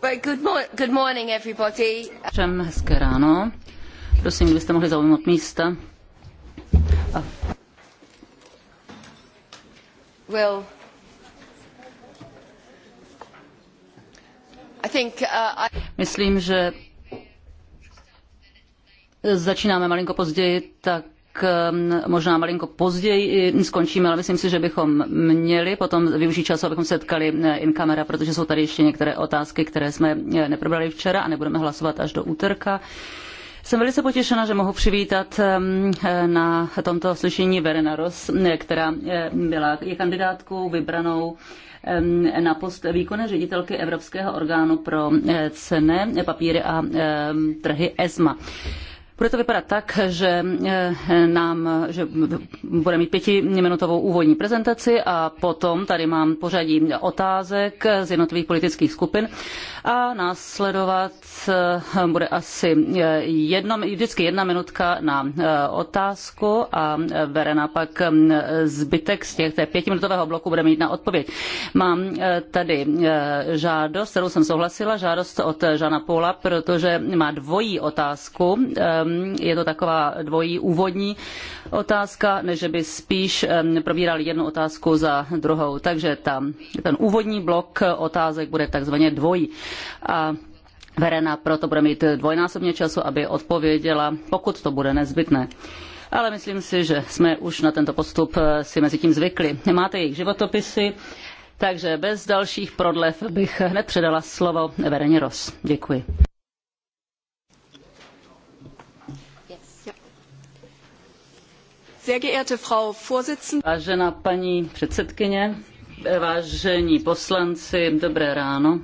Good morning Všem hezké ráno. Prosím, kdybyste mohli zaujmout místa. Will. I think, uh, I... Myslím, že začínáme malinko později, tak možná malinko později skončíme, ale myslím si, že bychom měli potom využít čas, abychom setkali in kamera, protože jsou tady ještě některé otázky, které jsme e, neprobrali včera a nebudeme hlasovat až do úterka. Jsem velice potěšena, že mohu přivítat e, na tomto slyšení Verena Ros, která e, byla je kandidátkou vybranou na post výkonné ředitelky Evropského orgánu pro cené papíry a trhy ESMA. Bude to vypadat tak, že eh, nám že bude mít pětiminutovou úvodní prezentaci a potom tady mám pořadí otázek z jednotlivých politických skupin a následovat eh, bude asi eh, jedno, vždycky jedna minutka na otázku a Verena pak zbytek z těch té pětiminutového bloku bude mít na odpověď. Mám tady žádost, kterou jsem souhlasila, žádost od Žana Paula, protože má dvojí otázku Um, je to taková dvojí úvodní otázka, než by spíš um, probírali jednu otázku za druhou. Takže tam, ten úvodní blok otázek bude takzvaně dvojí. A Verena proto bude mít dvojnásobně času, aby odpověděla, pokud to bude nezbytné ale myslím si, že jsme už na tento postup eh, si mezi tím zvykli. Máte jejich životopisy, takže bez dalších prodlev bych hned předala slovo Vereně Ros. Děkuji. Vážená paní předsedkyně, vážení poslanci, dobré ráno.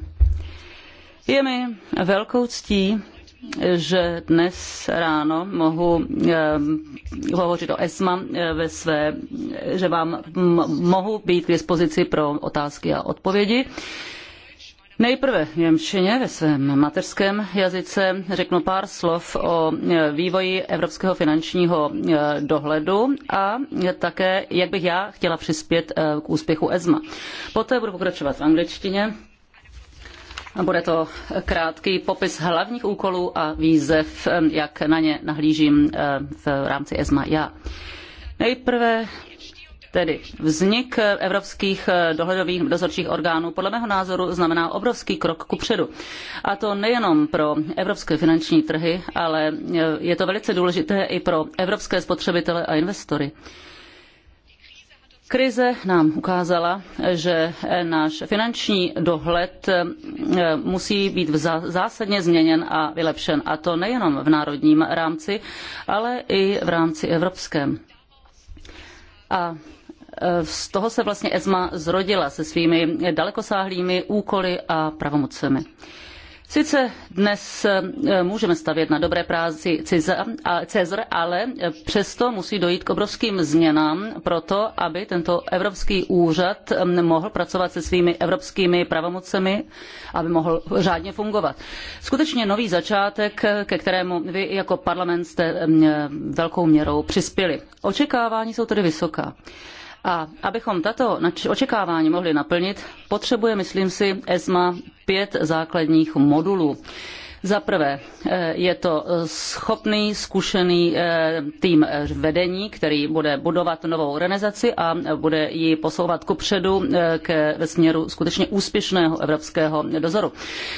Je mi velkou ctí, že dnes ráno mohu eh, hovořit o ESMA eh, ve své, že vám mohu být k dispozici pro otázky a odpovědi. Nejprve v Němčině ve svém mateřském jazyce řeknu pár slov o vývoji evropského finančního e, dohledu a také, jak bych já chtěla přispět e, k úspěchu ESMA. Poté budu pokračovat v angličtině. Bude to krátký popis hlavních úkolů a výzev, e, jak na ně nahlížím v rámci ESMA já. Nejprve Tedy vznik evropských eh, dohledových dozorčích orgánů podle mého názoru znamená obrovský krok kupředu. A to nejenom pro evropské finanční trhy, ale eh, je to velice důležité i pro evropské spotřebitele a investory. Krize nám ukázala, že eh, náš finanční dohled musí být zásadně změněn a vylepšen. A to nejenom v národním rámci, ale i v rámci evropském. A Eh, z toho se vlastně ESMA zrodila se svými dalekosáhlými úkoly a pravomocemi. Sice dnes eh, můžeme stavět na dobré práci Cezar, ale eh, přesto musí dojít k obrovským změnám pro to, aby tento Evropský úřad mohl pracovat se svými evropskými pravomocemi, aby mohl řádně fungovat. Skutečně nový začátek, ke kterému vy jako parlament jste velkou měrou přispěli. Očekávání jsou tedy vysoká. A abychom tato očekávání mohli naplnit, potřebuje, myslím si, ESMA pět základních modulů. Za prvé eh, je to schopný, zkušený eh, tým vedení, který bude budovat novou organizaci a bude ji posouvat kupředu eh, ve směru skutečně úspěšného evropského dozoru.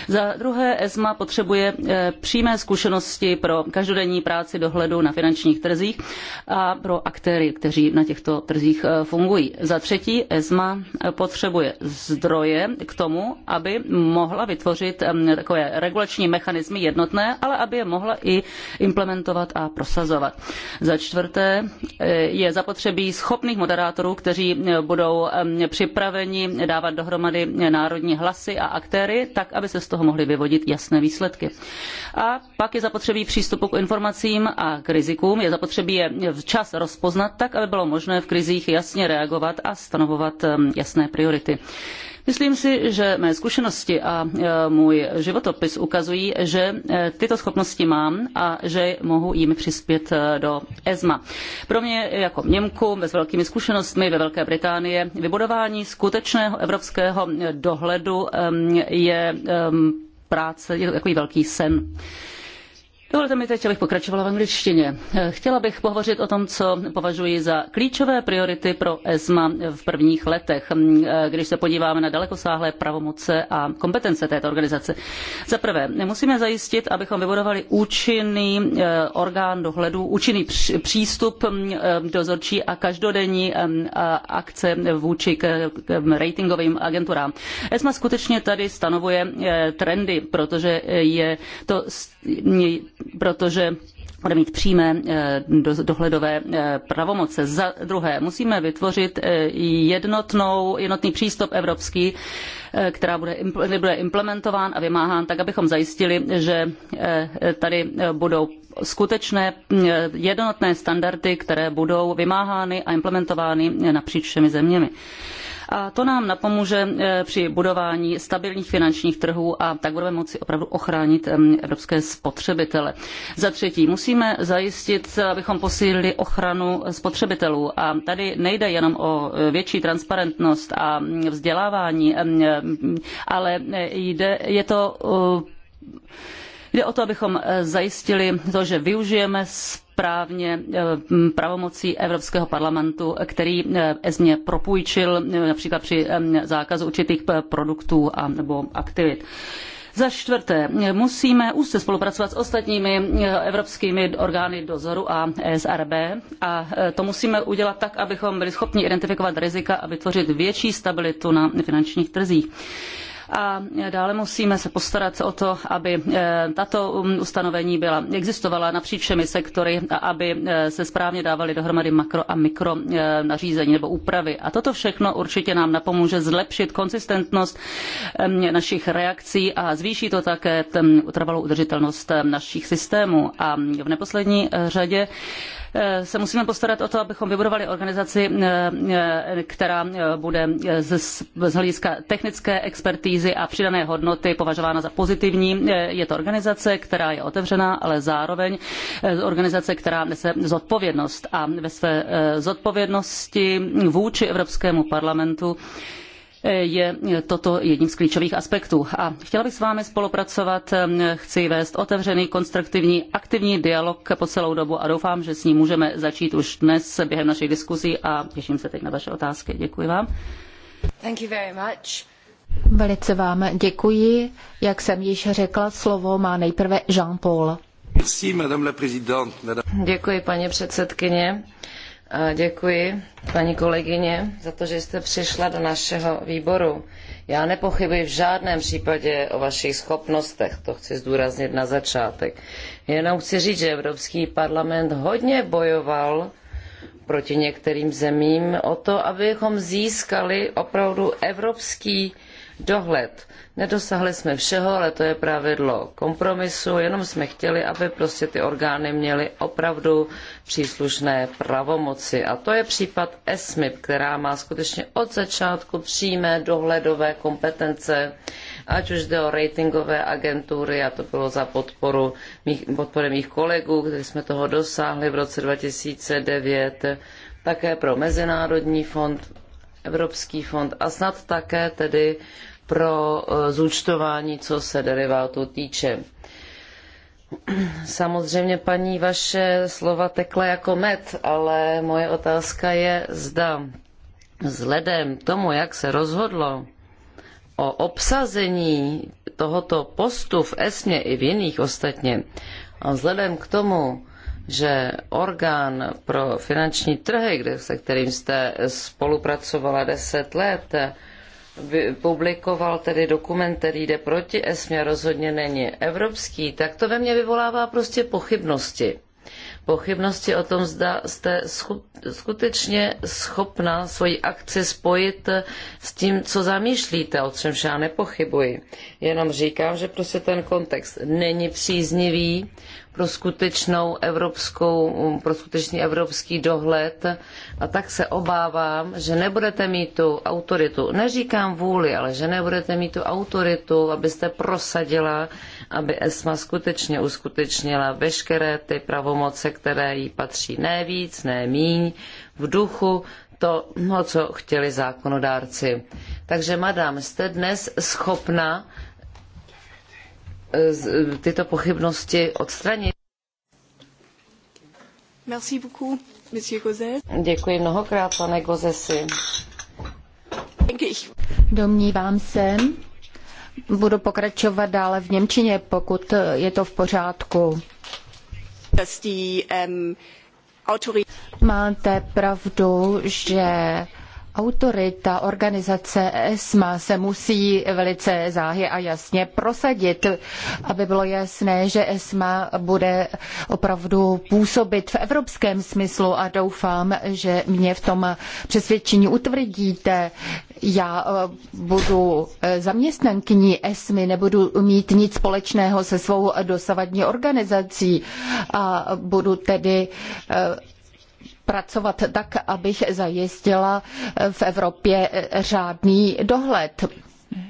Za druhé ESMA potřebuje přímé zkušenosti pro každodenní práci dohledu na finančních trzích a pro aktéry, kteří na těchto trzích fungují. Za třetí ESMA potřebuje zdroje k tomu, aby mohla vytvořit takové regulační mechanizmy, mechanismy jednotné, ale aby je mohla i implementovat a prosazovat. Za čtvrté eh, je zapotřebí schopných moderátorů, kteří eh, budou eh, připraveni dávat dohromady národní hlasy a aktéry, tak aby se z toho mohly vyvodit jasné výsledky. A pak je zapotřebí přístupu k informacím a k rizikům. Je zapotřebí je včas rozpoznat tak, aby bylo možné v krizích jasně reagovat a stanovovat jasné priority. Myslím si, že mé zkušenosti a e, můj životopis ukazují, že e, tyto schopnosti mám a že mohu jim přispět e, do ESMA. Pro mě jako Němku bez velkými zkušenostmi ve Velké Británii vybudování skutečného evropského dohledu je práce, je to takový velký sen. Dovolte mi teď, abych pokračovala v angličtině. Eh, chtěla bych pohovořit o tom, co považuji za klíčové priority pro ESMA v prvních letech, hm, eh, když se podíváme na dalekosáhlé pravomoce a kompetence této organizace. Za prvé, musíme zajistit, abychom vybudovali účinný eh, orgán dohledu, účinný přístup hm, dozorčí a každodenní hm, akce vůči k ratingovým agenturám. ESMA skutečně tady stanovuje trendy, protože je to protože bude mít přímé eh, dohledové eh, pravomoce. Za druhé, musíme vytvořit eh, jednotnou, jednotný přístup evropský, která bude, bude implementován a vymáhán tak, abychom zajistili, že tady budou skutečné jednotné standardy, které budou vymáhány a implementovány napříč všemi zeměmi a to nám napomůže eh, při budování stabilních finančních trhů a tak budeme moci opravdu ochránit evropské spotřebitele. Za třetí, musíme zajistit, abychom posílili ochranu spotřebitelů a tady nejde jenom o eh, větší transparentnost a mm, vzdělávání, ale eh, jde, je to Jde o to, abychom eh, zajistili to, že využijeme správně eh, pravomocí Evropského parlamentu, který eh, ESMě propůjčil například při zákazu určitých produktů a, nebo aktivit. Za čtvrté, musíme úzce spolupracovat s ostatními evropskými orgány dozoru a ESRB a to musíme udělat tak, abychom byli schopni identifikovat rizika a vytvořit větší stabilitu na finančních trzích. A dále musíme se postarat o to, aby eh, tato um, ustanovení byla, existovala napříč všemi sektory a aby eh, se správně dávaly dohromady makro a mikro eh, nařízení nebo úpravy. A toto všechno určitě nám napomůže zlepšit konzistentnost ehm, našich reakcí a zvýší to také ehm, trvalou udržitelnost ehm, našich systémů. A v neposlední řadě Eh, se musíme postarat o to, abychom vybudovali organizaci, eh, eh, která bude z hlediska technické expertízy a přidané hodnoty považována za pozitivní. Je to organizace, která je otevřená, ale zároveň organizace, která nese zodpovědnost a ve své zodpovědnosti vůči Evropskému parlamentu je toto jedním z klíčových aspektů. A chtěla bych s vámi spolupracovat, chci vést otevřený, konstruktivní, aktivní dialog po celou dobu a doufám, že s ním můžeme začít už dnes během našich diskuzí a těším se teď na vaše otázky. Děkuji vám. Thank you very much. Velice vám děkuji. Jak jsem již řekla, slovo má nejprve Jean-Paul. Děkuji, paní předsedkyně děkuji, paní kolegyně, za to, že jste přišla do našeho výboru. Já nepochybuji v žádném případě o vašich schopnostech, to chci zdůraznit na začátek. Jenom chci říct, že Evropský parlament hodně bojoval proti některým zemím o to, abychom získali opravdu evropský dohled Nedosahli jsme všeho, ale to je pravidlo kompromisu, jenom jsme chtěli, aby prostě ty orgány měly opravdu příslušné pravomoci. A to je případ ESMIP, která má skutečně od začátku přímé dohledové kompetence, ať už jde o ratingové agentury, a to bylo za podporu mých, podpory mých kolegů, kteří jsme toho dosáhli v roce 2009, také pro Mezinárodní fond, Evropský fond a snad také tedy pro eh, zúčtování, co se derivátu týče. Samozřejmě, paní, vaše slova tekla jako med, ale moje otázka je, zda vzhledem tomu, jak se rozhodlo o obsazení tohoto postu v ESMě i v jiných ostatně, a vzhledem k tomu, že orgán pro finanční trhy, kde, se kterým jste spolupracovala deset let, publikoval tedy dokument, který jde proti ESMě, rozhodně není evropský, tak to ve mně vyvolává prostě pochybnosti. Pochybnosti o tom, zda jste skutečně schopna svoji akci spojit s tím, co zamýšlíte, o čemž já nepochybuji. Jenom říkám, že prostě ten kontext není příznivý, pro skutečnou evropskou, pro skutečný evropský dohled a tak se obávám, že nebudete mít tu autoritu, neříkám vůli, ale že nebudete mít tu autoritu, abyste prosadila, aby ESMA skutečně uskutečnila veškeré ty pravomoce, které jí patří, ne víc, ne míň, v duchu to, no, co chtěli zákonodárci. Takže, madam, jste dnes schopna tyto pochybnosti odstranit. Merci beaucoup, monsieur Gozes. Děkuji mnohokrát, pane Gozesi. Domnívám se, budu pokračovat dále v Němčině, pokud je to v pořádku. Máte pravdu, že Autorita organizace ESMA se musí velice záhy a jasně prosadit, aby bylo jasné, že ESMA bude opravdu působit v evropském smyslu a doufám, že mě v tom přesvědčení utvrdíte. Já eh, budu eh, zaměstnankyní ESMY, nebudu mít nic společného se svou dosavadní organizací a budu tedy eh, pracovat tak, abych zajistila v Evropě řádný dohled.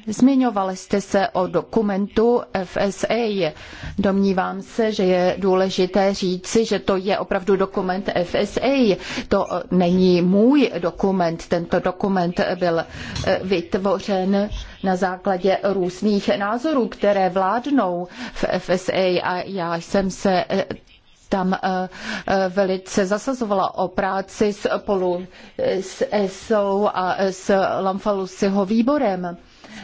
Zmiňovali jste se o dokumentu FSA. Domnívám se, že je důležité říci, že to je opravdu dokument FSA. To není můj dokument. Tento dokument byl vytvořen na základě různých názorů, které vládnou v FSA a já jsem se tam eh, eh, velice zasazovala o práci spolu s ESO a s Lamfalusiho výborem.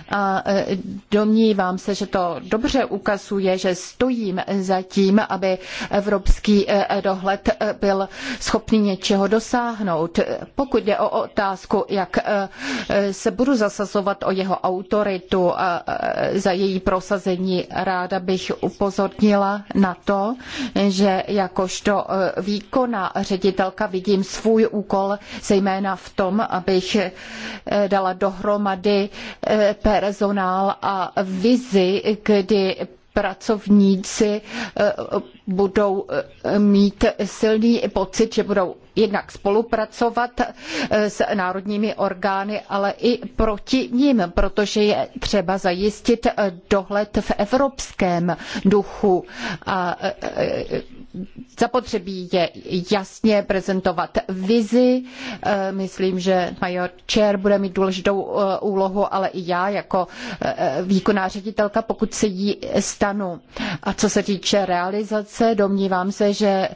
A e, domnívám se, že to dobře ukazuje, že stojím za tím, aby evropský e, dohled e, byl schopný něčeho dosáhnout. Pokud jde o otázku, jak se budu zasazovat o jeho autoritu a za její prosazení, ráda bych upozornila na to, že jakožto výkona ředitelka vidím svůj úkol zejména v tom, abych dala dohromady personál a vizi, kdy pracovníci eh, budou eh, mít silný pocit, že budou jednak spolupracovat eh, s národními orgány, ale i proti nim, protože je třeba zajistit dohled v evropském duchu a zapotřebí je jasně prezentovat vizi. Eh, myslím, že major Čer bude mít důležitou eh, úlohu, ale i já jako eh, výkonná ředitelka, pokud se jí stanu. A co se týče realizace, domnívám se, že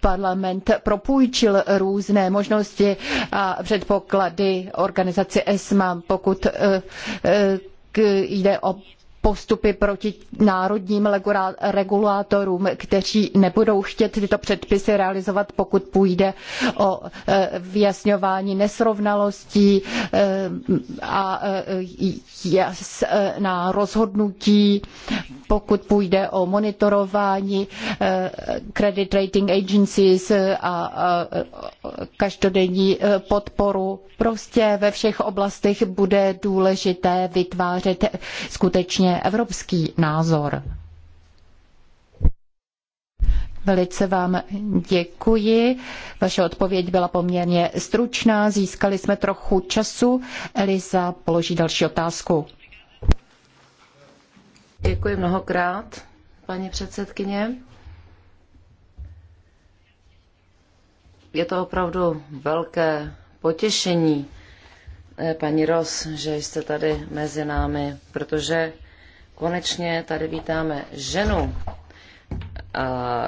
parlament propůjčil různé možnosti a předpoklady organizaci ESMA, pokud jde o postupy proti národním regulátorům, kteří nebudou chtět tyto předpisy realizovat, pokud půjde o e, vyjasňování nesrovnalostí e, a e, na rozhodnutí, pokud půjde o monitorování credit rating agencies a každodenní podporu. Prostě ve všech oblastech bude důležité vytvářet skutečně evropský názor. Velice vám děkuji. Vaše odpověď byla poměrně stručná. Získali jsme trochu času. Eliza položí další otázku. Děkuji mnohokrát, paní předsedkyně. Je to opravdu velké potěšení, eh, paní Ros, že jste tady mezi námi, protože Konečně tady vítáme ženu. A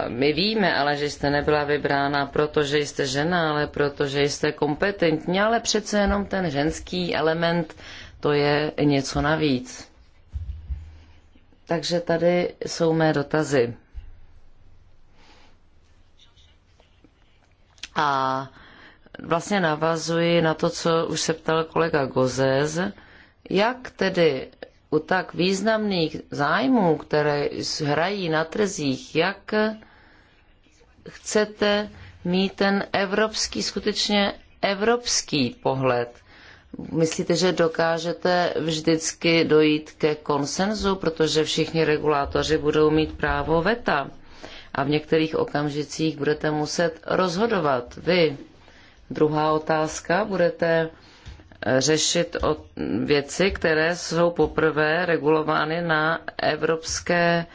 my víme ale, že jste nebyla vybrána, protože jste žena, ale protože jste kompetentní, ale přece jenom ten ženský element, to je něco navíc. Takže tady jsou mé dotazy. A vlastně navazuji na to, co už se ptal kolega Gozez, jak tedy u tak významných zájmů, které hrají na trzích, jak chcete mít ten evropský, skutečně evropský pohled? Myslíte, že dokážete vždycky dojít ke konsenzu, protože všichni regulátoři budou mít právo veta a v některých okamžicích budete muset rozhodovat vy. Druhá otázka, budete řešit věci, které jsou poprvé regulovány na evropské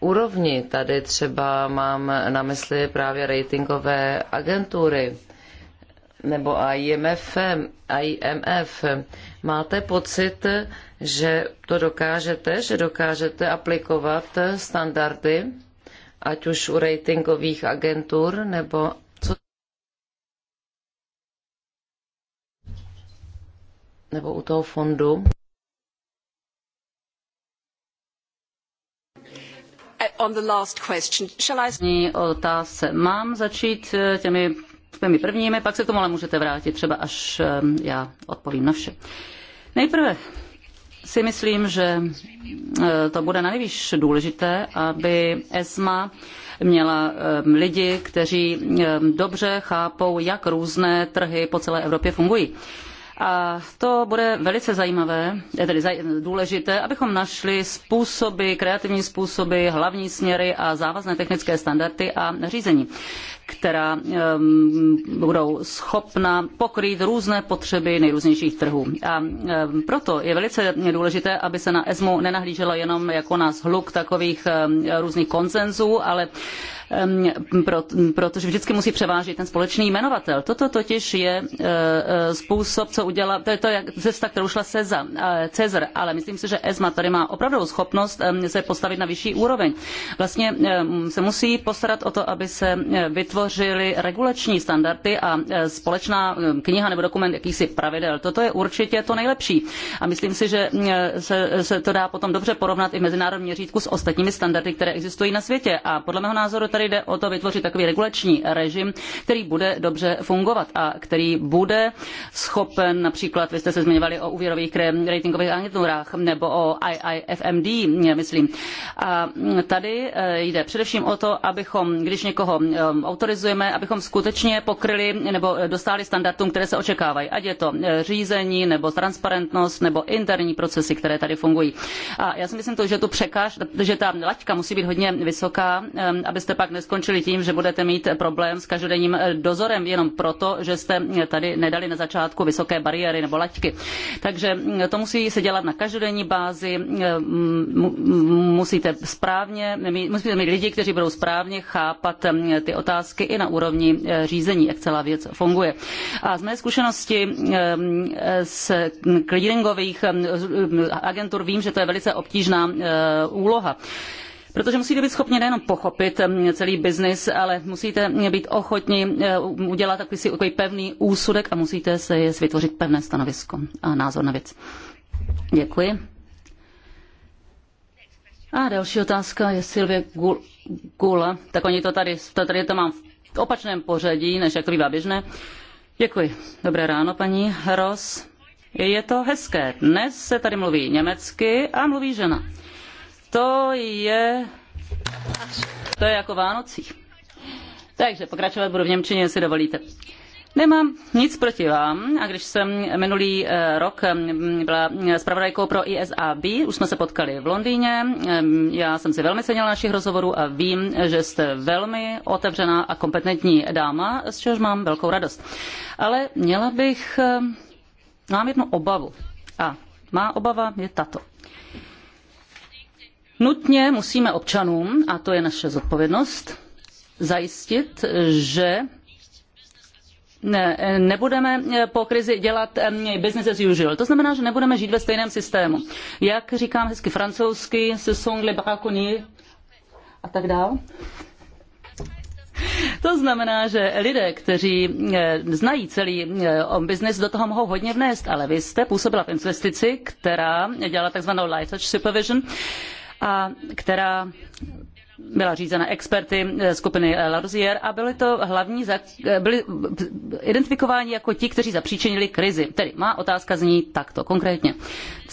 úrovni. Tady třeba mám na mysli právě ratingové agentury nebo IMF, IMF. Máte pocit, že to dokážete, že dokážete aplikovat standardy, ať už u ratingových agentur nebo nebo u toho fondu. Eh, on the last question. Shall I... otázce. Mám začít eh, těmi, těmi prvními, pak se k tomu ale můžete vrátit, třeba až eh, já odpovím na vše. Nejprve si myslím, že to bude nejvíc důležité, aby ESMA měla lidi, kteří dobře chápou, jak různé trhy po celé Evropě fungují. A to bude velice zajímavé, eh, tedy důležité, abychom našli způsoby, kreativní způsoby, hlavní směry a závazné technické standardy a řízení, která ehm, budou schopna pokrýt různé potřeby nejrůznějších trhů. A ehm, proto je velice důležité, aby se na ESMU nenahlíželo jenom jako na zhluk takových ehm, různých konsenzů, ale Ehm, protože vždycky musí převážit ten společný jmenovatel. Toto totiž je eh, eh, způsob, co udělal. to je to, jak cesta, kterou šla Ceza, eh, Cezar, ale myslím si, že ESMA tady má opravdovou schopnost ehm, se postavit na vyšší úroveň. Vlastně ehm, se musí postarat o to, aby se vytvořily regulační standardy a společná kniha nebo dokument jakýchsi pravidel. Toto je určitě to nejlepší. A myslím si, že se, se to dá potom dobře porovnat i v mezinárodním měřítku s ostatními standardy, které existují na světě. A podle mého názoru tady jde o to vytvořit takový regulační režim, který bude dobře fungovat a který bude schopen, například vy jste se zmiňovali o úvěrových ratingových agenturách nebo o IIFMD, myslím. A tady eh, jde především o to, abychom, když někoho eh, autorizujeme, abychom skutečně pokryli nebo dostali standardům, které se očekávají. Ať je to eh, řízení nebo transparentnost nebo interní procesy, které tady fungují. A já si myslím, to, že, tu překáž, že ta laťka musí být hodně vysoká, abyste pak neskončili tím, že budete mít problém s každodenním eh, dozorem jenom proto, že jste eh, tady nedali na začátku vysoké bariéry nebo laťky. Takže mm, to musí se dělat na každodenní bázi, eh, musíte správně, musíte mít lidi, kteří budou správně chápat ty otázky i na úrovni řízení, jak celá věc funguje. A z mé zkušenosti z clearingových agentur vím, že to je velice obtížná úloha. Protože musíte být schopni nejenom pochopit celý biznis, ale musíte být ochotni e, udělat takový, si, takový pevný úsudek a musíte si vytvořit pevné stanovisko a názor na věc. Děkuji. A další otázka je Silvie Gula. Tak oni to tady, to tady to mám v opačném pořadí, než jak to bývá běžné. Děkuji. Dobré ráno, paní Ros. Je to hezké. Dnes se tady mluví německy a mluví žena. To je, to je jako Vánocích. Takže pokračovat budu v Němčině, jestli dovolíte. Nemám nic proti vám a když jsem minulý eh, rok eh, byla zpravodajkou pro ISAB, už jsme se potkali v Londýně, eh, já jsem si velmi cenila našich rozhovorů a vím, že jste velmi otevřená a kompetentní dáma, z čehož mám velkou radost. Ale měla bych, mám jednu obavu a má obava je tato. Nutně musíme občanům, a to je naše zodpovědnost, zajistit, že ne, nebudeme eh, po krizi dělat eh, business as usual. To znamená, že nebudeme žít ve stejném systému. Jak říkám hezky francouzsky, ce sont les braconniers a tak dál. To znamená, že lidé, kteří eh, znají celý business do toho mohou hodně vnést, ale vy jste působila v investici, která dělala takzvanou life touch supervision, a která byla řízena experty eh, skupiny eh, Larosier a byli to hlavní, eh, byli identifikováni jako ti, kteří zapříčinili krizi. Tedy má otázka zní takto konkrétně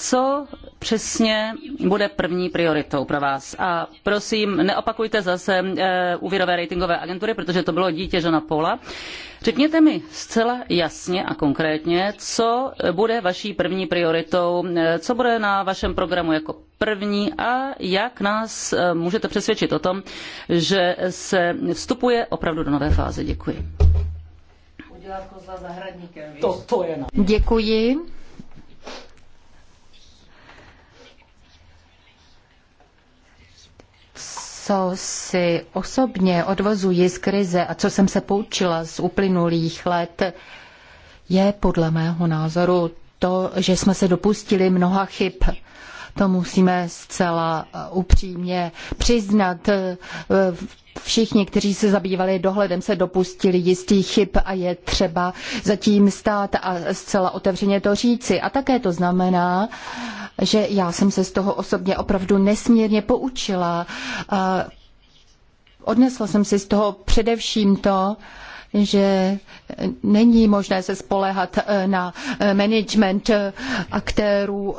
co přesně bude první prioritou pro vás. A prosím, neopakujte zase e, úvěrové ratingové agentury, protože to bylo dítě Žana Paula. Řekněte mi zcela jasně a konkrétně, co bude vaší první prioritou, eh, co bude na vašem programu jako první a jak nás eh, můžete přesvědčit o tom, že se vstupuje opravdu do nové fáze. Děkuji. Děkuji. co si osobně odvozuji z krize a co jsem se poučila z uplynulých let, je podle mého názoru to, že jsme se dopustili mnoha chyb to musíme zcela eh, upřímně přiznat eh, všichni, kteří se zabývali dohledem, se dopustili jistých chyb a je třeba zatím stát a zcela otevřeně to říci. A také to znamená, že já jsem se z toho osobně opravdu nesmírně poučila. Eh, odnesla jsem si z toho především to, že není možné se spolehat eh, na eh, management eh, aktérů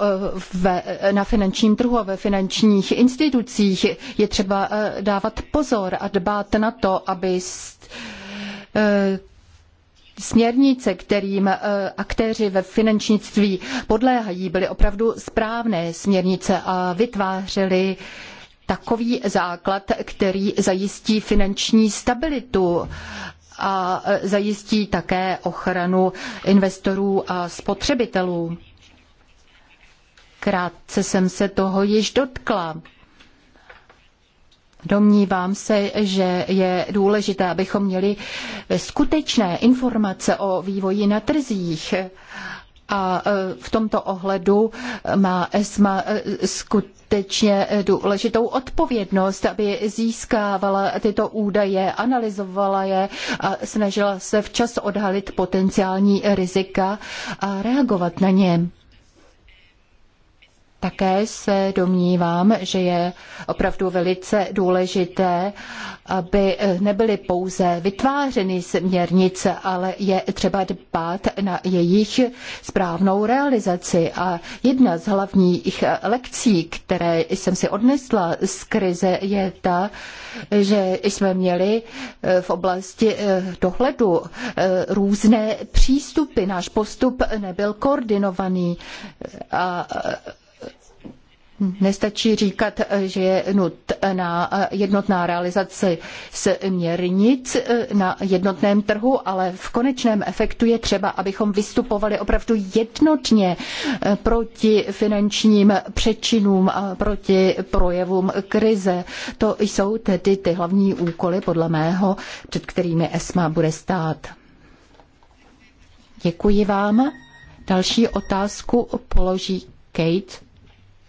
na finančním trhu a ve finančních institucích. Je třeba dávat pozor a dbát na to, aby směrnice, kterým aktéři ve finančnictví podléhají, byly opravdu správné směrnice a vytvářely takový základ, který zajistí finanční stabilitu a zajistí také ochranu investorů a spotřebitelů. Krátce jsem se toho již dotkla. Domnívám se, že je důležité, abychom měli skutečné informace o vývoji na trzích a e, v tomto ohledu má ESMA e, skutečně e, důležitou odpovědnost, aby získávala tyto údaje, analyzovala je a snažila se včas odhalit potenciální rizika a reagovat na ně. Také se domnívám, že je opravdu velice důležité, aby nebyly pouze vytvářeny směrnice, ale je třeba dbát na jejich správnou realizaci. A jedna z hlavních lekcí, které jsem si odnesla z krize, je ta, že jsme měli eh, v oblasti eh, dohledu eh, různé přístupy. Náš postup nebyl koordinovaný. A Nestačí říkat, eh, že je nutná eh, jednotná realizace směrnic eh, na jednotném trhu, ale v konečném efektu je třeba, abychom vystupovali opravdu jednotně proti finančním přečinům a proti projevům krize. To jsou tedy ty hlavní úkoly, podle mého, před kterými ESMA bude stát. Děkuji vám. Další otázku položí Kate.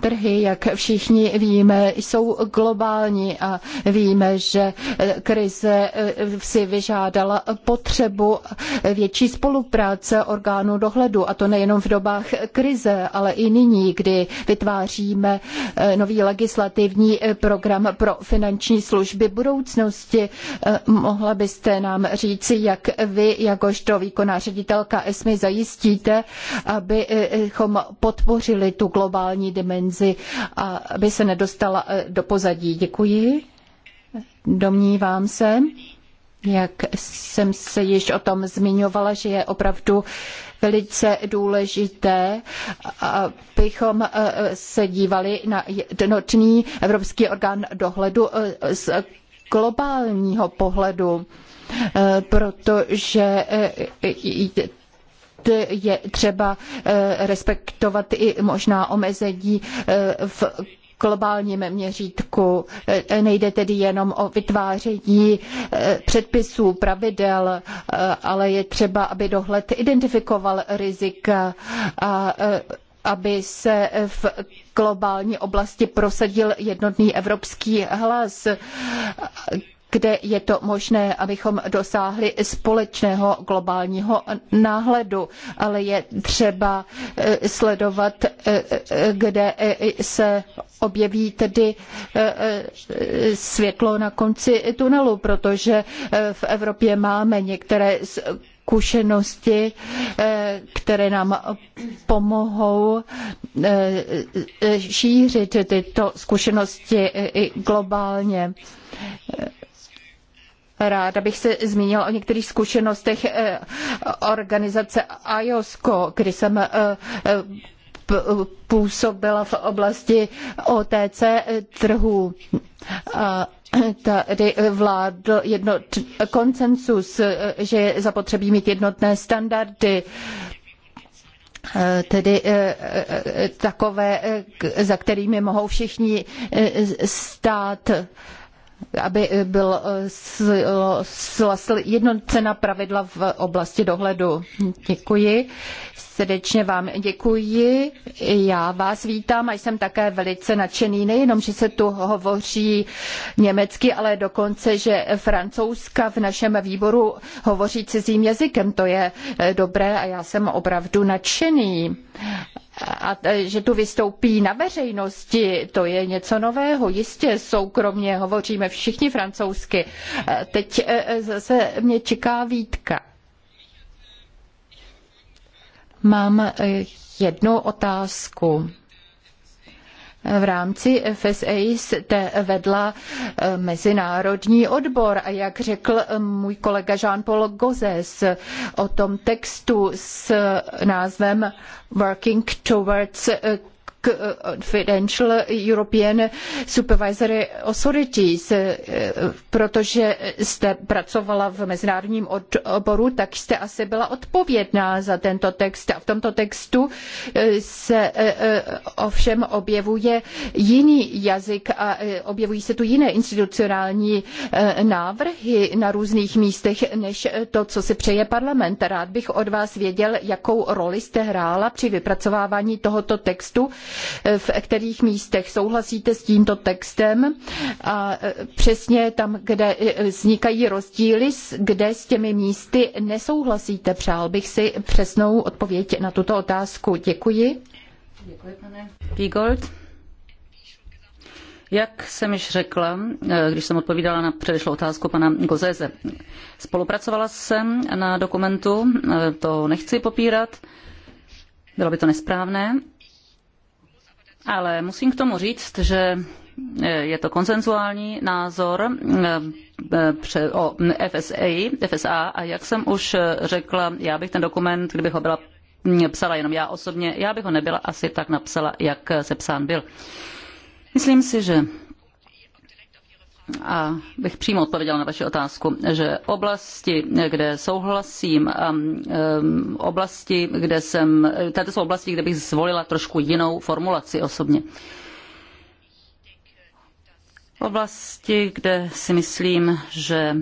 Trhy, jak všichni víme, jsou globální a víme, že krize eh, si vyžádala potřebu větší spolupráce orgánů dohledu, a to nejenom v dobách krize, ale i nyní, kdy vytváříme eh, nový legislativní eh, program pro finanční služby budoucnosti. Mohla byste nám říci, jak vy, jakožto výkonná ředitelka ESMI, zajistíte, abychom podpořili tu globální dimenzi? dimenzi, aby se nedostala eh, do pozadí. Děkuji. Domnívám se, jak jsem se již o tom zmiňovala, že je opravdu velice důležité, abychom eh, se dívali na jednotný evropský orgán dohledu eh, z globálního pohledu, protože je třeba eh, respektovat i možná omezení eh, v globálním měřítku. Eh, nejde tedy jenom o vytváření předpisů, pravidel, ale je třeba, aby dohled identifikoval rizika a aby se v globální oblasti prosadil jednotný evropský hlas kde je to možné, abychom dosáhli společného globálního náhledu, ale je třeba eh, sledovat, eh, eh, kde se objeví tedy světlo na konci tunelu, protože v Evropě máme některé zkušenosti, které nám pomohou šířit tyto zkušenosti globálně. Ráda bych se zmínila o některých zkušenostech eh, organizace IOSCO, kdy jsem eh, eh, působila v oblasti OTC trhu. A tady vládl jednot, konsensus, že je zapotřebí mít jednotné standardy, tedy takové, za kterými mohou všichni stát aby eh, byla eh, eh, jednocena pravidla v oblasti dohledu. Děkuji. Srdečně vám děkuji. Já vás vítám a jsem také velice nadšený, nejenom, že se tu hovoří německy, ale dokonce, že francouzska v našem výboru hovoří cizím jazykem. To je dobré a já jsem opravdu nadšený a že tu vystoupí na veřejnosti, to je něco nového. Jistě soukromně hovoříme všichni francouzsky. E, teď e, e, zase mě čeká výtka. Mám jednu otázku. V rámci FSA jste vedla eh, mezinárodní odbor a jak řekl eh, můj kolega Jean-Paul Gozes eh, o tom textu s názvem Working Towards Eh, Financial European Supervisory Authorities, eh, protože jste pracovala v mezinárodním odboru, tak jste asi byla odpovědná za tento text. A v tomto textu eh, se ovšem objevuje jiný jazyk a objevují se tu jiné institucionální návrhy na různých místech, než to, co si přeje parlament. Rád bych od vás věděl, jakou roli jste hrála při vypracovávání tohoto textu v kterých místech souhlasíte s tímto textem a přesně tam, kde vznikají rozdíly, kde s těmi místy nesouhlasíte. Přál bych si přesnou odpověď na tuto otázku. Děkuji. Děkuji, pane. Giegold. Jak jsem již řekla, eh, když jsem odpovídala na předešlou otázku pana Gozeze, spolupracovala jsem na dokumentu, eh, to nechci popírat, bylo by to nesprávné, ale musím k tomu říct, že e, je to konsenzuální názor e, e, o FSA, FSA a jak jsem už řekla, já bych ten dokument, kdybych ho byla psala jenom já osobně, já bych ho nebyla asi tak napsala, jak se psán byl. Myslím si, že a bych přímo odpověděla na vaši otázku, že oblasti, kde souhlasím, oblasti, kde jsem, tato jsou oblasti, kde bych zvolila trošku jinou formulaci osobně. Oblasti, kde si myslím, že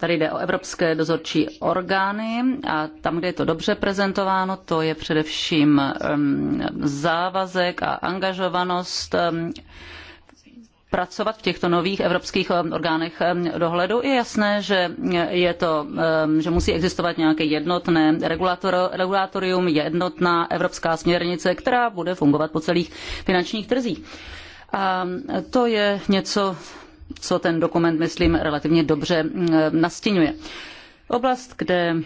Tady jde o evropské dozorčí orgány a tam, kde je to dobře prezentováno, to je především závazek a angažovanost pracovat v těchto nových evropských orgánech dohledu. Je jasné, že, je to, že musí existovat nějaké jednotné regulatorium, jednotná evropská směrnice, která bude fungovat po celých finančních trzích. A to je něco, co ten dokument, myslím, relativně dobře mm, nastínuje. Oblast, kde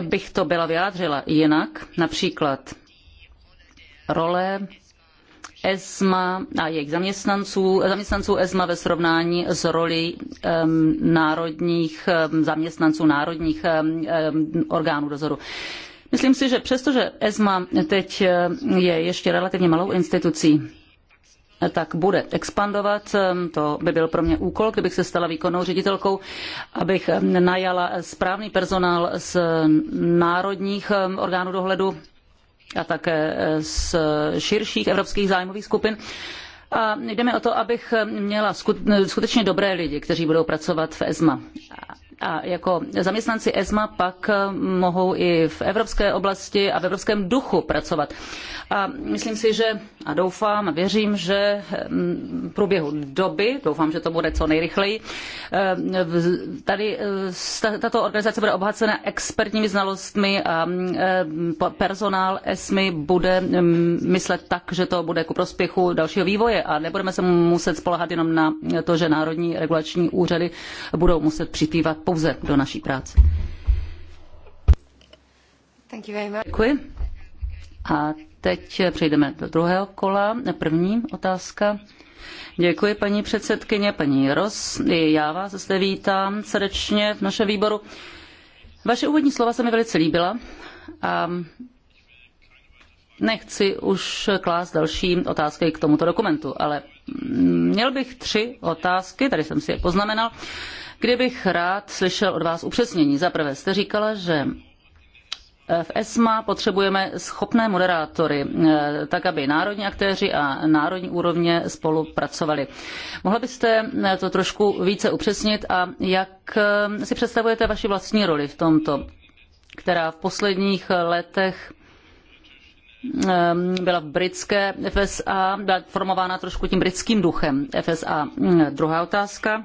bych to byla vyjádřila jinak, například role ESMA a jejich zaměstnanců, zaměstnanců ESMA ve srovnání s rolí národních zaměstnanců národních orgánů dozoru. Myslím si, že přestože ESMA teď je ještě relativně malou institucí, tak bude expandovat. Ehm, to by byl pro mě úkol, kdybych se stala výkonnou ředitelkou, abych ehm, najala správný personál z národních ehm, orgánů dohledu a také eh, z širších evropských zájmových skupin. A jde mi o to, abych měla skutečně dobré lidi, kteří budou pracovat v ESMA a jako zaměstnanci ESMA pak eh, mohou i v evropské oblasti a v evropském duchu pracovat. A myslím si, že a doufám a věřím, že mm, v průběhu doby, doufám, že to bude co nejrychleji, eh, tady eh, tato organizace bude obohacena expertními znalostmi a mm, personál ESMY bude mm, myslet tak, že to bude ku prospěchu dalšího vývoje a nebudeme se muset spolehat jenom na to, že národní regulační úřady budou muset připívat pouze do naší práce. Děkuji. A teď přejdeme do druhého kola. První otázka. Děkuji, paní předsedkyně, paní Ros. I já vás zde vítám srdečně v našem výboru. Vaše úvodní slova se mi velice líbila a nechci už klást další otázky k tomuto dokumentu, ale měl bych tři otázky, tady jsem si je poznamenal kdybych rád slyšel od vás upřesnění. Za prvé jste říkala, že v ESMA potřebujeme schopné moderátory, eh, tak aby národní aktéři a národní úrovně spolupracovali. Mohla byste eh, to trošku více upřesnit a jak eh, si představujete vaši vlastní roli v tomto, která v posledních letech byla v britské FSA, byla formována trošku tím britským duchem FSA. Druhá otázka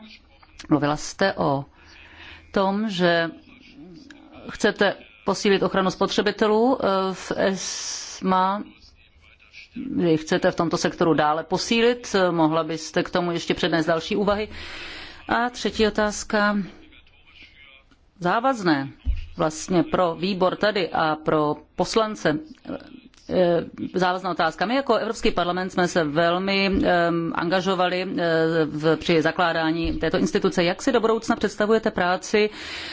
Mluvila jste o tom, že chcete posílit ochranu spotřebitelů eh, v ESMA vy chcete v tomto sektoru dále posílit. Mohla byste k tomu ještě přednést další úvahy. A třetí otázka. Závazné vlastně pro výbor tady a pro poslance Eh, závazná otázka. My jako Evropský parlament jsme se velmi eh, angažovali eh, v, při zakládání této instituce. Jak si do budoucna představujete práci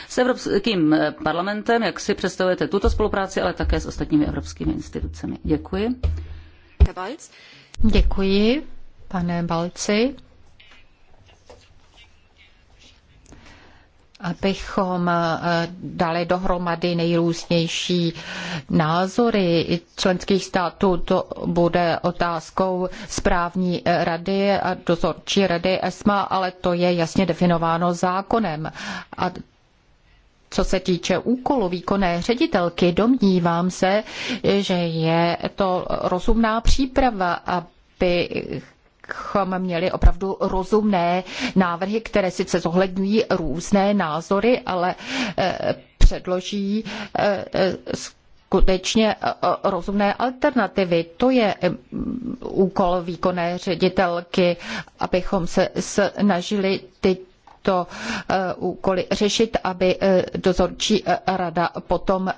s Evropským parlamentem, jak si představujete tuto spolupráci, ale také s ostatními evropskými institucemi? Děkuji. Děkuji, pane Balci. abychom eh, dali dohromady nejrůznější názory členských států. To bude otázkou správní rady a dozorčí rady ESMA, ale to je jasně definováno zákonem. A co se týče úkolu výkonné ředitelky, domnívám se, že je to rozumná příprava, aby abychom měli opravdu rozumné návrhy, které sice zohledňují různé názory, ale eh, předloží eh, skutečně eh, rozumné alternativy. To je úkol výkonné ředitelky, abychom se snažili ty tyto úkoly řešit, aby dozorčí rada potom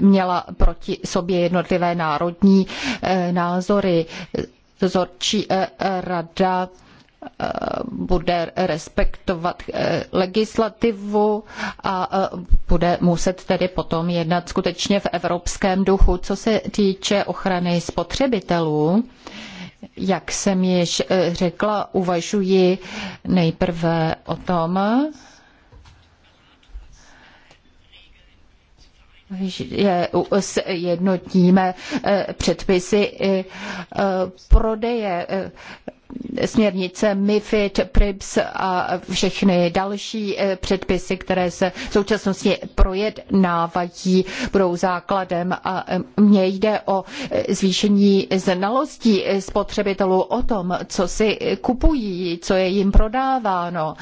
měla proti sobě jednotlivé národní názory dozorčí eh, rada eh, bude respektovat eh, legislativu a bude muset tedy potom jednat skutečně v evropském duchu. Co se týče ochrany spotřebitelů, jak jsem již řekla, uvažuji nejprve o tom, že jednotíme e, předpisy i e, prodeje e, směrnice MIFID, PRIPS a všechny další předpisy, které se v současnosti projednávají, budou základem. A mně jde o zvýšení znalostí spotřebitelů o tom, co si kupují, co je jim prodáváno,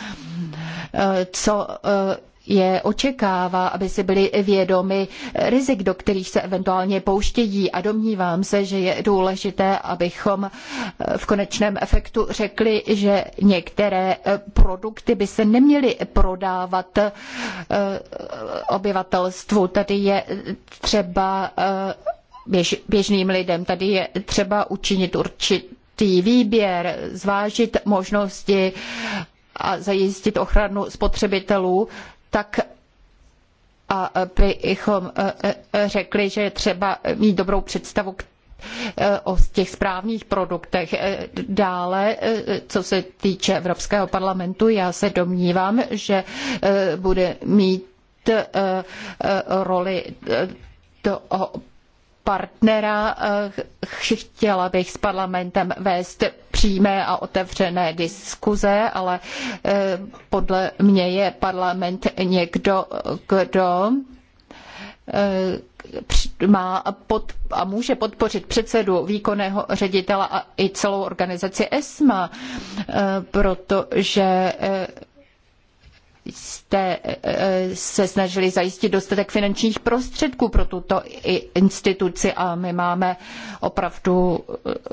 co je očekává, aby si byli vědomi rizik, do kterých se eventuálně pouštějí a domnívám se, že je důležité, abychom eh, v konečném efektu řekli, že některé eh, produkty by se neměly prodávat eh, obyvatelstvu. Tady je třeba běžným lidem, tady je třeba učinit určitý výběr, zvážit možnosti a zajistit ochranu spotřebitelů, tak abychom e, e, řekli, že je třeba mít dobrou představu e, o těch správných produktech. Dále, co se týče Evropského parlamentu, já se domnívám, že bude mít roli toho partnera. Chtěla bych s parlamentem vést přímé a otevřené diskuze, ale eh, podle mě je parlament někdo, kdo eh, má pod, a může podpořit předsedu výkonného ředitela a i celou organizaci ESMA, eh, protože jste eh, se snažili zajistit dostatek finančních prostředků pro tuto instituci a my máme opravdu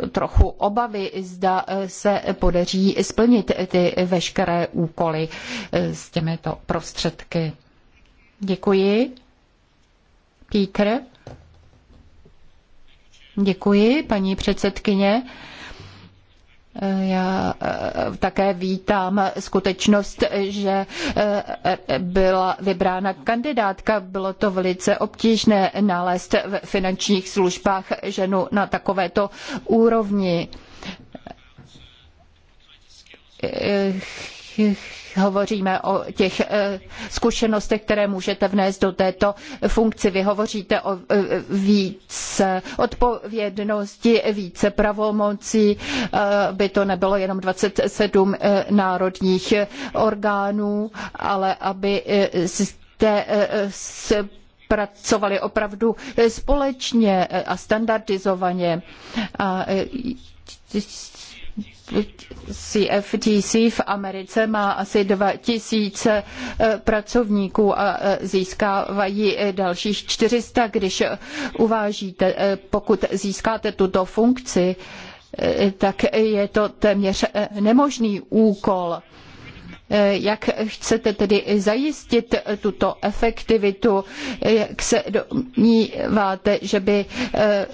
eh, trochu obavy, zda eh, se podaří splnit ty veškeré úkoly s těmito prostředky. Děkuji. Peter? Děkuji, paní předsedkyně. Já eh, také vítám skutečnost, že eh, byla vybrána kandidátka. Bylo to velice obtížné nalézt v finančních službách ženu na takovéto úrovni eh, hovoříme o těch eh, zkušenostech, které můžete vnést do této funkce. Vy hovoříte o eh, více odpovědnosti, více pravomocí, eh, by to nebylo jenom 27 národních orgánů, ale aby jste pracovali opravdu společně a standardizovaně. A CFTC v Americe má asi 2000 e, pracovníků a e, získávají dalších 400, když uvážíte, e, pokud získáte tuto funkci, tak je to téměř nemožný úkol Eh, jak chcete tedy zajistit tuto efektivitu? Jak se domníváte, že by, eh,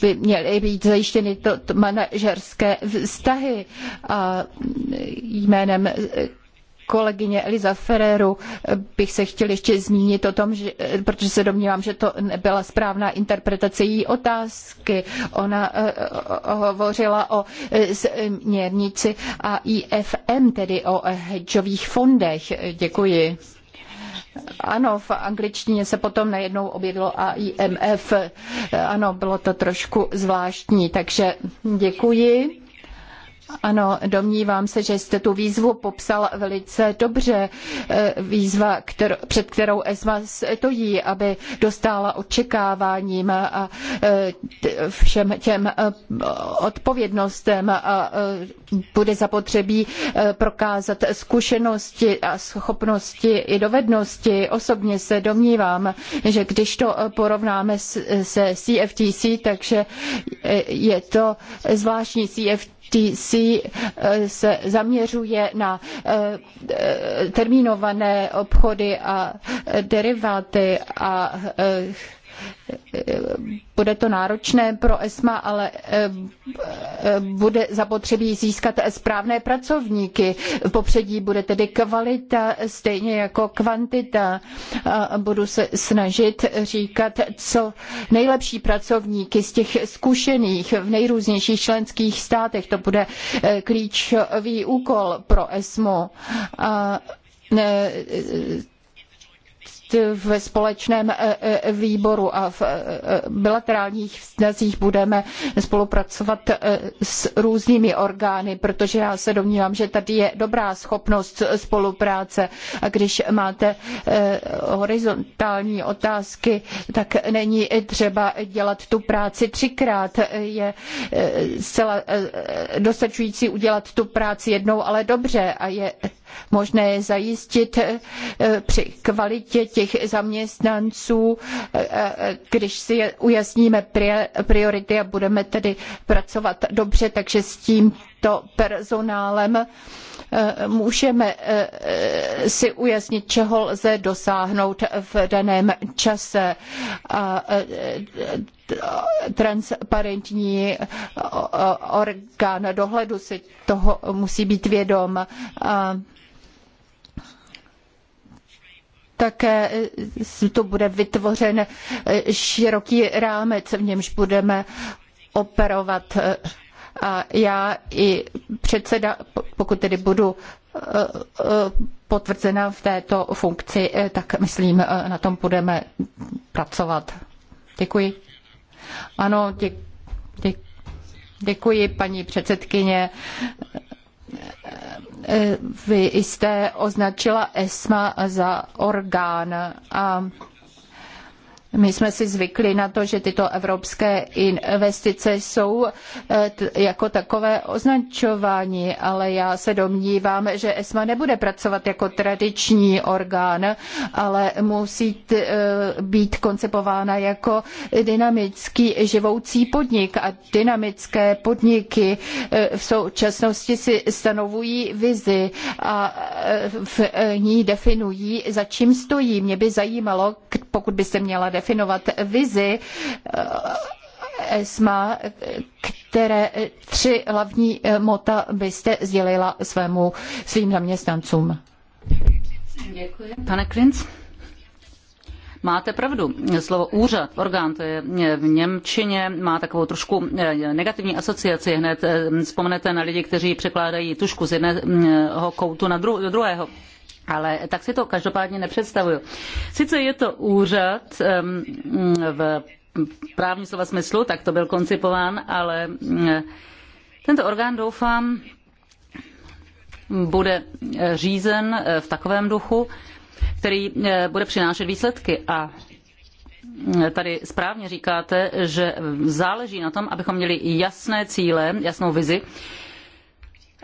by měly být zajištěny to manažerské vztahy a jménem kolegyně Eliza Ferreru bych se chtěl ještě zmínit o tom, že, protože se domnívám, že to nebyla správná interpretace její otázky. Ona eh, eh, hovořila o eh, směrnici a IFM, tedy o hedžových fondech. Děkuji. Ano, v angličtině se potom najednou objevilo AIMF. Ano, bylo to trošku zvláštní, takže děkuji. Ano, domnívám se, že jste tu výzvu popsal velice dobře. E, výzva, před kterou ESMA stojí, aby dostala očekáváním a e, všem těm e, odpovědnostem a bude zapotřebí prokázat zkušenosti a schopnosti i dovednosti. Osobně se domnívám, že když to porovnáme se CFTC, takže je to zvláštní CFTC, FTC eh, se zaměřuje na eh, termínované obchody a deriváty a eh, bude to náročné pro ESMA, ale eh, eh, bude zapotřebí získat správné pracovníky. V popředí bude tedy kvalita, stejně jako kvantita. A budu se snažit říkat, co nejlepší pracovníky z těch zkušených v nejrůznějších členských státech. To bude eh, klíčový úkol pro ESMU. A ve společném e, e, výboru a v e, bilaterálních vztazích budeme spolupracovat s různými orgány, protože já se domnívám, že tady je dobrá schopnost spolupráce a když máte horizontální otázky, tak není třeba dělat tu práci třikrát. Je zcela dostačující udělat tu práci jednou, ale dobře a je možné zajistit eh, při kvalitě těch zaměstnanců, eh, eh, když si ujasníme priority a budeme tedy pracovat dobře, takže s tímto personálem můžeme si ujasnit, čeho lze dosáhnout v daném čase. A transparentní orgán dohledu si toho musí být vědom. A také zde bude vytvořen e, široký rámec, v němž budeme operovat. E, a já i předseda, pokud tedy budu e, potvrzena v této funkci, tak myslím, na tom budeme pracovat. Děkuji. Ano, Děkuji, paní předsedkyně. Vy jste označila ESMA za orgán a my jsme si zvykli na to, že tyto evropské investice jsou eh, jako takové označování, ale já se domnívám, že ESMA nebude pracovat jako tradiční orgán, ale musí eh, být koncipována jako dynamický živoucí podnik a dynamické podniky eh, v současnosti si stanovují vizi a v ní definují, za čím stojí. Mě by zajímalo, pokud byste měla definovat definovat vizi eh, ESMA, které tři hlavní eh, mota byste sdělila svému, svým zaměstnancům. Děkuji. Pane Klinc? Máte pravdu. Slovo úřad, orgán, to je eh, v Němčině, má takovou trošku negativní asociaci. Hned vzpomenete na lidi, kteří překládají tušku z jednoho mm, koutu na dru- do druhého. Ale tak si to každopádně nepředstavuju. Sice je to úřad v právním slova smyslu, tak to byl koncipován, ale mm, tento orgán doufám bude eh, řízen eh, v takovém duchu, který eh, bude přinášet výsledky a mm, tady správně říkáte, že záleží na tom, abychom měli jasné cíle, jasnou vizi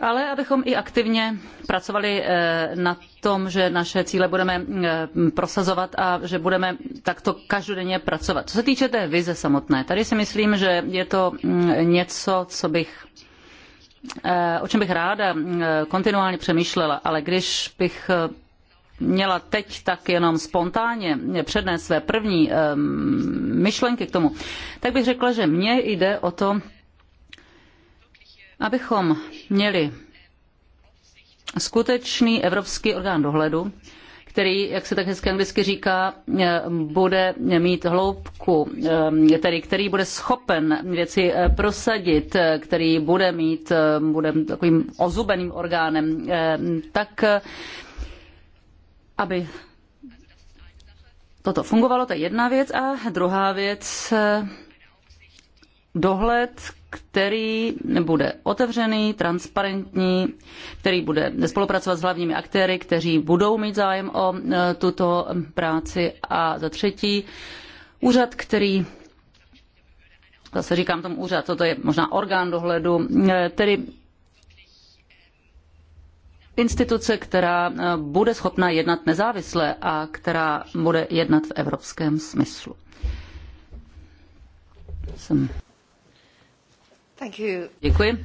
ale abychom i aktivně pracovali eh, na tom, že naše cíle budeme eh, prosazovat a že budeme takto každodenně pracovat. Co se týče té vize samotné, tady si myslím, že je to mm, něco, co bych eh, o čem bych ráda mm, kontinuálně přemýšlela, ale když bych měla teď tak jenom spontánně přednést své první myšlenky k tomu, tak bych řekla, že mně jde o to, Abychom měli skutečný evropský orgán dohledu, který, jak se hezky anglicky říká, eh, bude mít hloubku, eh, tedy který bude schopen věci eh, prosadit, který bude mít, bude takovým ozubeným orgánem, tak aby toto fungovalo, to je jedna věc. A druhá věc, dohled, který bude otevřený, transparentní, který bude spolupracovat s hlavními aktéry, kteří budou mít zájem o e, tuto práci. A za třetí, úřad, který zase říkám tomu úřad, toto je možná orgán dohledu, e, tedy instituce, která e, bude schopna jednat nezávisle a která bude jednat v evropském smyslu. Jsem Děkuji.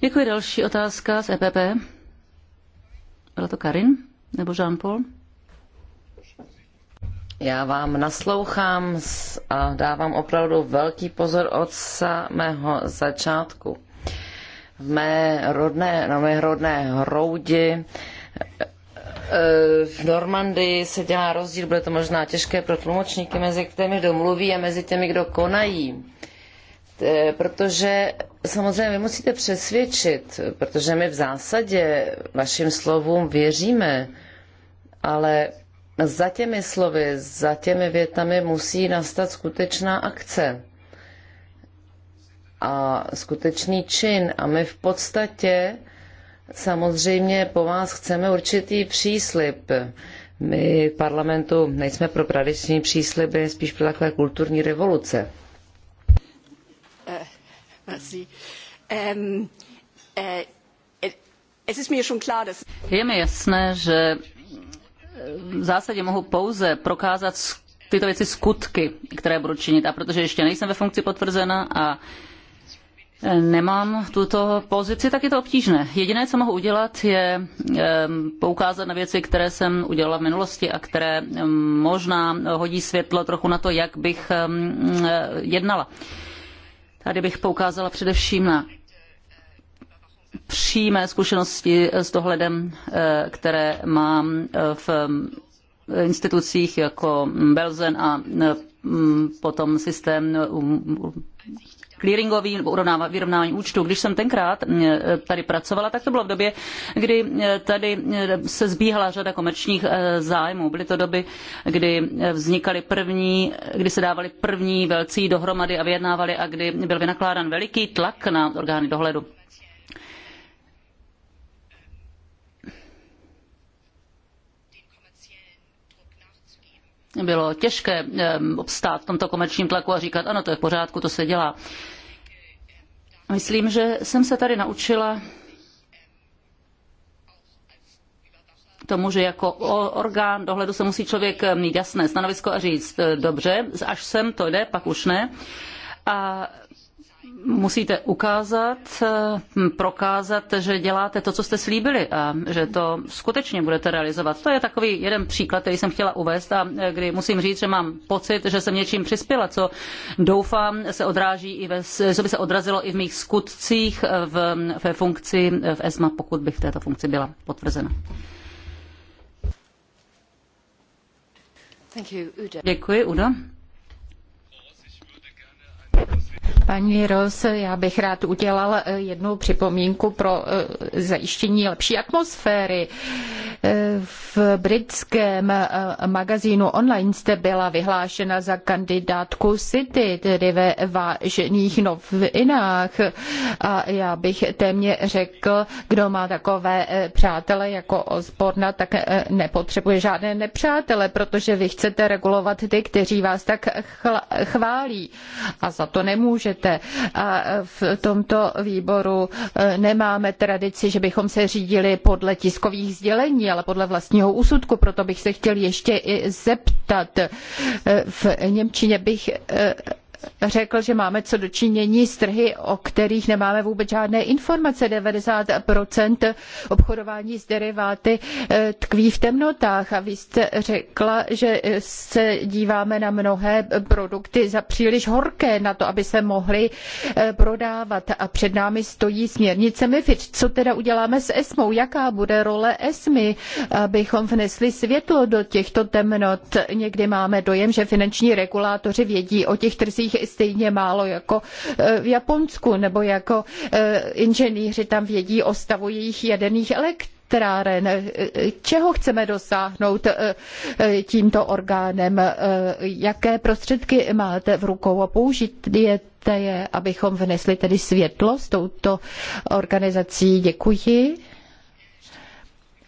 Děkuji. Další otázka z EPP. Byla to Karin nebo Jean-Paul? Já vám naslouchám a dávám opravdu velký pozor od samého začátku. V mé rodné, na mé rodné hroudi eh, v Normandii se dělá rozdíl, bude to možná těžké pro tlumočníky mezi těmi, kdo mluví a mezi těmi, kdo konají. Eh, protože samozřejmě vy musíte přesvědčit, protože my v zásadě vašim slovům věříme, ale za těmi slovy, za těmi větami musí nastat skutečná akce a skutečný čin. A my v podstatě samozřejmě po vás chceme určitý příslip. My v parlamentu nejsme pro tradiční přísliby, spíš pro takové kulturní revoluce. Eh, eh, je mi jasné, že v zásadě mohu pouze prokázat tyto věci skutky, které budu činit. A protože ještě nejsem ve funkci potvrzena a eh, Nemám tuto pozici, tak je to obtížné. Jediné, co mohu udělat, je poukázat na věci, které jsem udělala v minulosti a které možná hodí světlo trochu na to, jak bych jednala. Tady bych poukázala především na přímé zkušenosti s dohledem, eh, které mám eh, v mm, institucích jako Belzen a mm, potom systém mm, clearingový nebo vyrovnávání účtu. Když jsem tenkrát e, tady pracovala, tak to bylo v době, kdy e, tady e, se zbíhala řada komerčních zájmů. Byly to doby, kdy vznikaly první, kdy se dávali první velcí dohromady a vyjednávali a kdy byl vynakládán veliký tlak na orgány dohledu. bylo těžké obstát v tomto komerčním tlaku a říkat, ano, to je v pořádku, to se dělá. Myslím, že jsem se tady naučila tomu, že jako orgán dohledu se musí člověk mít jasné stanovisko a říct, dobře, až sem to jde, pak už ne. A musíte ukázat, hm, prokázat, že děláte to, co jste slíbili a že to skutečně budete realizovat. To je takový jeden příklad, který jsem chtěla uvést a eh, kdy musím říct, že mám pocit, že jsem něčím přispěla, co doufám se odráží i ve, co by se odrazilo i v mých skutcích eh, v, ve funkci eh, v ESMA, pokud bych v této funkci byla potvrzena. Děkuji, Uda. Paní Ros, já bych rád udělal eh, jednu připomínku pro eh, zajištění lepší atmosféry. Eh, v britském magazínu online jste byla vyhlášena za kandidátku City, tedy ve vážených novinách. A já bych témě řekl, kdo má takové přátele jako Osborna, tak nepotřebuje žádné nepřátele, protože vy chcete regulovat ty, kteří vás tak chválí. A za to nemůžete můžete. A v tomto výboru e, nemáme tradici, že bychom se řídili podle tiskových sdělení, ale podle vlastního úsudku. Proto bych se chtěl ještě i zeptat. E, v Němčině bych e, řekl, že máme co dočinění s trhy, o kterých nemáme vůbec žádné informace. 90% obchodování s deriváty eh, tkví v temnotách a vy jste řekla, že eh, se díváme na mnohé produkty za příliš horké na to, aby se mohly eh, prodávat a před námi stojí směrnice MIFID. Co teda uděláme s ESMou? Jaká bude role ESMy, abychom vnesli světlo do těchto temnot? Někdy máme dojem, že finanční regulátoři vědí o těch trzích nemocnicích stejně málo jako e, v Japonsku, nebo jako e, inženýři tam vědí o stavu jejich jaderných elektráren. E, čeho chceme dosáhnout tímto orgánem? Jaké prostředky máte v rukou a použít je abychom vnesli tedy světlo s touto organizací? Děkuji.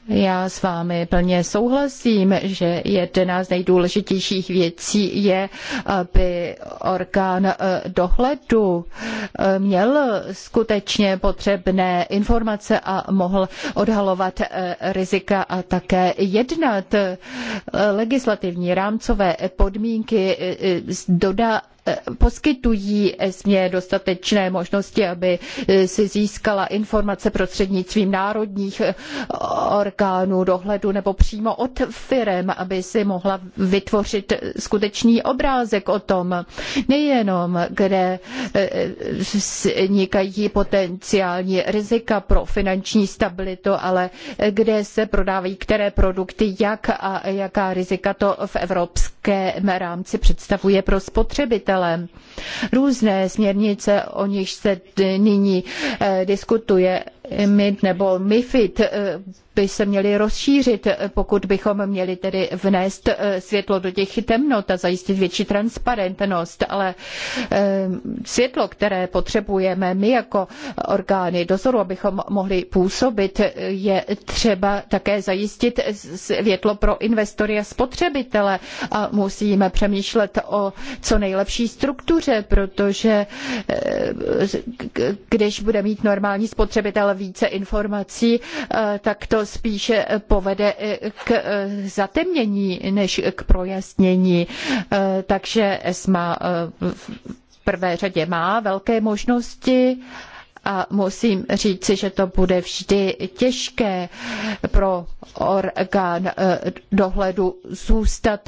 Já s vámi plně souhlasím, že jedna z nejdůležitějších věcí je, aby orgán eh, dohledu eh, měl skutečně potřebné informace a mohl odhalovat eh, rizika a také jednat. Legislativní rámcové podmínky dodá poskytují ESMě dostatečné možnosti, aby eh, si získala informace prostřednictvím národních eh, orgánů dohledu nebo přímo od firem, aby si mohla vytvořit skutečný obrázek o tom, nejenom kde eh, vznikají potenciální rizika pro finanční stabilitu, ale kde se prodávají které produkty, jak a jaká rizika to v Evropské evropském rámci představuje pro spotřebitele. Různé směrnice, o nichž se nyní eh, diskutuje, MID nebo MIFID eh, by se měly rozšířit, eh, pokud bychom měli tedy vnést eh, světlo do těch temnot a zajistit větší transparentnost, ale světlo, které potřebujeme my jako orgány dozoru, abychom mohli působit, je třeba také zajistit světlo pro investory a spotřebitele a musíme přemýšlet o co nejlepší struktuře, protože když bude mít normální spotřebitel více informací, eh, tak to spíše povede eh, k eh, zatemnění než k projasnění. Takže ESMA v prvé řadě má velké možnosti a musím říci, že to bude vždy těžké pro orgán dohledu zůstat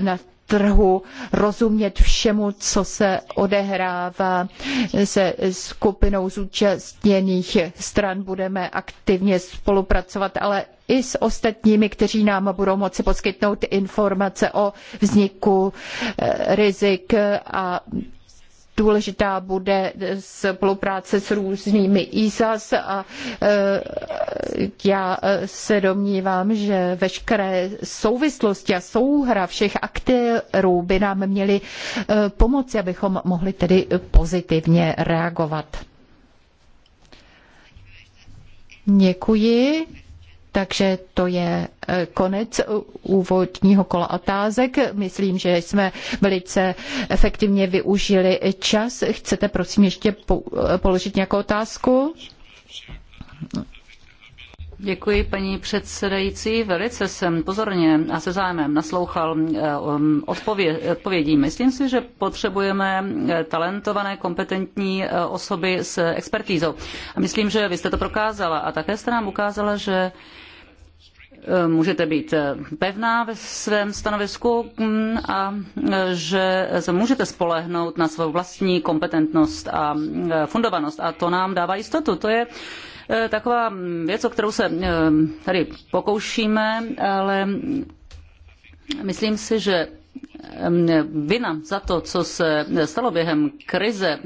na trhu rozumět všemu, co se odehrává se skupinou zúčastněných stran. Budeme aktivně spolupracovat, ale i s ostatními, kteří nám budou moci poskytnout informace o vzniku eh, rizik a důležitá bude spolupráce s různými ISAS a eh, já eh, se domnívám, že veškeré souvislosti a souhra všech aktérů by nám měly eh, pomoci, abychom mohli tedy pozitivně reagovat. Děkuji. Takže to je e, konec e, úvodního kola otázek. Myslím, že jsme velice efektivně využili čas. Chcete prosím ještě e, položit nějakou otázku? Děkuji, paní předsedající. Velice jsem pozorně a se zájmem naslouchal eh, odpovědi Myslím si, že potřebujeme eh, talentované, kompetentní eh, osoby s expertízou. A myslím, že vy jste to prokázala a také jste nám ukázala, že můžete být pevná ve svém stanovisku hm, a že se můžete spolehnout na svou vlastní kompetentnost a fundovanost. A to nám dává jistotu. To je Eh, taková věc, o kterou se eh, tady pokoušíme, ale myslím si, že eh, vina za to, co se stalo během krize,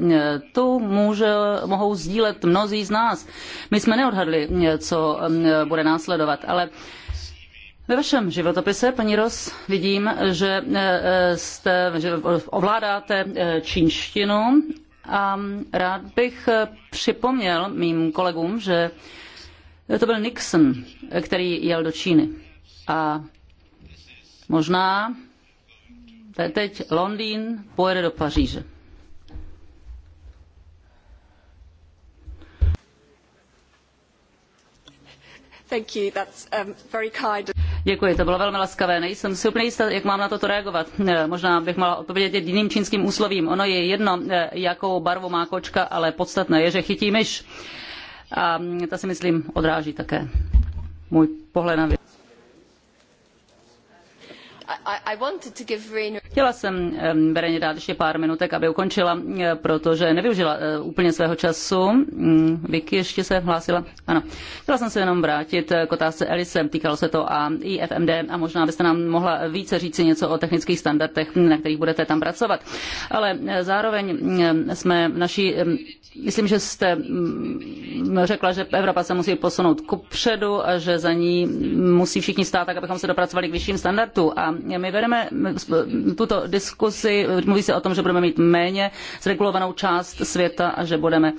tu může, mohou sdílet mnozí z nás. My jsme neodhadli, co bude následovat, ale ve vašem životopise, paní Ros, vidím, že, jste, že ovládáte čínštinu a rád bych připomněl mým kolegům, že to byl Nixon, který jel do Číny. A možná teď Londýn pojede do Paříže. Thank you. That's um, very kind. Děkuji, to bylo velmi laskavé. Nejsem si úplně jistá, jak mám na toto reagovat. Eh, možná bych mohla odpovědět jiným čínským úslovím. Ono je jedno, eh, jakou barvu má kočka, ale podstatné je, že chytí myš. A mm, to si myslím odráží také můj pohled na věc. Chtěla jsem Bereně dát ještě pár minutek, aby ukončila, protože nevyužila e, úplně svého času. Mm, Vicky ještě se hlásila. Ano. Chtěla jsem se jenom vrátit e, k otázce Elise. Týkalo se to a IFMD a možná byste nám mohla více říci něco o technických standardech, na kterých budete tam pracovat. Ale e, zároveň jsme v naší, myslím, že jste řekla, že Evropa se musí posunout kupředu a že za ní musí všichni stát tak, abychom se dopracovali k vyšším standardům. A my vedeme tuto diskusi, mluví se o tom, že budeme mít méně zregulovanou část světa a že budeme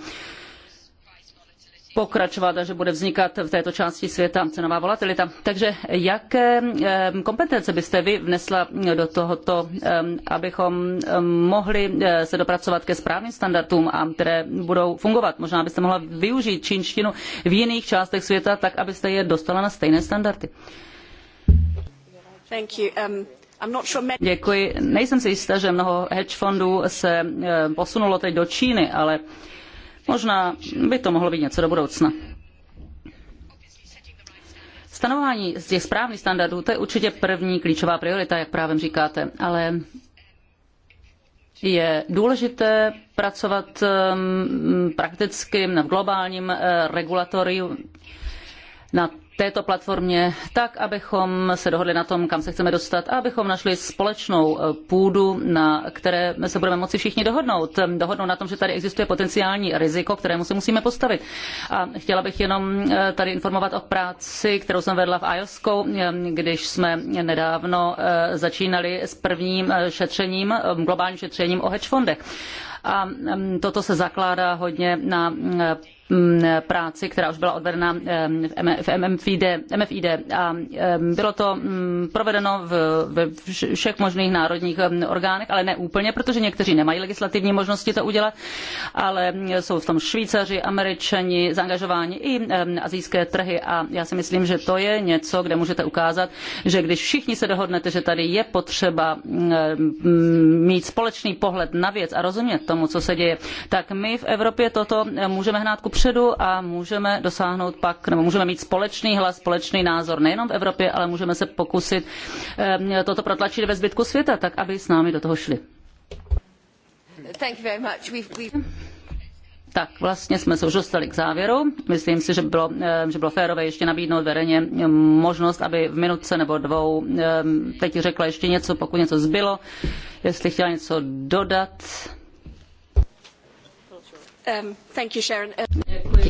pokračovat a že bude vznikat v této části světa cenová volatilita. Takže jaké eh, kompetence byste vy vnesla do tohoto, eh, abychom eh, mohli se dopracovat ke správným standardům, a které budou fungovat? Možná byste mohla využít čínštinu v jiných částech světa, tak abyste je dostala na stejné standardy. Um, Nejsem si jista že mnoho hedge fondů se eh, posunulo teď do Číny, ale možná by to mohlo být něco do budoucna. Stanovování těch správných standardů, to je určitě první klíčová priorita, jak právě říkáte, ale je důležité pracovat ehm, prakticky v globálním eh, regulatoriu na této platformě tak, abychom se dohodli na tom, kam se chceme dostat a abychom našli společnou eh, půdu, na které se budeme moci všichni dohodnout. Dohodnout na tom, že tady existuje potenciální riziko, kterému se musíme postavit. A chtěla bych jenom eh, tady informovat o práci, kterou jsem vedla v IOSCO, eh, když jsme nedávno začínali s prvním šetřením, globálním šetřením o hedge fondech a mm, toto se zakládá hodně na mm, Mm, práci, která už byla odvedena v MFID, MFID a bylo to mm, provedeno ve všech možných národních orgánech, ale ne úplně, protože někteří nemají legislativní možnosti to udělat, ale jsou v tom Švýcaři, Američani, zaangažováni i azijské trhy a já si myslím, že to je něco, kde můžete ukázat, že když všichni se dohodnete, že tady je potřeba mít společný pohled na věc a rozumět tomu, co se děje, tak my v Evropě toto můžeme hnát ku kupředu a můžeme dosáhnout pak, nebo můžeme mít společný hlas, společný názor nejenom v Evropě, ale můžeme se pokusit ehm, toto protlačit ve zbytku světa, tak aby s námi do toho šli. Tak vlastně jsme se už dostali k závěru. Myslím si, že bylo, ehm, že bylo férové ještě nabídnout veřejně možnost, aby v minutce nebo dvou ehm, teď řekla ještě něco, pokud něco zbylo, jestli chtěla něco dodat. Um, uh,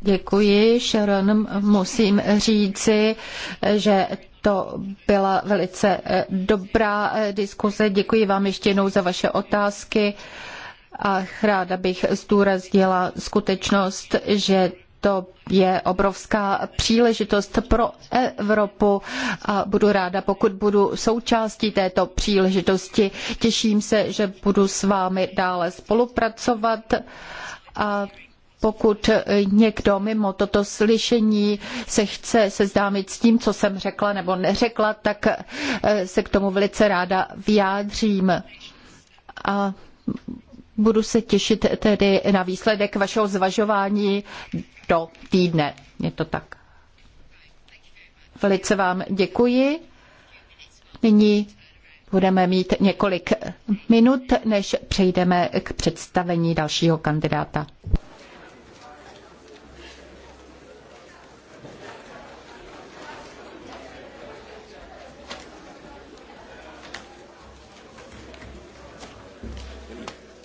Děkuji. Sharon. Musím říci, že to byla velice eh, dobrá eh, diskuse. Děkuji vám ještě jednou za vaše otázky a ráda bych zdůraznila skutečnost, že to je obrovská příležitost pro Evropu a budu ráda, pokud budu součástí této příležitosti. Těším se, že budu s vámi dále spolupracovat a pokud někdo mimo toto slyšení se chce seznámit s tím, co jsem řekla nebo neřekla, tak eh, se k tomu velice ráda vyjádřím. A budu se těšit tedy na výsledek vašeho zvažování do týdne. Je to tak. Velice vám děkuji. Nyní budeme mít několik minut, než přejdeme k představení dalšího kandidáta.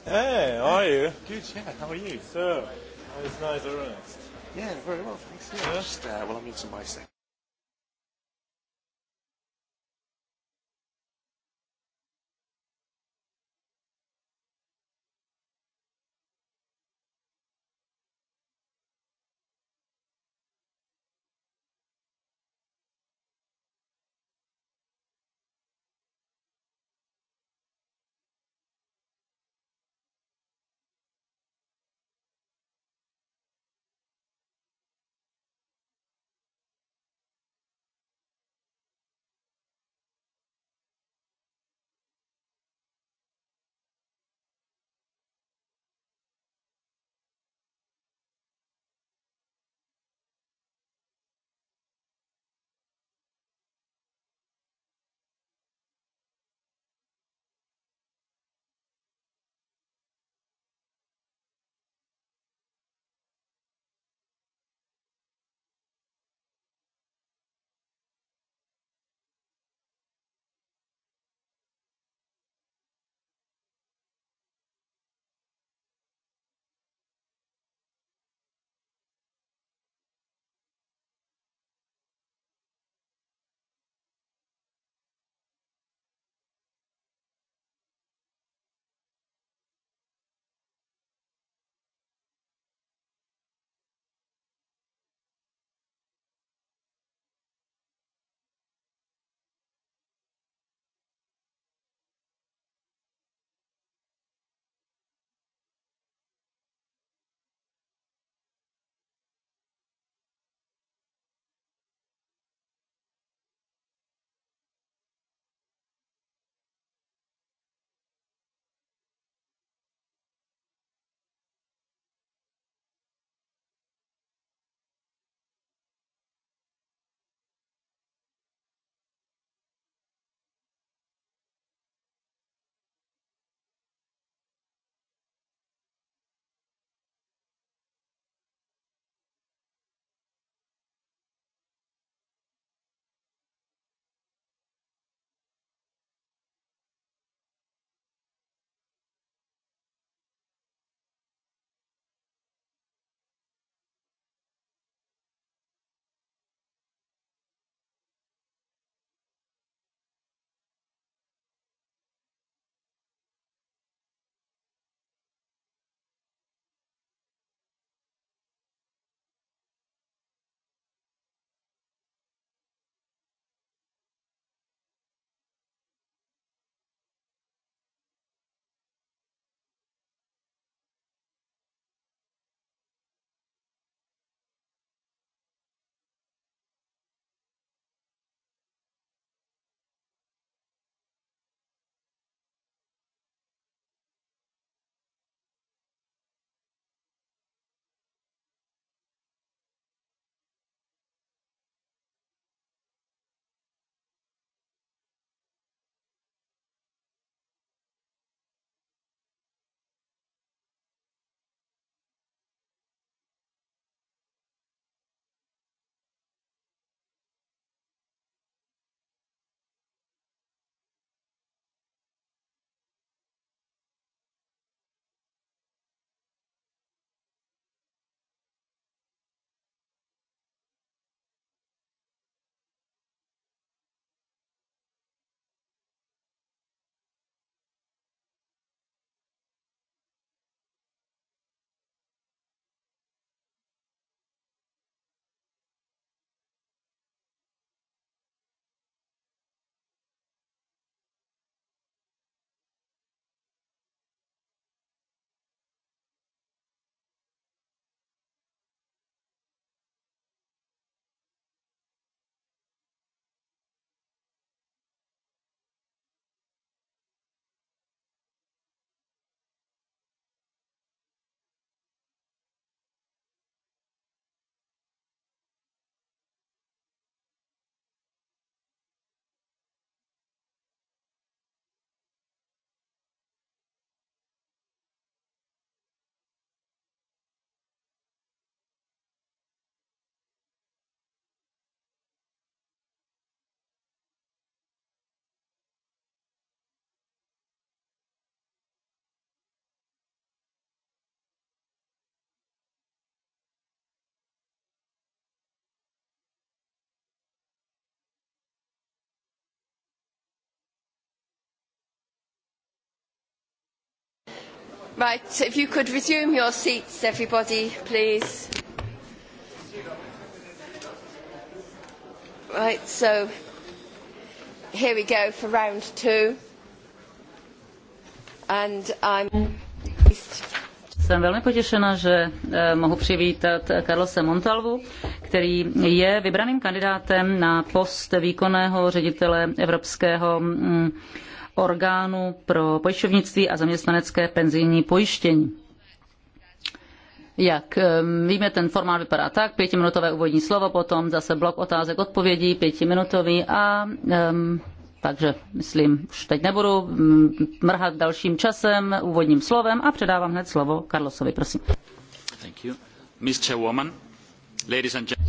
Hey, how are you? Good, yeah, how are you? So, it's nice, all right. Yeah, very well, thanks. Yeah, yeah. just uh, well, I'm doing some bicycling. Right, if you could resume your seats, everybody, please. Right, so here we go for round two. And I'm jsem velmi potěšena, že eh, mohu přivítat Carlose Montalvu, který je vybraným kandidátem na post výkonného ředitele Evropského mm, orgánu pro pojišťovnictví a zaměstnanecké penzijní pojištění. Jak víme, ten formát vypadá tak, pětiminutové úvodní slovo, potom zase blok otázek odpovědí, pětiminutový a um, takže myslím, už teď nebudu mrhat dalším časem, úvodním slovem a předávám hned slovo Carlosovi, prosím. Thank you. Mr. Woman.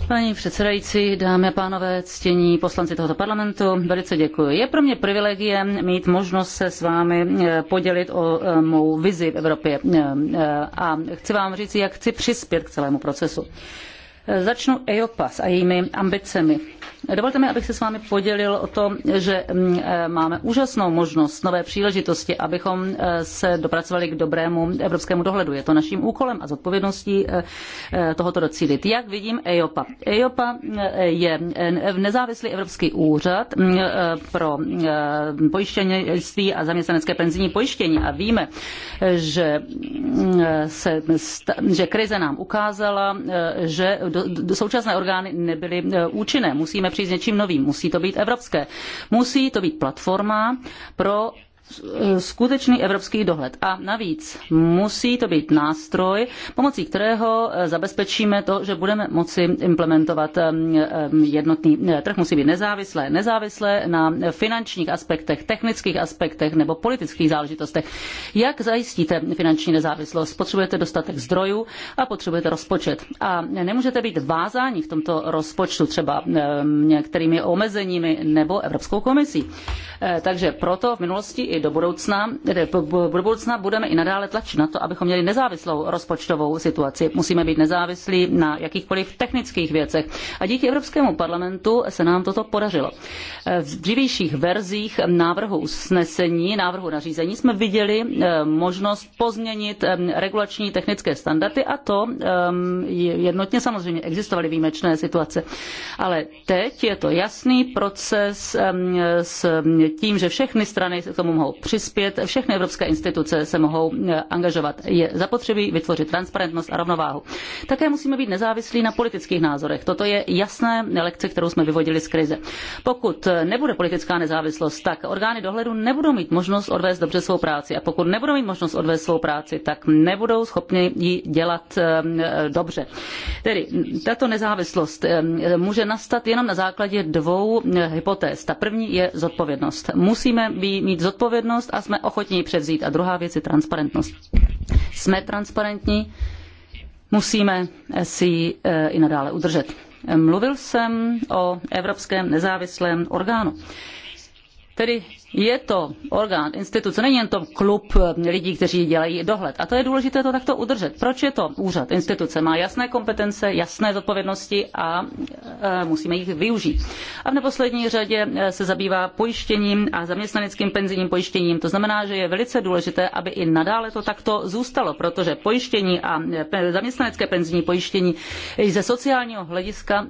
Paní předsedající, dámy a pánové, ctění poslanci tohoto parlamentu, velice děkuji. Je pro mě privilegiem mít možnost se s vámi eh, podělit o eh, mou vizi v Evropě eh, a chci vám říct, jak chci přispět k celému procesu. Začnu EOPAS a jejími ambicemi. Dovolte mi, abych se s vámi podělil o to, že mm, eh, máme úžasnou možnost, nové příležitosti, abychom eh, se dopracovali k dobrému evropskému dohledu. Je to naším úkolem a zodpovědností eh, tohoto docílit. Jak vidím EIOPA? EIOPA je nezávislý evropský úřad mm, pro pojištěnictví a zaměstnanecké penzijní pojištění a víme, že, mm, se, že krize nám ukázala, že současné orgány nebyly e, účinné. Musíme přijít s něčím novým. Musí to být evropské. Musí to být platforma pro skutečný evropský dohled. A navíc musí to být nástroj, pomocí kterého eh, zabezpečíme to, že budeme moci implementovat eh, eh, jednotný trh. Musí být nezávislé, nezávislé na finančních aspektech, technických aspektech nebo politických záležitostech. Jak zajistíte finanční nezávislost? Potřebujete dostatek zdrojů a potřebujete rozpočet. A nemůžete být vázáni v tomto rozpočtu třeba některými omezeními nebo Evropskou komisí. Takže proto v minulosti i do budoucna. Do budoucna budeme i nadále tlačit na to, abychom měli nezávislou rozpočtovou situaci. Musíme být nezávislí na jakýchkoliv technických věcech. A díky Evropskému parlamentu se nám toto podařilo. V dřívějších verzích návrhu usnesení, návrhu nařízení jsme viděli eh, možnost pozměnit eh, regulační technické standardy a to ehm, jednotně samozřejmě existovaly výjimečné situace. Ale teď je to jasný proces ehm, s tím, že všechny strany se k tomu mohou mohou přispět, všechny evropské instituce se mohou eh, angažovat. Je zapotřebí vytvořit transparentnost a rovnováhu. Také musíme být nezávislí na politických názorech. Toto je jasné lekce, kterou jsme vyvodili z krize. Pokud eh, nebude politická nezávislost, tak orgány dohledu nebudou mít možnost odvést dobře svou práci. A pokud nebudou mít možnost odvést svou práci, tak nebudou schopni ji dělat eh, dobře. Tedy tato nezávislost může nastat jenom na základě dvou hypotéz. Ta první je zodpovědnost. Musíme být mít zodpovědnost odpovědnost a jsme ochotni ji převzít. A druhá věc je transparentnost. Jsme transparentní, musíme si ji eh, i nadále udržet. Mluvil jsem o Evropském nezávislém orgánu. Tedy je to orgán, instituce, není jen to klub eh, lidí, kteří dělají dohled. A to je důležité to takto udržet. Proč je to úřad, instituce? Má jasné kompetence, jasné zodpovědnosti a eh, musíme jich využít. A v neposlední řadě eh, se zabývá pojištěním a zaměstnaneckým penzijním pojištěním. To znamená, že je velice důležité, aby i nadále to takto zůstalo, protože pojištění a zaměstnanecké penzijní pojištění i ze sociálního hlediska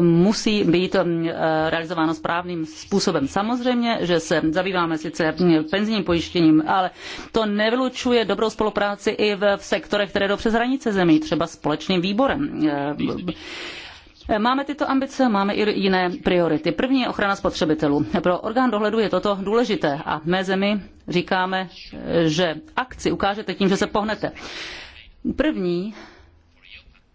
musí být mm, realizováno správným způsobem. Samozřejmě, že se zabýváme sice penzijním pojištěním, ale to nevylučuje dobrou spolupráci i v sektorech, které jdou přes hranice zemí, třeba společným výborem. Máme tyto ambice, máme i jiné priority. První je ochrana spotřebitelů. Pro orgán dohledu je toto důležité a v mé zemi říkáme, že akci ukážete tím, že se pohnete. První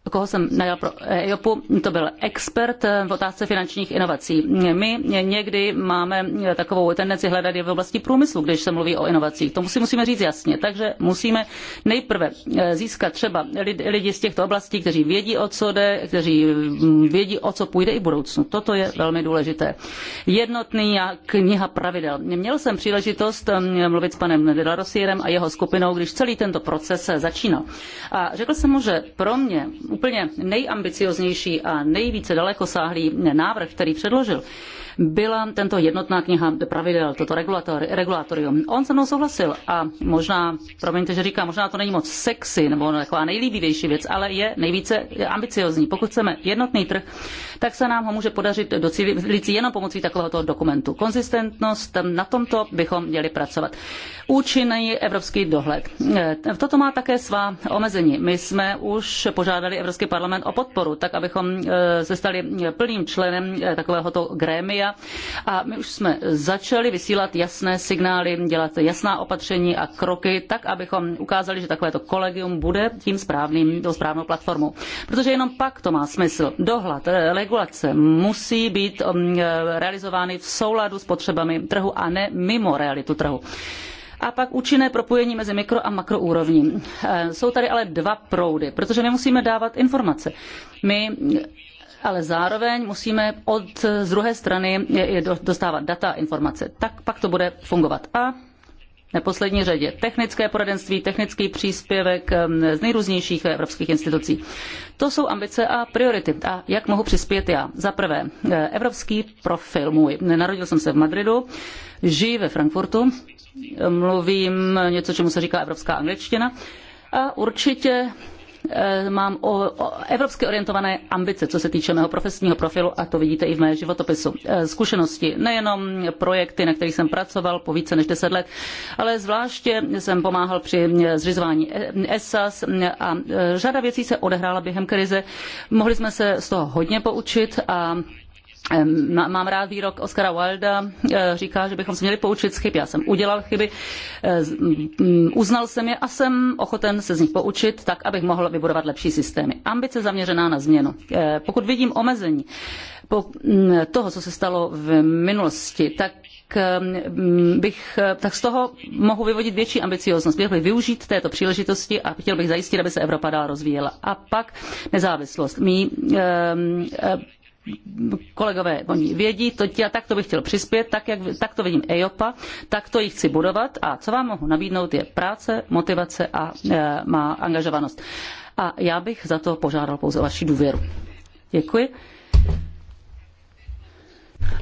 koho jsem najal pro EIOPu, to byl expert eh, v otázce finančních inovací. My někdy máme eh, takovou tendenci hledat je v oblasti průmyslu, když se mluví o inovacích. To si musíme říct jasně. Takže musíme nejprve eh, získat třeba lidi z těchto oblastí, kteří vědí, o co jde, kteří mm, vědí, o co půjde i v budoucnu. Toto je velmi důležité. Jednotný a kniha pravidel. Měl jsem příležitost mluvit s panem Delarosierem a jeho skupinou, když celý tento proces začínal. A řekl jsem mu, že pro mě úplně nejambicioznější a nejvíce dalekosáhlý návrh, který předložil, byla tento jednotná kniha pravidel, toto regulatorium. On se mnou souhlasil a možná, promiňte, že říkám, možná to není moc sexy nebo taková nejlíbivější věc, ale je nejvíce ambiciozní. Pokud chceme jednotný trh, tak se nám ho může podařit docílit jenom pomocí takového dokumentu. Konzistentnost, na tomto bychom měli pracovat. Účinný evropský dohled. E, toto má také svá omezení. My jsme už požádali Evropský parlament o podporu, tak abychom e, se stali plným členem e, takovéhoto grémia. A my už jsme začali vysílat jasné signály, dělat jasná opatření a kroky, tak abychom ukázali, že takovéto kolegium bude tím správným, tou správnou platformou. Protože jenom pak to má smysl. Dohled, e, regulace musí být um, realizovány v souladu s potřebami trhu a ne mimo realitu trhu a pak účinné propojení mezi mikro a makroúrovní. Eh, jsou tady ale dva proudy, protože my musíme dávat informace. My ale zároveň musíme od z druhé strany dostávat data a informace. Tak pak to bude fungovat. A neposlední řadě technické poradenství, technický příspěvek ehm, z nejrůznějších evropských institucí. To jsou ambice a priority. A jak mohu přispět já? Za prvé, eh, evropský profil můj. Narodil jsem se v Madridu. Žijí ve Frankfurtu, mluvím něco, čemu se říká evropská angličtina a určitě eh, mám o, o evropsky orientované ambice, co se týče mého profesního profilu a to vidíte i v mé životopisu. Eh, zkušenosti, nejenom projekty, na kterých jsem pracoval po více než deset let, ale zvláště jsem pomáhal při eh, zřizování e- ESAS a řada věcí se odehrála během krize. Mohli jsme se z toho hodně poučit a Mám rád výrok Oscara Wilda, eh, říká, že bychom se měli poučit z chyb. Já jsem udělal chyby, eh, mm, uznal jsem je a jsem ochoten se z nich poučit, tak abych mohl vybudovat lepší systémy. Ambice zaměřená na změnu. Eh, pokud vidím omezení mm, toho, co se stalo v minulosti, tak mm, bych, tak z toho mohu vyvodit větší ambicioznost. Chtěl bych využít této příležitosti a chtěl bych zajistit, aby se Evropa dál rozvíjela. A pak nezávislost kolegové oni vědí, to, já to bych chtěl přispět, tak, jak, tak to vidím EIOPA, tak to ji chci budovat a co vám mohu nabídnout je práce, motivace a e, má angažovanost. A já bych za to požádal pouze vaši důvěru. Děkuji.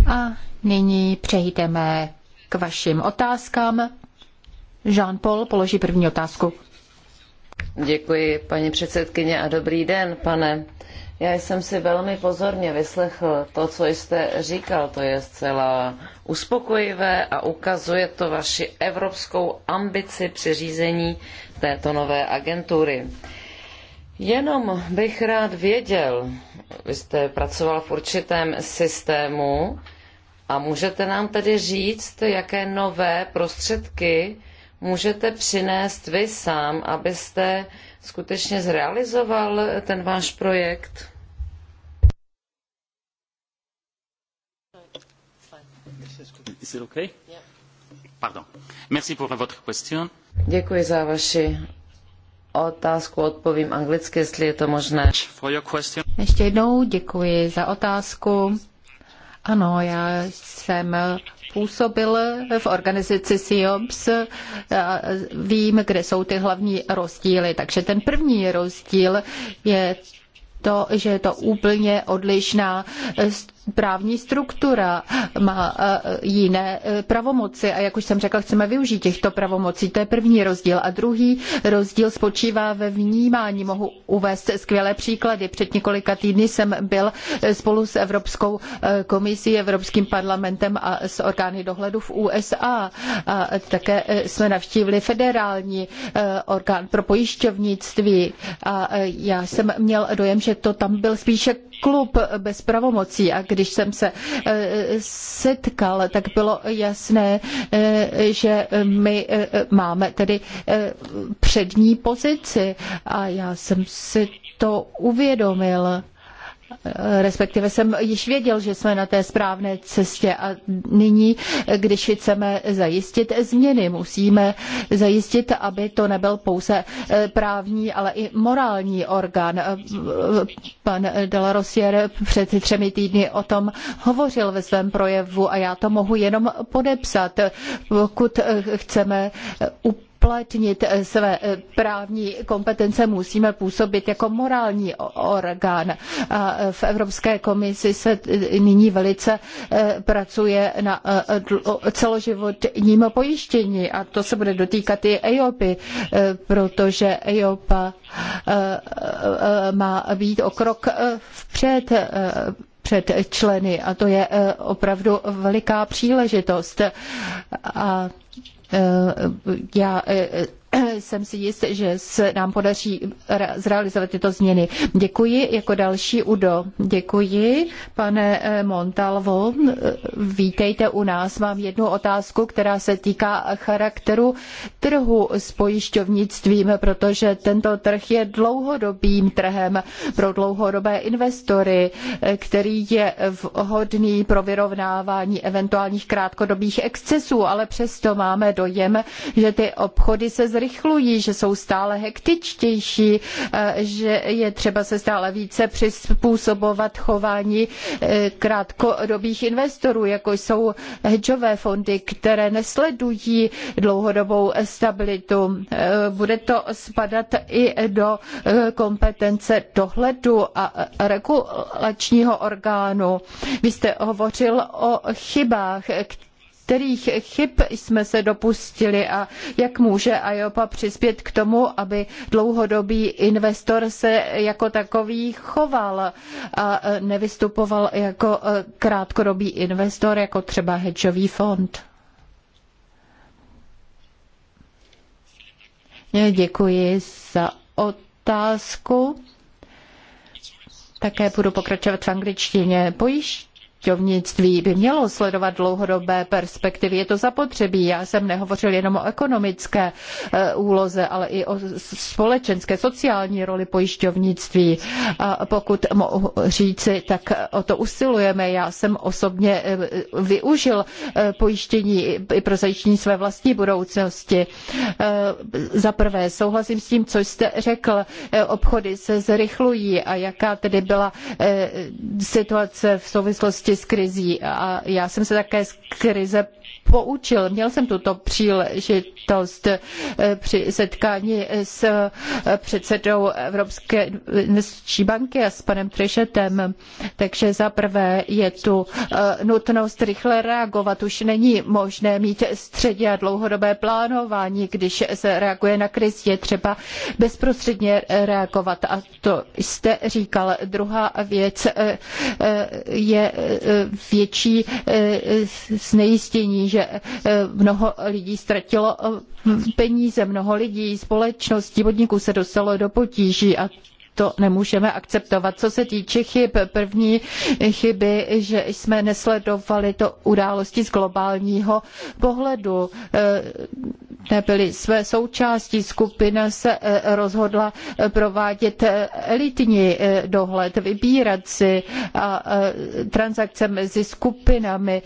A nyní přejdeme k vašim otázkám. Jean-Paul položí první otázku. Děkuji, paní předsedkyně, a dobrý den, pane já jsem si velmi pozorně vyslechl to, co jste říkal. To je zcela uspokojivé a ukazuje to vaši evropskou ambici při řízení této nové agentury. Jenom bych rád věděl, vy jste pracoval v určitém systému a můžete nám tedy říct, jaké nové prostředky můžete přinést vy sám, abyste skutečně zrealizoval ten váš projekt? Is it okay? Yeah. Pardon. Merci pour votre question. Děkuji za vaši otázku odpovím anglicky, jestli je to možné. Ještě jednou děkuji za otázku. Ano, já jsem působil v organizaci SIOPS. Vím, kde jsou ty hlavní rozdíly. Takže ten první rozdíl je to, že je to úplně odlišná právní struktura, má eh, jiné eh, pravomoci a jak už jsem řekla, chceme využít těchto pravomocí. To je první rozdíl. A druhý rozdíl spočívá ve vnímání. Mohu uvést skvělé příklady. Před několika týdny jsem byl eh, spolu s Evropskou komisí, Evropským parlamentem a s orgány dohledu v USA. A také jsme navštívili federální orgán pro pojišťovnictví a já jsem měl dojem, že to tam byl spíše klub bez pravomocí a když jsem se eh, setkal, tak bylo jasné, eh, že my eh, máme tedy přední pozici a já jsem si to uvědomil respektive jsem již věděl, že jsme na té správné cestě a nyní, když chceme zajistit změny, musíme zajistit, aby to nebyl pouze eh, právní, ale i morální orgán. Eh, pan Delarosier před třemi týdny o tom hovořil ve svém projevu a já to mohu jenom podepsat. Pokud eh, chceme upravit uplatnit eh, své eh, právní kompetence, musíme působit jako morální orgán. A eh, v Evropské komisi se nyní velice pracuje na celoživotním pojištění a to se bude dotýkat i EIOPy, protože EIOPA má být o krok vpřed před členy a to je opravdu veliká příležitost. A Eh, já eh, jsem si jist, že se nám podaří zrealizovat tyto změny. Děkuji. Jako další Udo. Děkuji. Pane eh, Montalvo, eh, vítejte u nás. Mám jednu otázku, která se týká charakteru trhu s pojišťovnictvím, protože tento trh je dlouhodobým trhem pro dlouhodobé investory, eh, který je vhodný pro vyrovnávání eventuálních krátkodobých excesů, ale přesto máme dojem, že ty obchody se zrychlují zrychlují, že jsou stále hektičtější, eh, že je třeba se stále více přizpůsobovat chování eh, krátkodobých investorů, jako jsou hedžové fondy, které nesledují dlouhodobou stabilitu. Eh, bude to spadat i do kompetence dohledu a regulačního orgánu. Vy jste hovořil o chybách, kterých chyb jsme se dopustili a jak může IOPA přispět k tomu, aby dlouhodobý investor se jako takový choval a e, nevystupoval jako e, krátkodobý investor, jako třeba hedžový fond. Děkuji za otázku. Také budu pokračovat v angličtině. Pojišť pojišťovnictví by mělo sledovat dlouhodobé perspektivy. Je to zapotřebí. Já jsem nehovořil jenom o ekonomické eh, úloze, ale i o společenské, sociální roli pojišťovnictví. A pokud mohu říci, tak o to usilujeme. Já jsem osobně eh, využil eh, pojištění i pro zajištění své vlastní budoucnosti. Za prvé, souhlasím s tím, co jste řekl, obchody se zrychlují a jaká tedy byla situace v souvislosti souvislosti s krizí. A já jsem se také z krize poučil. Měl jsem tuto příležitost eh, při setkání s eh, předsedou Evropské investiční banky a s panem Trišetem. Takže za prvé je tu eh, nutnost rychle reagovat. Už není možné mít středně a dlouhodobé plánování, když se reaguje na krizi. Je třeba bezprostředně reagovat. A to jste říkal. Druhá věc je větší znejistění, že že eh, mnoho lidí ztratilo eh, peníze, mnoho lidí, společností, podniků se dostalo do potíží a to nemůžeme akceptovat. Co se týče chyb, první chyby, že jsme nesledovali to události z globálního pohledu eh, nebyly své součástí. Skupina se e, rozhodla e, provádět e, elitní dohled, vybírat si a transakce mezi skupinami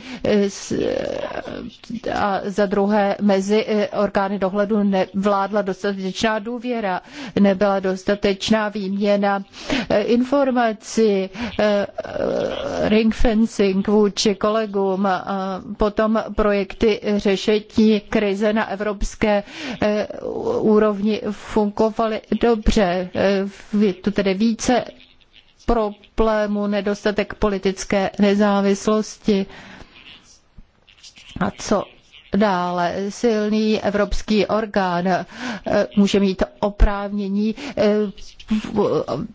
a za druhé mezi orgány dohledu nevládla dostatečná důvěra, nebyla dostatečná výměna informací, ring fencing vůči kolegům, potom projekty řešení krize na evropské evropské eh, úrovni fungovaly dobře. Je eh, tu tedy více problémů, nedostatek politické nezávislosti. A co Dále silný evropský orgán eh, může mít oprávnění eh,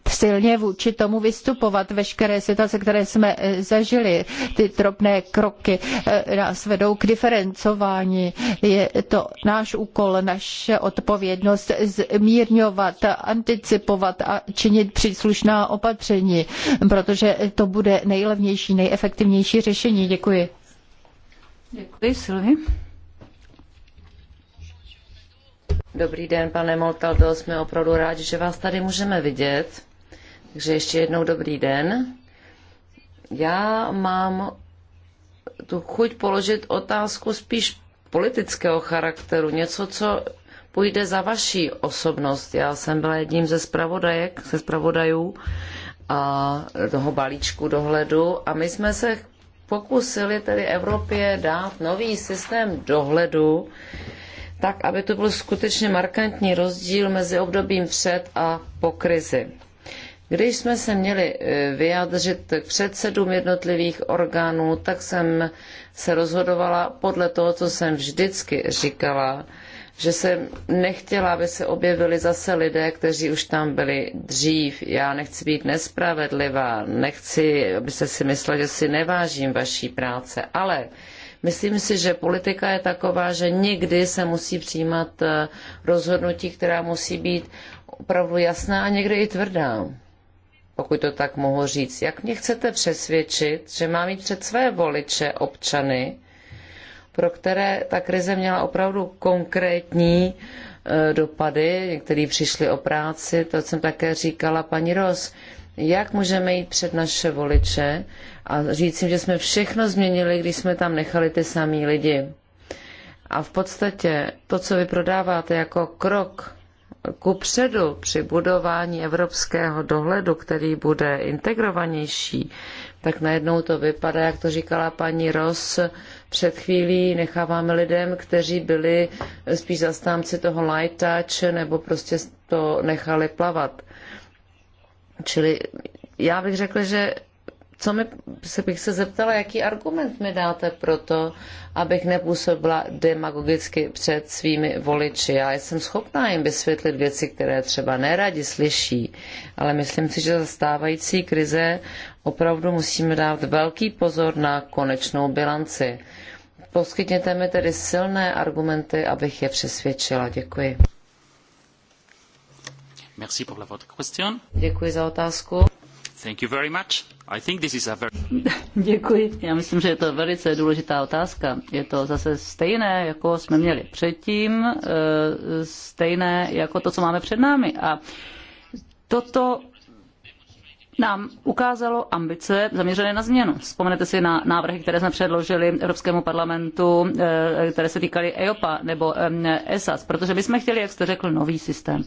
silně vůči tomu vystupovat. Veškeré situace, které jsme eh, zažili, ty drobné kroky nás vedou k diferencování. Je to náš úkol, naše odpovědnost zmírňovat, anticipovat a činit příslušná opatření, protože to bude nejlevnější, nejefektivnější řešení. Děkuji. Děkuji, Silvi. Dobrý den, pane Moltaldo, jsme opravdu rádi, že vás tady můžeme vidět. Takže ještě jednou dobrý den. Já mám tu chuť položit otázku spíš politického charakteru, něco, co půjde za vaší osobnost. Já jsem byla jedním ze zpravodajek, ze zpravodajů a toho balíčku dohledu a my jsme se pokusili tedy Evropě dát nový systém dohledu, tak aby to byl skutečně markantní rozdíl mezi obdobím před a po krizi. Když jsme se měli e, vyjádřit k předsedům jednotlivých orgánů, tak jsem se rozhodovala podle toho, co jsem vždycky říkala, že jsem nechtěla, aby se objevili zase lidé, kteří už tam byli dřív. Já nechci být nespravedlivá, nechci, abyste si mysleli, že si nevážím vaší práce, ale Myslím si, že politika je taková, že někdy se musí přijímat eh, rozhodnutí, která musí být opravdu jasná a někdy i tvrdá, pokud to tak mohu říct. Jak mě chcete přesvědčit, že mám mít před své voliče občany, pro které ta krize měla opravdu konkrétní eh, dopady, někteří přišli o práci, to jsem také říkala paní Ros. Jak můžeme jít před naše voliče, a říct jim, že jsme všechno změnili, když jsme tam nechali ty samý lidi. A v podstatě to, co vy prodáváte jako krok ku předu při budování evropského dohledu, který bude integrovanější, tak najednou to vypadá, jak to říkala paní Ross, před chvílí necháváme lidem, kteří byli spíš zastánci toho light touch, nebo prostě to nechali plavat. Čili já bych řekla, že co mi, se bych se zeptala, jaký argument mi dáte pro to, abych nepůsobila demagogicky před svými voliči. Já jsem schopná jim vysvětlit věci, které třeba neradi slyší, ale myslím si, že za stávající krize opravdu musíme dát velký pozor na konečnou bilanci. Poskytněte mi tedy silné argumenty, abych je přesvědčila. Děkuji. Děkuji za otázku. Děkuji. Já myslím, že je to velice důležitá otázka. Je to zase stejné, jako jsme měli předtím, eh, stejné jako to, co máme před námi. A toto nám ukázalo ambice zaměřené na změnu. Vzpomenete si na návrhy, které jsme předložili Evropskému parlamentu, eh, které se týkaly EOPA nebo eh, ESAS, protože my jsme chtěli, jak jste řekl, nový systém.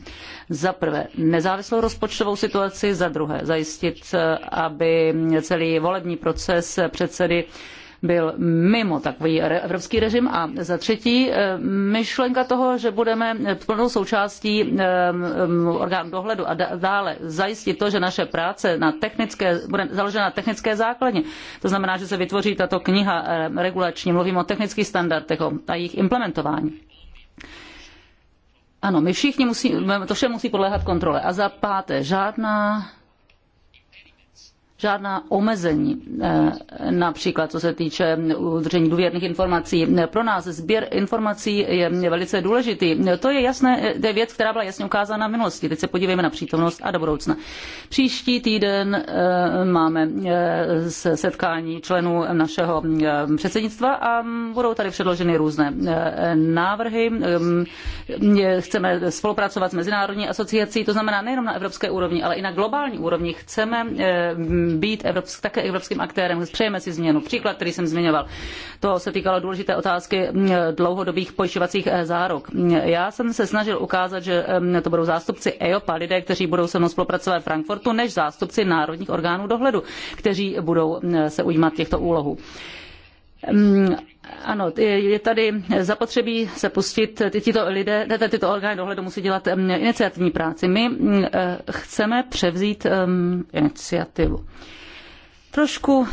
Za prvé, nezávislou rozpočtovou situaci, za druhé, zajistit, eh, aby celý volební proces předsedy byl mimo takový evropský režim. A za třetí, eh, myšlenka toho, že budeme plnou součástí eh, mm, orgánu dohledu a dále zajistit to, že naše práce na technické, bude založena na technické základně. To znamená, že se vytvoří tato kniha eh, regulační, mluvím o technických standardech a jejich implementování. Ano, my všichni musí, to vše musí podléhat kontrole. A za páté, žádná žádná omezení, eh, například co se týče udržení důvěrných informací. Pro nás sběr informací je velice důležitý. To je, jasné, to je věc, která byla jasně ukázána v minulosti. Teď se podívejme na přítomnost a do budoucna. Příští týden eh, máme eh, setkání členů našeho předsednictva a budou tady předloženy různé návrhy. Ehm, chceme spolupracovat s Mezinárodní asociací, to znamená nejenom na evropské úrovni, ale i na globální úrovni. Chceme být evropsk, také evropským aktérem. Přejeme si změnu. Příklad, který jsem zmiňoval, to se týkalo důležité otázky mm, dlouhodobých pojišťovacích eh, záruk. Já jsem se snažil ukázat, že mm, to budou zástupci EOPA, lidé, kteří budou se mnou spolupracovat v Frankfurtu, než zástupci národních orgánů dohledu, kteří budou mm, se ujímat těchto úlohů. Ano, je tady zapotřebí se pustit, tyto lidé, tyto orgány dohledu musí dělat iniciativní práci. My eh, chceme převzít iniciativu. Trošku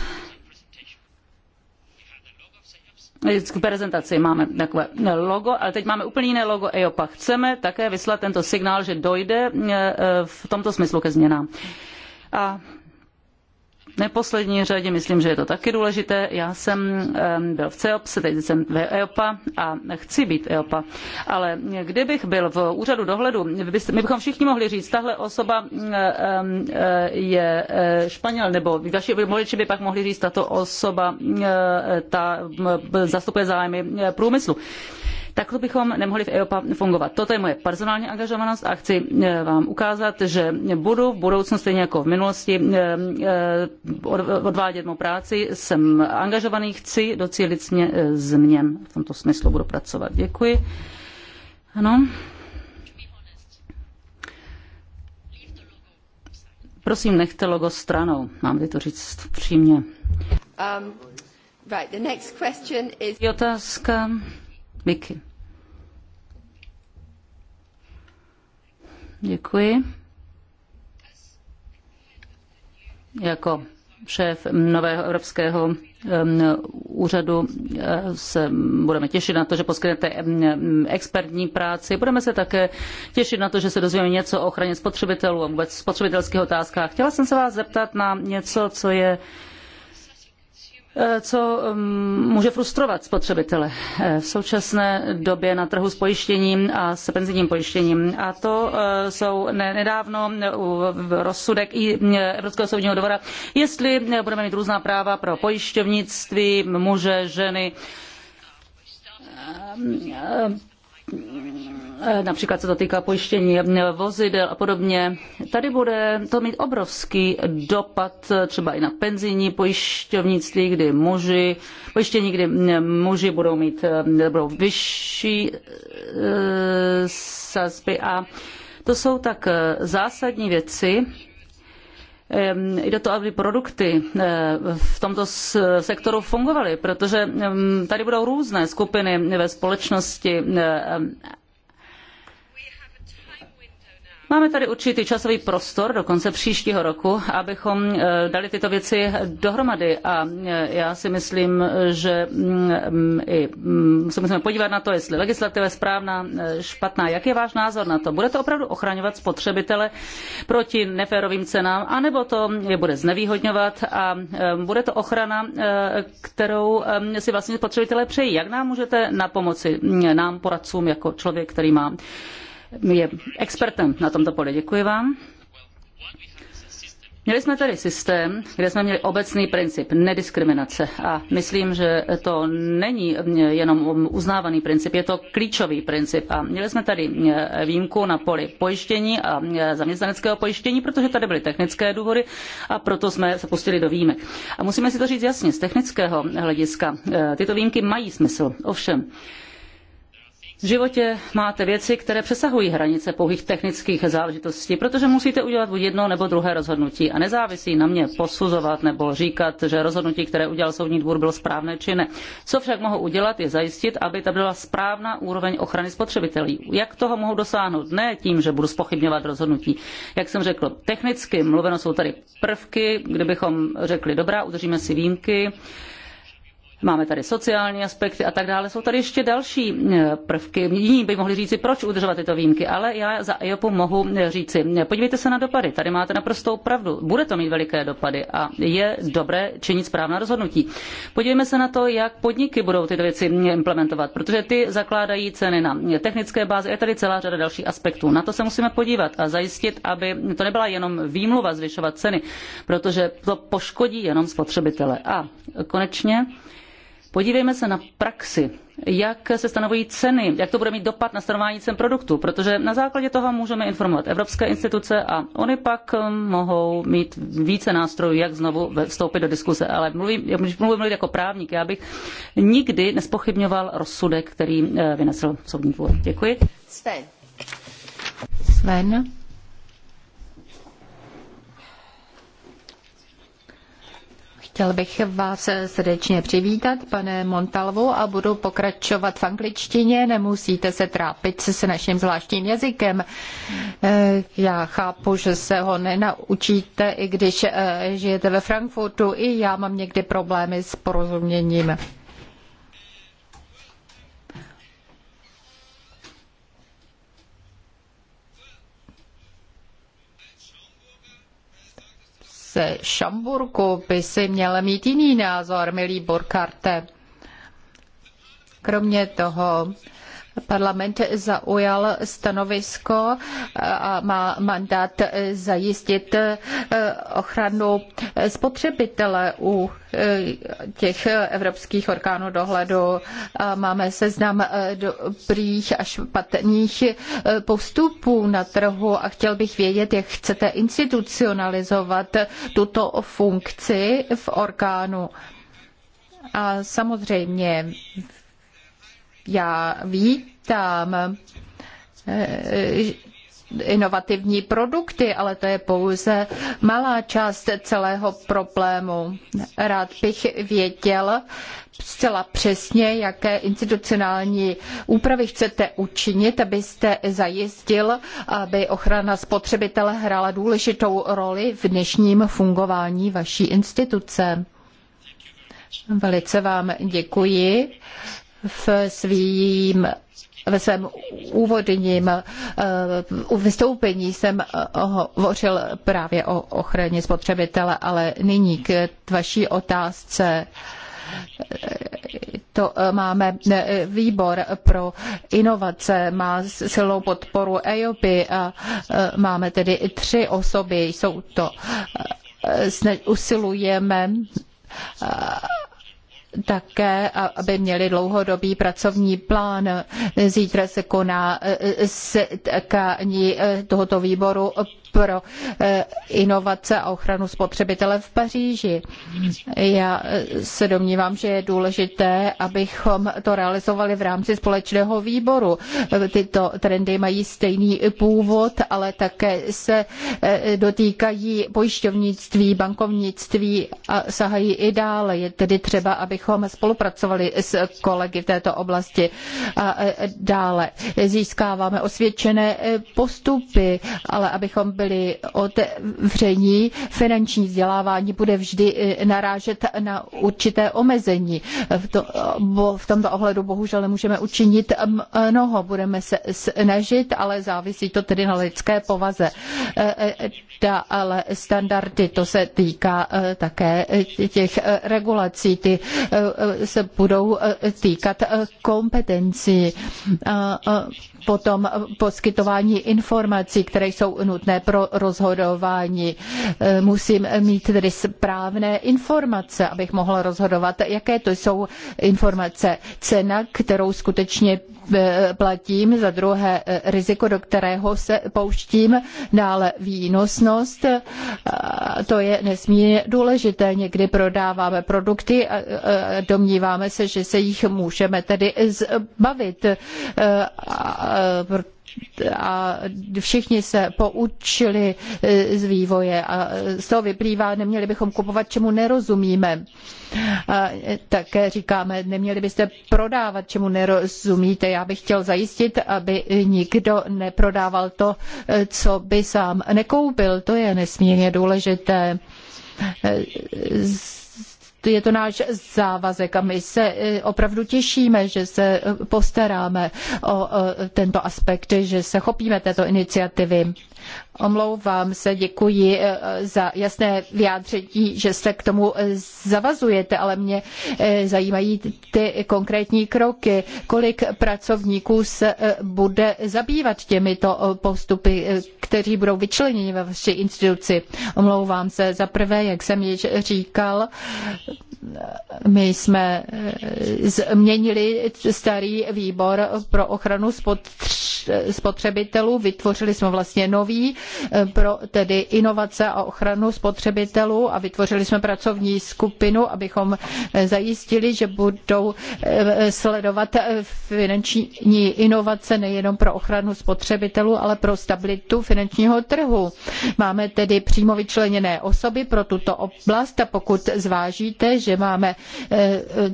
k prezentaci máme takové logo, ale teď máme úplně jiné logo EOPA. Chceme také vyslat tento signál, že dojde eh, v tomto smyslu ke změnám. A neposlední řadě, myslím, že je to taky důležité, já jsem byl v CEOPS, teď jsem ve EOPA a chci být EOPA, ale kdybych byl v úřadu dohledu, my bychom všichni mohli říct, tahle osoba je e, Španěl, nebo vaši voliči by pak mohli říct, tato osoba e, ta zastupuje zájmy e, průmyslu. Takto bychom nemohli v EOPA fungovat. Toto je moje personální angažovanost a chci eh, vám ukázat, že budu v budoucnu stejně jako v minulosti eh, eh, odvádět mou práci. Jsem angažovaný, chci docílit změn. V tomto smyslu budu pracovat. Děkuji. Ano. Prosím, nechte logo stranou, mám-li to říct upřímně. Um, right, the next question is... Otázka Vicky. Děkuji. Jako šéf nového evropského úřadu eh, se budeme těšit na to, že poskytnete expertní práci. Budeme se také těšit na to, že se dozvíme něco o ochraně spotřebitelů a vůbec spotřebitelských otázkách. Chtěla jsem se vás zeptat na něco, co je Eh, co mm, může frustrovat spotřebitele eh, v současné době na trhu s pojištěním a s penzijním pojištěním. A to eh, jsou nedávno rozsudek i Evropského soudního dvora, jestli budeme mít různá práva pro pojišťovnictví, muže, ženy Eh, například se to týká pojištění vozidel a podobně. Tady bude to mít obrovský dopad třeba i na penzijní pojišťovnictví, kdy muži, pojištění, kdy eh, muži budou mít eh, budou vyšší sazby a to jsou tak zásadní věci, Ehm, jde to, aby produkty eh, v tomto sektoru fungovaly, protože ehm, tady budou různé skupiny ve společnosti eh, Máme tady určitý časový prostor do konce příštího roku, abychom eh, dali tyto věci dohromady a eh, já si myslím, že mm, mm, i mm, se musíme podívat na to, jestli legislativa je správná, eh, špatná. Jak je váš názor na to? Bude to opravdu ochraňovat spotřebitele proti neférovým cenám, anebo to je bude znevýhodňovat a bude to ochrana, kterou si vlastně spotřebitelé přejí? Jak nám můžete na pomoci, nám poradcům jako člověk, který má je expertem na tomto poli. Děkuji vám. Měli jsme tady systém, kde jsme měli obecný princip nediskriminace a myslím, že to není jenom uznávaný princip, je to klíčový princip. A měli jsme tady výjimku na poli pojištění a zaměstnaneckého pojištění, protože tady byly technické důvody a proto jsme se pustili do výjimek. A musíme si to říct jasně, z technického hlediska e, tyto výjimky mají smysl. Ovšem, v životě máte věci, které přesahují hranice pouhých technických záležitostí, protože musíte udělat buď jedno nebo druhé rozhodnutí a nezávisí na mě posuzovat nebo říkat, že rozhodnutí, které udělal soudní dvůr, bylo správné či ne. Co však mohu udělat, je zajistit, aby ta byla správná úroveň ochrany spotřebitelů. Jak toho mohu dosáhnout? Ne tím, že budu spochybňovat rozhodnutí. Jak jsem řekl, technicky mluveno jsou tady prvky, kdybychom řekli, dobrá, udržíme si výjimky, Máme tady sociální aspekty a tak dále. Jsou tady ještě další eh, prvky. Jiní by mohli říci, proč udržovat tyto výjimky, ale já za EOPu mohu eh, říci, podívejte se na dopady. Tady máte naprostou pravdu. Bude to mít veliké dopady a je dobré činit správná rozhodnutí. Podívejme se na to, jak podniky budou tyto věci mm, implementovat, protože ty zakládají ceny na technické bázi. Je tady celá řada dalších aspektů. Na to se musíme podívat a zajistit, aby to nebyla jenom výmluva zvyšovat ceny, protože to poškodí jenom spotřebitele. A konečně Podívejme se na praxi, jak se stanovují ceny, jak to bude mít dopad na stanovování cen produktů, protože na základě toho můžeme informovat evropské instituce a oni pak um, mohou mít více nástrojů, jak znovu vstoupit do diskuse. Ale mluvím, když mluvím jako právník, já bych nikdy nespochybňoval rozsudek, který eh, vynesl soudní dvůr. Děkuji. Sven. Sven. Chtěl bych vás srdečně přivítat, pane Montalvo, a budu pokračovat v angličtině. Nemusíte se trápit s naším zvláštním jazykem. Eh, já chápu, že se ho nenaučíte, i když eh, žijete ve Frankfurtu. I já mám někdy problémy s porozuměním. ze Šamburku by si měl mít jiný názor, milý Burkarte. Kromě toho Parlament zaujal stanovisko a má mandát zajistit eh, ochranu spotřebitele u eh, těch evropských orgánů dohledu. Máme seznam eh, dobrých a špatných postupů na trhu a chtěl bych vědět, jak chcete institucionalizovat tuto funkci v orgánu. A samozřejmě já vítám eh, inovativní produkty, ale to je pouze malá část celého problému. Rád bych věděl zcela přesně, jaké institucionální úpravy chcete učinit, abyste zajistil, aby ochrana spotřebitele hrála důležitou roli v dnešním fungování vaší instituce. Velice vám děkuji v svým ve svém úvodním eh, vystoupení jsem hovořil právě o ochraně spotřebitele, ale nyní k vaší otázce to eh, máme eh, výbor pro inovace, má silnou podporu EIOPy a máme tedy tři osoby, jsou to, usilujeme také, aby měli dlouhodobý pracovní plán. Zítra se koná eh, eh, setkání eh, tohoto výboru pro eh, inovace a ochranu spotřebitele v Paříži. Já eh, se domnívám, že je důležité, abychom to realizovali v rámci společného výboru. Eh, tyto trendy mají stejný původ, ale také se dotýkají pojišťovnictví, bankovnictví a sahají i dále. Je tedy třeba, abychom spolupracovali s kolegy v této oblasti a dále. Získáváme osvědčené postupy, ale abychom byli otevření, finanční vzdělávání bude vždy e, narážet na určité omezení. V, to, bo v tomto ohledu bohužel nemůžeme učinit mnoho, budeme se snažit, ale závisí to tedy na lidské povaze. Dále e, e, standardy, to se týká také těch regulací, ty se budou týkat kompetencí potom poskytování informací, které jsou nutné pro rozhodování. E, musím mít tedy správné informace, abych mohla rozhodovat, jaké to jsou informace. Cena, kterou skutečně e, platím, za druhé e, riziko, do kterého se pouštím, dále výnosnost, to je nesmírně důležité. Někdy prodáváme produkty a domníváme se, že se jich můžeme tedy zbavit. A Eh, a všichni se poučili eh, z vývoje a eh, z toho vyplývá, neměli bychom kupovat, čemu nerozumíme. A také říkáme, neměli byste prodávat, čemu nerozumíte. Já bych chtěl zajistit, aby nikdo neprodával to, co by sám nekoupil. To je nesmírně důležité. Z je to náš závazek a my se eh, opravdu těšíme, že se eh, postaráme o eh, tento aspekt, že se chopíme této iniciativy. Omlouvám se, děkuji eh, za jasné vyjádření, že se k tomu eh, zavazujete, ale mě eh, zajímají ty konkrétní kroky. Kolik pracovníků se bude zabývat těmito postupy, kteří budou vyčleněni ve vaší instituci? Omlouvám se za prvé, jak jsem již říkal, my jsme změnili starý výbor pro ochranu spotřebitelů, vytvořili jsme vlastně nový Eh, pro tedy inovace a ochranu spotřebitelů a vytvořili jsme pracovní skupinu, abychom eh, zajistili, že budou eh, sledovat finanční inovace nejenom pro ochranu spotřebitelů, ale pro stabilitu finančního trhu. Máme tedy přímo vyčleněné osoby pro tuto oblast a pokud zvážíte, že máme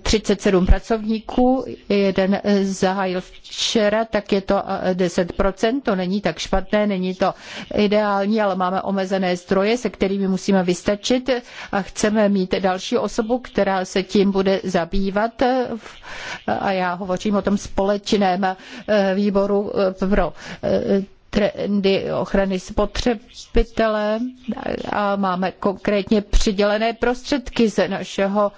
37 pracovníků, jeden zahájil včera, tak je to 10%, to není tak špatné, není to ideální, ale máme omezené zdroje, se kterými musíme vystačit a chceme mít další osobu, která se tím bude zabývat. A já hovořím o tom společném eh, výboru eh, pro eh, trendy ochrany spotřebitele a máme konkrétně přidělené prostředky z našeho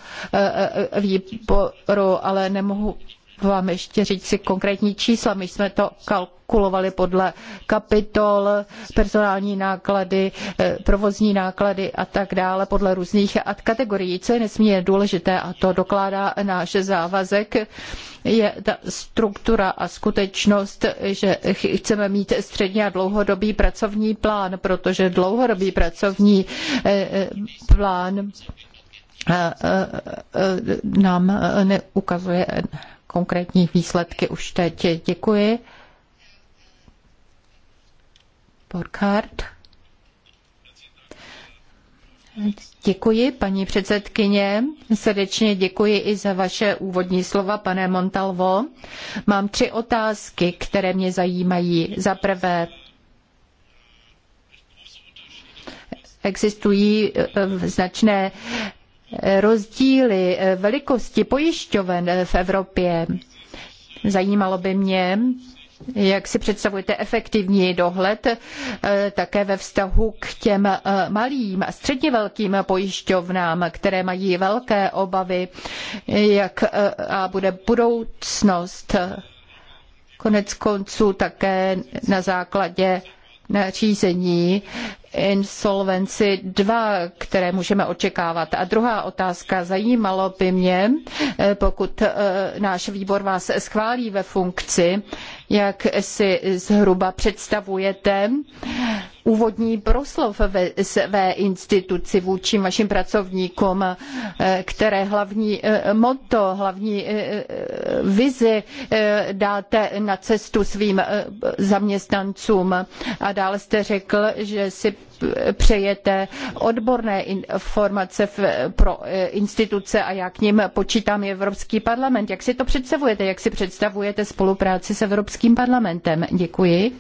výboru, ale nemohu vám ještě říct si konkrétní čísla. My jsme to kalkulovali podle kapitol, personální náklady, eh, provozní náklady a tak dále, podle různých kategorií. Co je nesmírně důležité, a to dokládá náš závazek, je ta struktura a skutečnost, že chceme mít středně a dlouhodobý pracovní plán, protože dlouhodobý pracovní eh, eh, plán nám neukazuje konkrétní výsledky už teď. Děkuji. Borkhardt. Děkuji, paní předsedkyně. Srdečně děkuji i za vaše úvodní slova, pane Montalvo. Mám tři otázky, které mě zajímají. Za prvé, existují eh, značné rozdíly eh, velikosti pojišťoven eh, v Evropě. Zajímalo by mě, jak si představujete efektivní dohled eh, také ve vztahu k těm malým a středně velkým pojišťovnám, které mají velké obavy, jak a bude budoucnost konec konců také na základě řízení Insolvenci 2, které můžeme očekávat. A druhá otázka, zajímalo by mě, eh, pokud eh, náš výbor vás schválí ve funkci, jak si zhruba představujete úvodní proslov ve své instituci vůči vašim pracovníkům, eh, které hlavní eh, motto, hlavní eh, vizi dáte na cestu svým zaměstnancům. A dále jste řekl, že si přejete odborné informace pro instituce a jak k ním počítám Evropský parlament. Jak si to představujete? Jak si představujete spolupráci s Evropským parlamentem? Děkuji.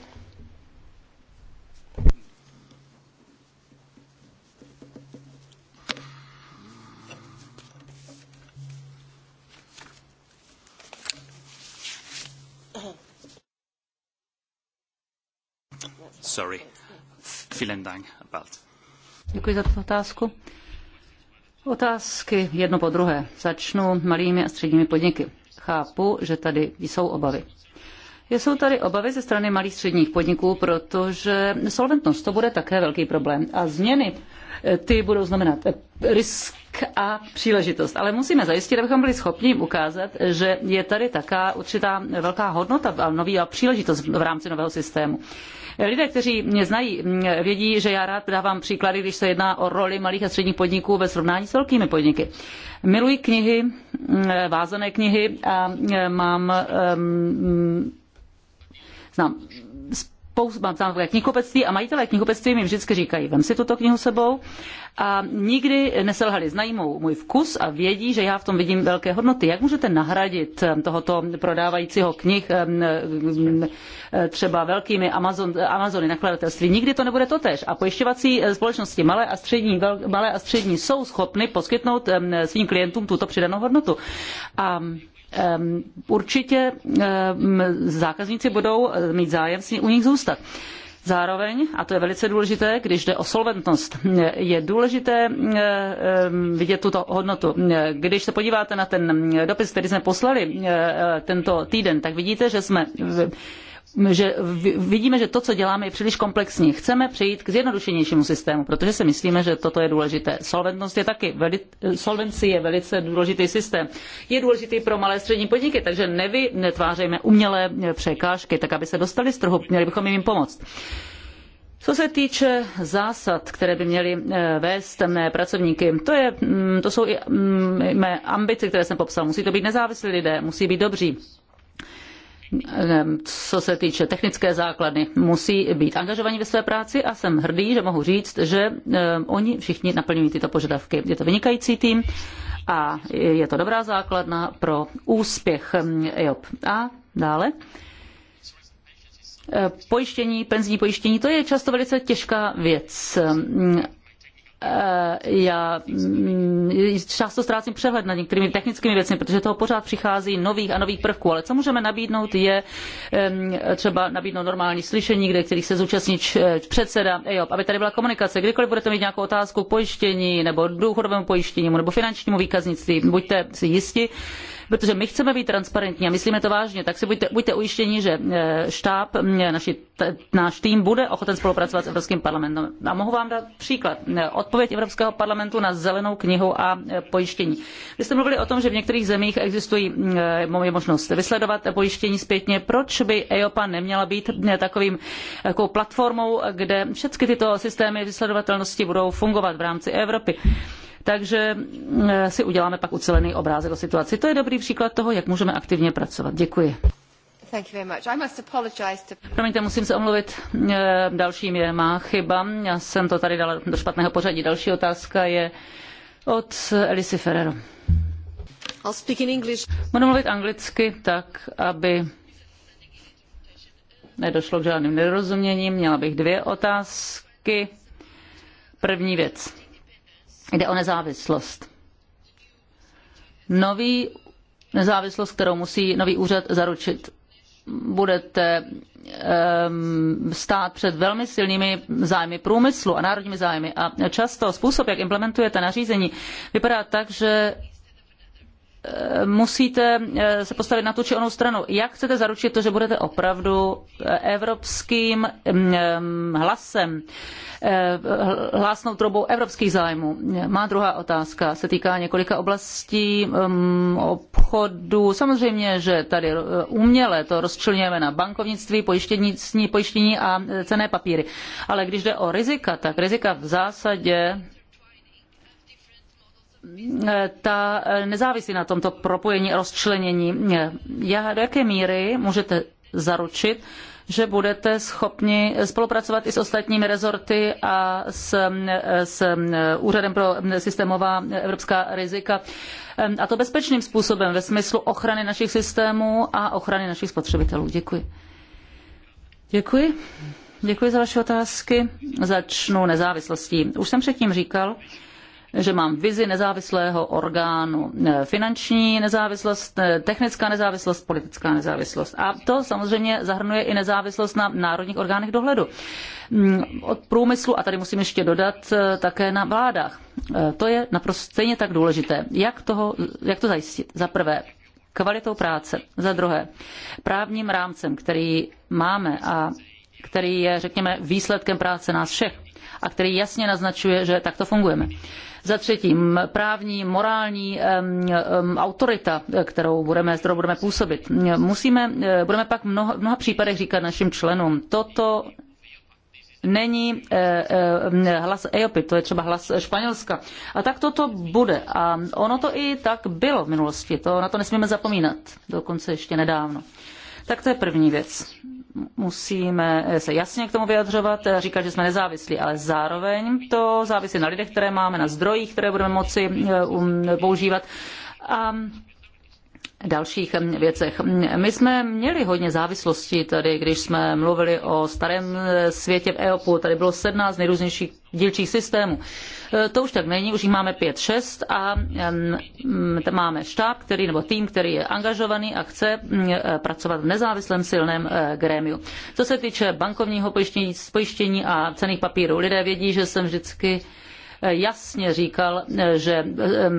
Děkuji za tuto otázku. Otázky jedno po druhé. Začnu malými a středními podniky. Chápu, že tady jsou obavy. Jsou tady obavy ze strany malých středních podniků, protože solventnost to bude také velký problém. A změny eh, ty budou znamenat eh, risk a příležitost. Ale musíme zajistit, abychom byli schopni jim ukázat, že je tady taká určitá velká hodnota a nová příležitost v rámci nového systému. Lidé, kteří mě znají, vědí, že já rád dávám příklady, když se jedná o roli malých a středních podniků ve srovnání s velkými podniky. Miluji knihy, eh, vázané knihy a eh, mám ehm, znám mám tam knihkupectví a majitelé knihkupectví mi vždycky říkají, vem si tuto knihu sebou a nikdy neselhali, znají můj vkus a vědí, že já v tom vidím velké hodnoty. Jak můžete nahradit eh, tohoto prodávajícího knih eh, eh, třeba velkými Amazon, Amazony nakladatelství? Nikdy to nebude totež. A pojišťovací společnosti malé a střední, vel, malé a střední jsou schopny poskytnout svým klientům tuto přidanou hodnotu. A Ehm, určitě ehm, zákazníci budou eh, mít zájem si u nich zůstat. Zároveň, a to je velice důležité, když jde o solventnost, je důležité eh, ehm, vidět tuto hodnotu. Když se podíváte na ten dopis, který jsme poslali eh, tento týden, tak vidíte, že jsme že vidíme, že to, co děláme, je příliš komplexní. Chceme přejít k zjednodušenějšímu systému, protože si myslíme, že toto je důležité. Solventnost je taky, veli, solvenci je velice důležitý systém. Je důležitý pro malé střední podniky, takže nevy, netvářejme umělé překážky, tak aby se dostali z trhu, měli bychom jim pomoct. Co se týče zásad, které by měly eh, vést mé pracovníky, to, je, mm, to jsou i mm, mé ambice, které jsem popsal. Musí to být nezávislí lidé, musí být dobří Ehm, co se týče technické základny, musí být angažovaní ve své práci a jsem hrdý, že mohu říct, že ehm, oni všichni naplňují tyto požadavky. Je to vynikající tým a je to dobrá základna pro úspěch ehm, EOP. A dále. Pojištění, penzijní pojištění, to je často velice těžká věc Eh, já mm, často ztrácím přehled nad některými technickými věcmi, protože toho pořád přichází nových a nových prvků. Ale co můžeme nabídnout, je třeba nabídnout normální slyšení, kde kterých se zúčastní eh, předseda EOP, aby tady byla komunikace. Kdykoliv budete mít nějakou otázku k pojištění nebo důchodovému pojištění nebo finančnímu výkaznictví, buďte si jisti, protože my chceme být transparentní a myslíme to vážně, tak si buďte, buďte ujištěni, že eh, štáb, eh, naši, náš tým bude ochoten spolupracovat s Evropským parlamentem. A mohu vám dát příklad. Eh, odpověď Evropského parlamentu na zelenou knihu a pojištění. Vy jste mluvili o tom, že v některých zemích existují je možnost vysledovat pojištění zpětně. Proč by EIOPA neměla být takovým, takovou platformou, kde všechny tyto systémy vysledovatelnosti budou fungovat v rámci Evropy? takže eh, si uděláme pak ucelený obrázek o situaci. To je dobrý příklad toho, jak můžeme aktivně pracovat. Děkuji. Promiňte, musím se omluvit. Eh, dalším je má chyba. Já jsem to tady dala do špatného pořadí. Další otázka je od Elisy Ferrero. Budu mluvit anglicky tak, aby nedošlo k žádným nerozuměním. Měla bych dvě otázky. První věc Jde o nezávislost. Nový nezávislost, kterou musí nový úřad zaručit. Budete ehm, stát před velmi silnými zájmy průmyslu a národními zájmy. A často způsob, jak implementujete nařízení, vypadá tak, že Eh, musíte eh, se postavit na tu či onou stranu. Jak chcete zaručit to, že budete opravdu eh, evropským mm, hlasem, hlásnou trobou evropských zájmů? Má druhá otázka se týká několika oblastí mm, obchodu. Samozřejmě, že tady uměle to rozčlňujeme na bankovnictví, pojištění, pojištění a cené papíry. Ale když jde o rizika, tak rizika v zásadě ta eh, nezávislí na tomto propojení a rozčlenění. do jaké míry můžete zaručit, že budete schopni spolupracovat i s ostatními rezorty a s, eh, s eh, Úřadem pro systémová evropská rizika. A to bezpečným způsobem ve smyslu ochrany našich systémů a ochrany našich spotřebitelů. Děkuji. Děkuji. Děkuji za vaše otázky. Začnu nezávislostí. Už jsem předtím říkal, že mám vizi nezávislého orgánu. Eh, finanční nezávislost, eh, technická nezávislost, politická nezávislost. A to samozřejmě zahrnuje i nezávislost na národních orgánech dohledu. Mm, od průmyslu, a tady musím ještě dodat, eh, také na vládách. To je naprosto stejně tak důležité. Jak, toho, jak to zajistit? Za prvé, kvalitou práce. Za druhé, právním rámcem, který máme a který je, řekněme, výsledkem práce nás všech a který jasně naznačuje, že takto fungujeme. Za třetí, právní, morální autorita, kterou budeme, s kterou budeme působit. Musíme, e, budeme pak v mnoha, v mnoha případech říkat našim členům, toto není e, e, hlas EOPy, to je třeba hlas Španělska. A tak toto bude. A ono to i tak bylo v minulosti, to na to nesmíme zapomínat, dokonce ještě nedávno. Tak to je první věc musíme se jasně k tomu vyjadřovat, říkat, že jsme nezávislí, ale zároveň to závisí na lidech, které máme, na zdrojích, které budeme moci eh, um, používat. A dalších eh, věcech. My jsme měli hodně závislostí tady, když jsme mluvili o starém eh, světě v EOPu. Tady bylo 17 nejrůznějších dílčích systémů. Eh, to už tak není, už jich máme pět, šest a máme štáb, který, nebo tým, který je angažovaný a chce mm, eh, pracovat v nezávislém silném eh, grémiu. Co se týče bankovního pojištění, pojištění a cených papírů, lidé vědí, že jsem vždycky jasně říkal, že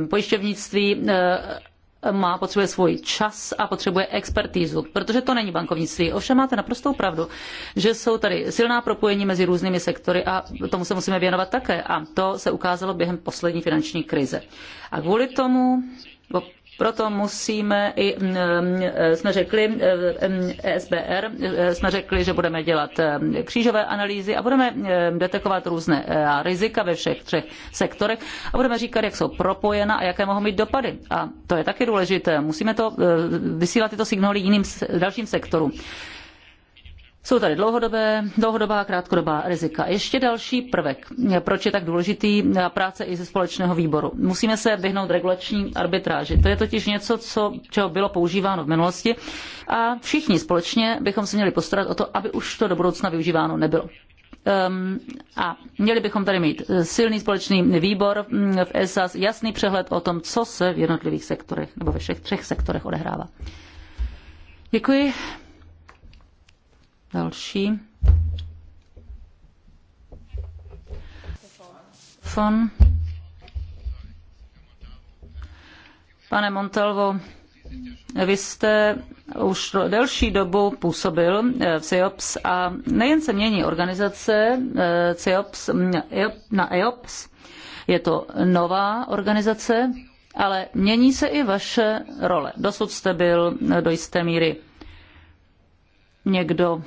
pojišťovnictví má, potřebuje svůj čas a potřebuje expertízu, protože to není bankovnictví. Ovšem máte naprostou pravdu, že jsou tady silná propojení mezi různými sektory a tomu se musíme věnovat také. A to se ukázalo během poslední finanční krize. A kvůli tomu proto musíme i, mm, mm, jsme řekli, mm, SBR, jsme řekli, že budeme dělat křížové analýzy a budeme detekovat různé eh, rizika ve všech třech sektorech a budeme říkat, jak jsou propojena a jaké mohou mít dopady. A to je taky důležité. Musíme to eh, vysílat tyto signály jiným dalším sektorům. Jsou tady dlouhodobé, dlouhodobá a krátkodobá rizika. Ještě další prvek, proč je tak důležitý eh, práce i ze společného výboru. Musíme se vyhnout regulační arbitráži. To je totiž něco, co, čeho bylo používáno v minulosti a všichni společně bychom se měli postarat o to, aby už to do budoucna využíváno nebylo ehm, a měli bychom tady mít eh, silný společný výbor mm, v ESAS, jasný přehled o tom, co se v jednotlivých sektorech nebo ve všech třech sektorech odehrává. Děkuji. Další. Fon. Pane Montalvo, vy jste už delší dobu působil eh, v CEOPS a nejen se mění organizace eh, CEOPS mm, e na EOPS, je to nová organizace, ale mění se i vaše role. Dosud jste byl do jisté míry někdo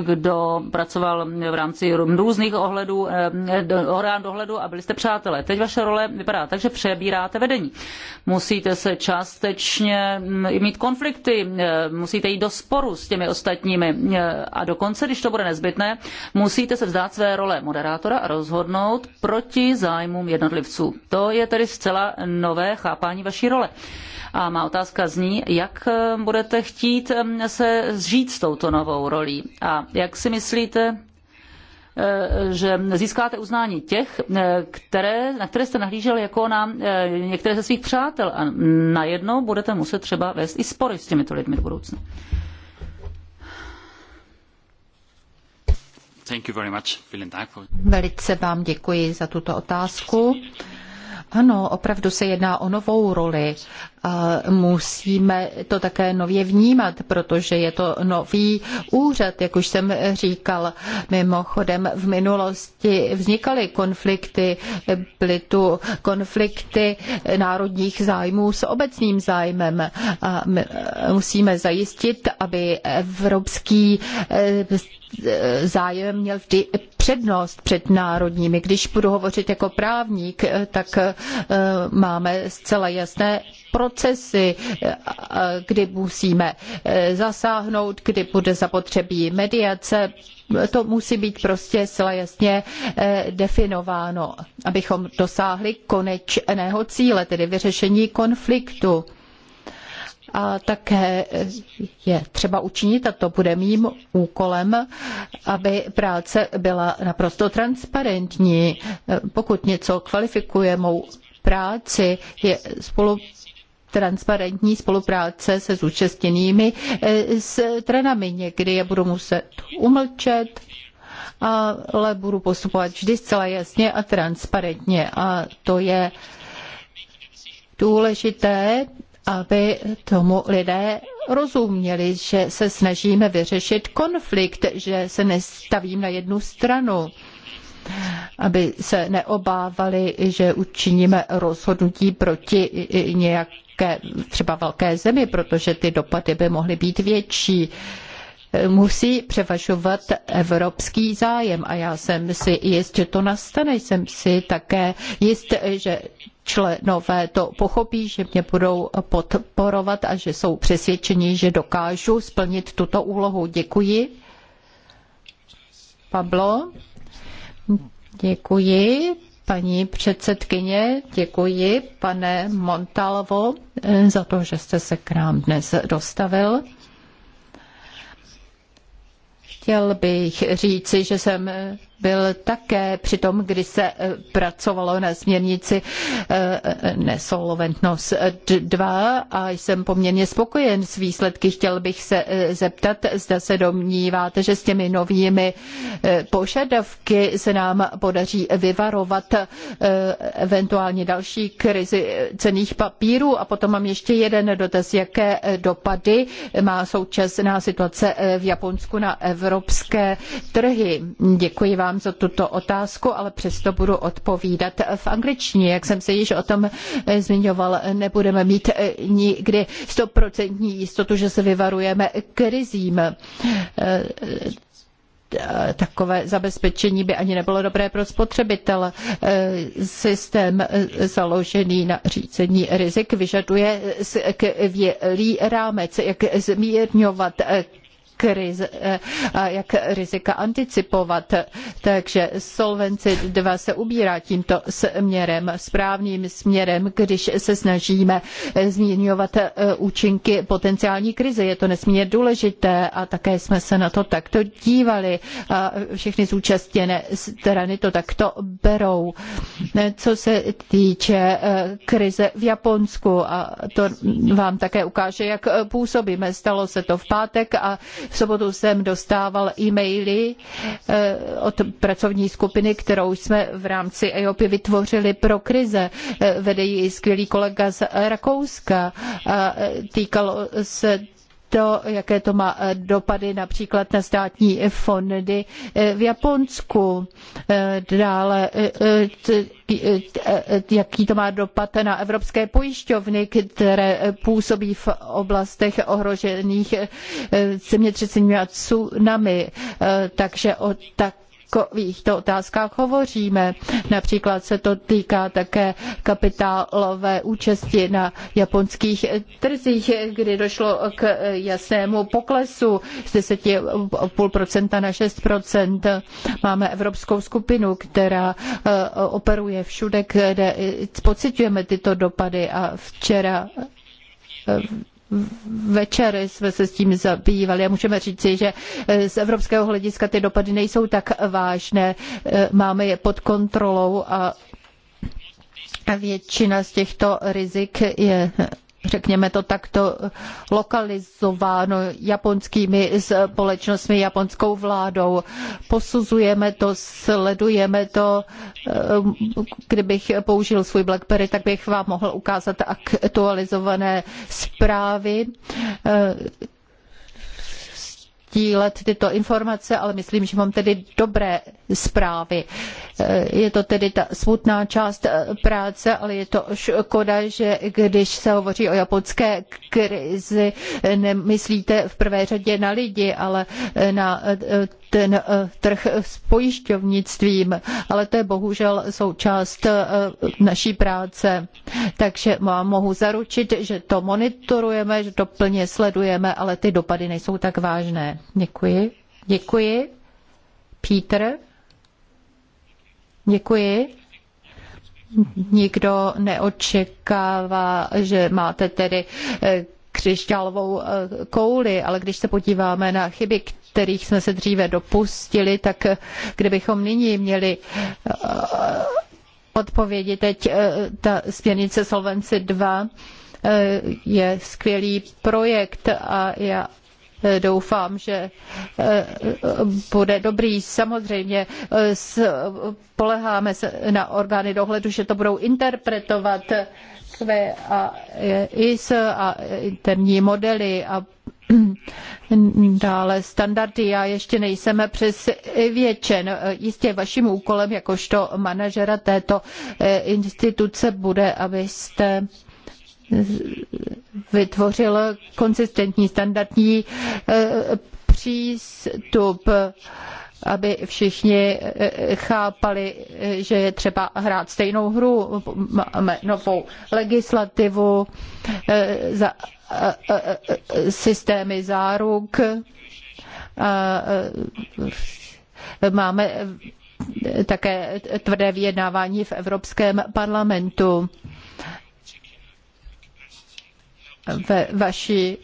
kdo pracoval v rámci různých ohledů, eh, orán dohledu a byli jste přátelé. Teď vaše role vypadá tak, že přebíráte vedení. Musíte se částečně mm, mít konflikty, eh, musíte jít do sporu s těmi ostatními eh, a dokonce, když to bude nezbytné, musíte se vzdát své role moderátora a rozhodnout proti zájmům jednotlivců. To je tedy zcela nové chápání vaší role. A má otázka zní, jak budete chtít mm, se zžít s touto novou rolí. A jak si myslíte, eh, že získáte uznání těch, eh, které, na které jste nahlížel jako na eh, některé ze svých přátel a najednou budete muset třeba vést i spory s těmito lidmi do budoucna. Velice vám děkuji za tuto otázku. Ano, opravdu se jedná o novou roli musíme to také nově vnímat, protože je to nový úřad, jak už jsem říkal. Mimochodem v minulosti vznikaly konflikty, byly tu konflikty národních zájmů s obecným zájmem. A musíme zajistit, aby evropský eh, zájem měl vždy přednost před národními. Když budu hovořit jako právník, eh, tak eh, máme zcela jasné pro procesy, kdy musíme zasáhnout, kdy bude zapotřebí mediace. To musí být prostě zcela jasně eh, definováno, abychom dosáhli konečného cíle, tedy vyřešení konfliktu. A také eh, je třeba učinit, a to bude mým úkolem, aby práce byla naprosto transparentní. Eh, pokud něco kvalifikuje mou práci, je spolupráce transparentní spolupráce se zúčastněnými eh, stranami. Někdy je budu muset umlčet, ale budu postupovat vždy zcela jasně a transparentně. A to je důležité, aby tomu lidé rozuměli, že se snažíme vyřešit konflikt, že se nestavím na jednu stranu aby se neobávali, že učiníme rozhodnutí proti nějak nějaké třeba velké zemi, protože ty dopady by mohly být větší musí převažovat evropský zájem a já jsem si jist, že to nastane. Jsem si také jist, že členové to pochopí, že mě budou podporovat a že jsou přesvědčeni, že dokážu splnit tuto úlohu. Děkuji. Pablo, děkuji. Paní předsedkyně, děkuji, pane Montalvo, za to, že jste se k nám dnes dostavil. Chtěl bych říci, že jsem byl také při tom, kdy se eh, pracovalo na směrnici eh, eh, nesolventnost 2 a jsem poměrně spokojen s výsledky. Chtěl bych se zeptat, zda se domníváte, že s těmi novými požadavky se nám podaří vyvarovat eventuální další krizi cených papírů. A potom mám ještě jeden dotaz, jaké dopady má současná situace v Japonsku na evropské trhy. Děkuji vám vám za tuto otázku, ale přesto budu odpovídat v angličtině. Jak jsem se již o tom eh, zmiňoval, nebudeme mít eh, nikdy stoprocentní jistotu, že se vyvarujeme krizím eh, takové zabezpečení by ani nebylo dobré pro spotřebitele. Systém založený na řízení rizik vyžaduje skvělý rámec, jak zmírňovat krize eh, jak rizika anticipovat. Takže Solvency 2 se ubírá tímto směrem, správným směrem, když se snažíme eh, zmírňovat eh, účinky potenciální krize. Je to nesmírně důležité a také jsme se na to takto dívali. A všechny zúčastněné strany to takto berou. Co se týče krize v Japonsku, a to vám také ukáže, jak působíme. Stalo se to v pátek a v sobotu jsem dostával e-maily eh, od pracovní skupiny, kterou jsme v rámci EOPy vytvořili pro krize. Eh, Vede ji skvělý kolega z Rakouska. Eh, týkalo se to, jaké to má eh, dopady například na státní fondy eh, v Japonsku, eh, dále jaký to má dopad na evropské pojišťovny, které působí v oblastech ohrožených zemětřeseními a tsunami. Takže o tak takovýchto otázkách hovoříme. Například se to týká také kapitálové účasti na japonských trzích, kdy došlo k jasnému poklesu z 10,5% na 6%. Máme Evropskou skupinu, která eh, operuje všude, kde pocitujeme tyto dopady a včera eh, večery jsme se s tím zabývali a můžeme říci, že eh, z evropského hlediska ty dopady nejsou tak vážné, eh, máme je pod kontrolou a většina z těchto rizik je řekněme to takto, lokalizováno japonskými společnostmi, japonskou vládou. Posuzujeme to, sledujeme to. Eh, kdybych použil svůj Blackberry, tak bych vám mohl ukázat aktualizované zprávy eh, sdílet tyto informace, ale myslím, že mám tedy dobré zprávy. Eh, je to tedy ta smutná část eh, práce, ale je to škoda, že když se hovoří o japonské krizi, eh, nemyslíte v prvé řadě na lidi, ale na ten eh, trh s pojišťovnictvím, ale to je bohužel součást eh, naší práce. Takže vám mohu zaručit, že to monitorujeme, že to plně sledujeme, ale ty dopady nejsou tak vážné. Děkuji. Děkuji. Peter? Děkuji. Nikdo neočekává, že máte tedy eh, křišťálovou kouli, ale když se podíváme na chyby, kterých jsme se dříve dopustili, tak kdybychom nyní měli eh, odpovědi, teď eh, ta směrnice Solvency 2 eh, je skvělý projekt a já doufám, že bude dobrý. Samozřejmě poleháme se na orgány dohledu, že to budou interpretovat QAIS a interní modely a Dále standardy. Já ještě nejsem přesvědčen. Jistě vaším úkolem jakožto manažera této eh, instituce bude, abyste vytvořil konsistentní standardní eh, přístup aby všichni eh, chápali, eh, že je třeba hrát stejnou hru, máme novou legislativu, eh, systémy záruk, máme také tvrdé vyjednávání v Evropském parlamentu. Ve vaší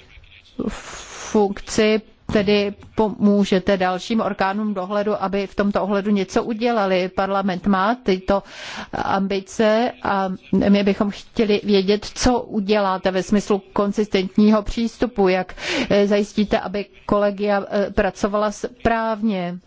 funkci tedy pomůžete dalším orgánům dohledu, aby v tomto ohledu něco udělali. Parlament má tyto ambice a my bychom chtěli vědět, co uděláte ve smyslu konsistentního přístupu, jak eh, zajistíte, aby kolegia eh, pracovala správně.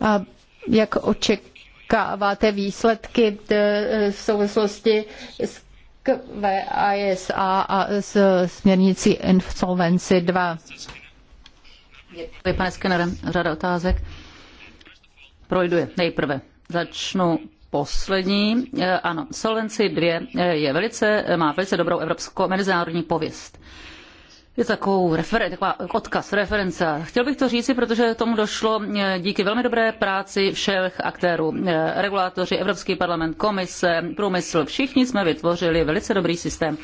A jak očekáváte výsledky eh, v souvislosti s k VISA a s směrnicí Insolvenci 2. Děkuji, pane Skenere. Řada otázek. Projdu je nejprve. Začnu poslední. Eh, ano, Solvency 2 eh, je velice, má velice dobrou evropskou mezinárodní pověst je takovou referen- taková odkaz, reference. Chtěl bych to říci, protože tomu došlo eh, díky velmi dobré práci všech aktérů. Eh, regulátoři, Evropský parlament, komise, průmysl, všichni jsme vytvořili velice dobrý systém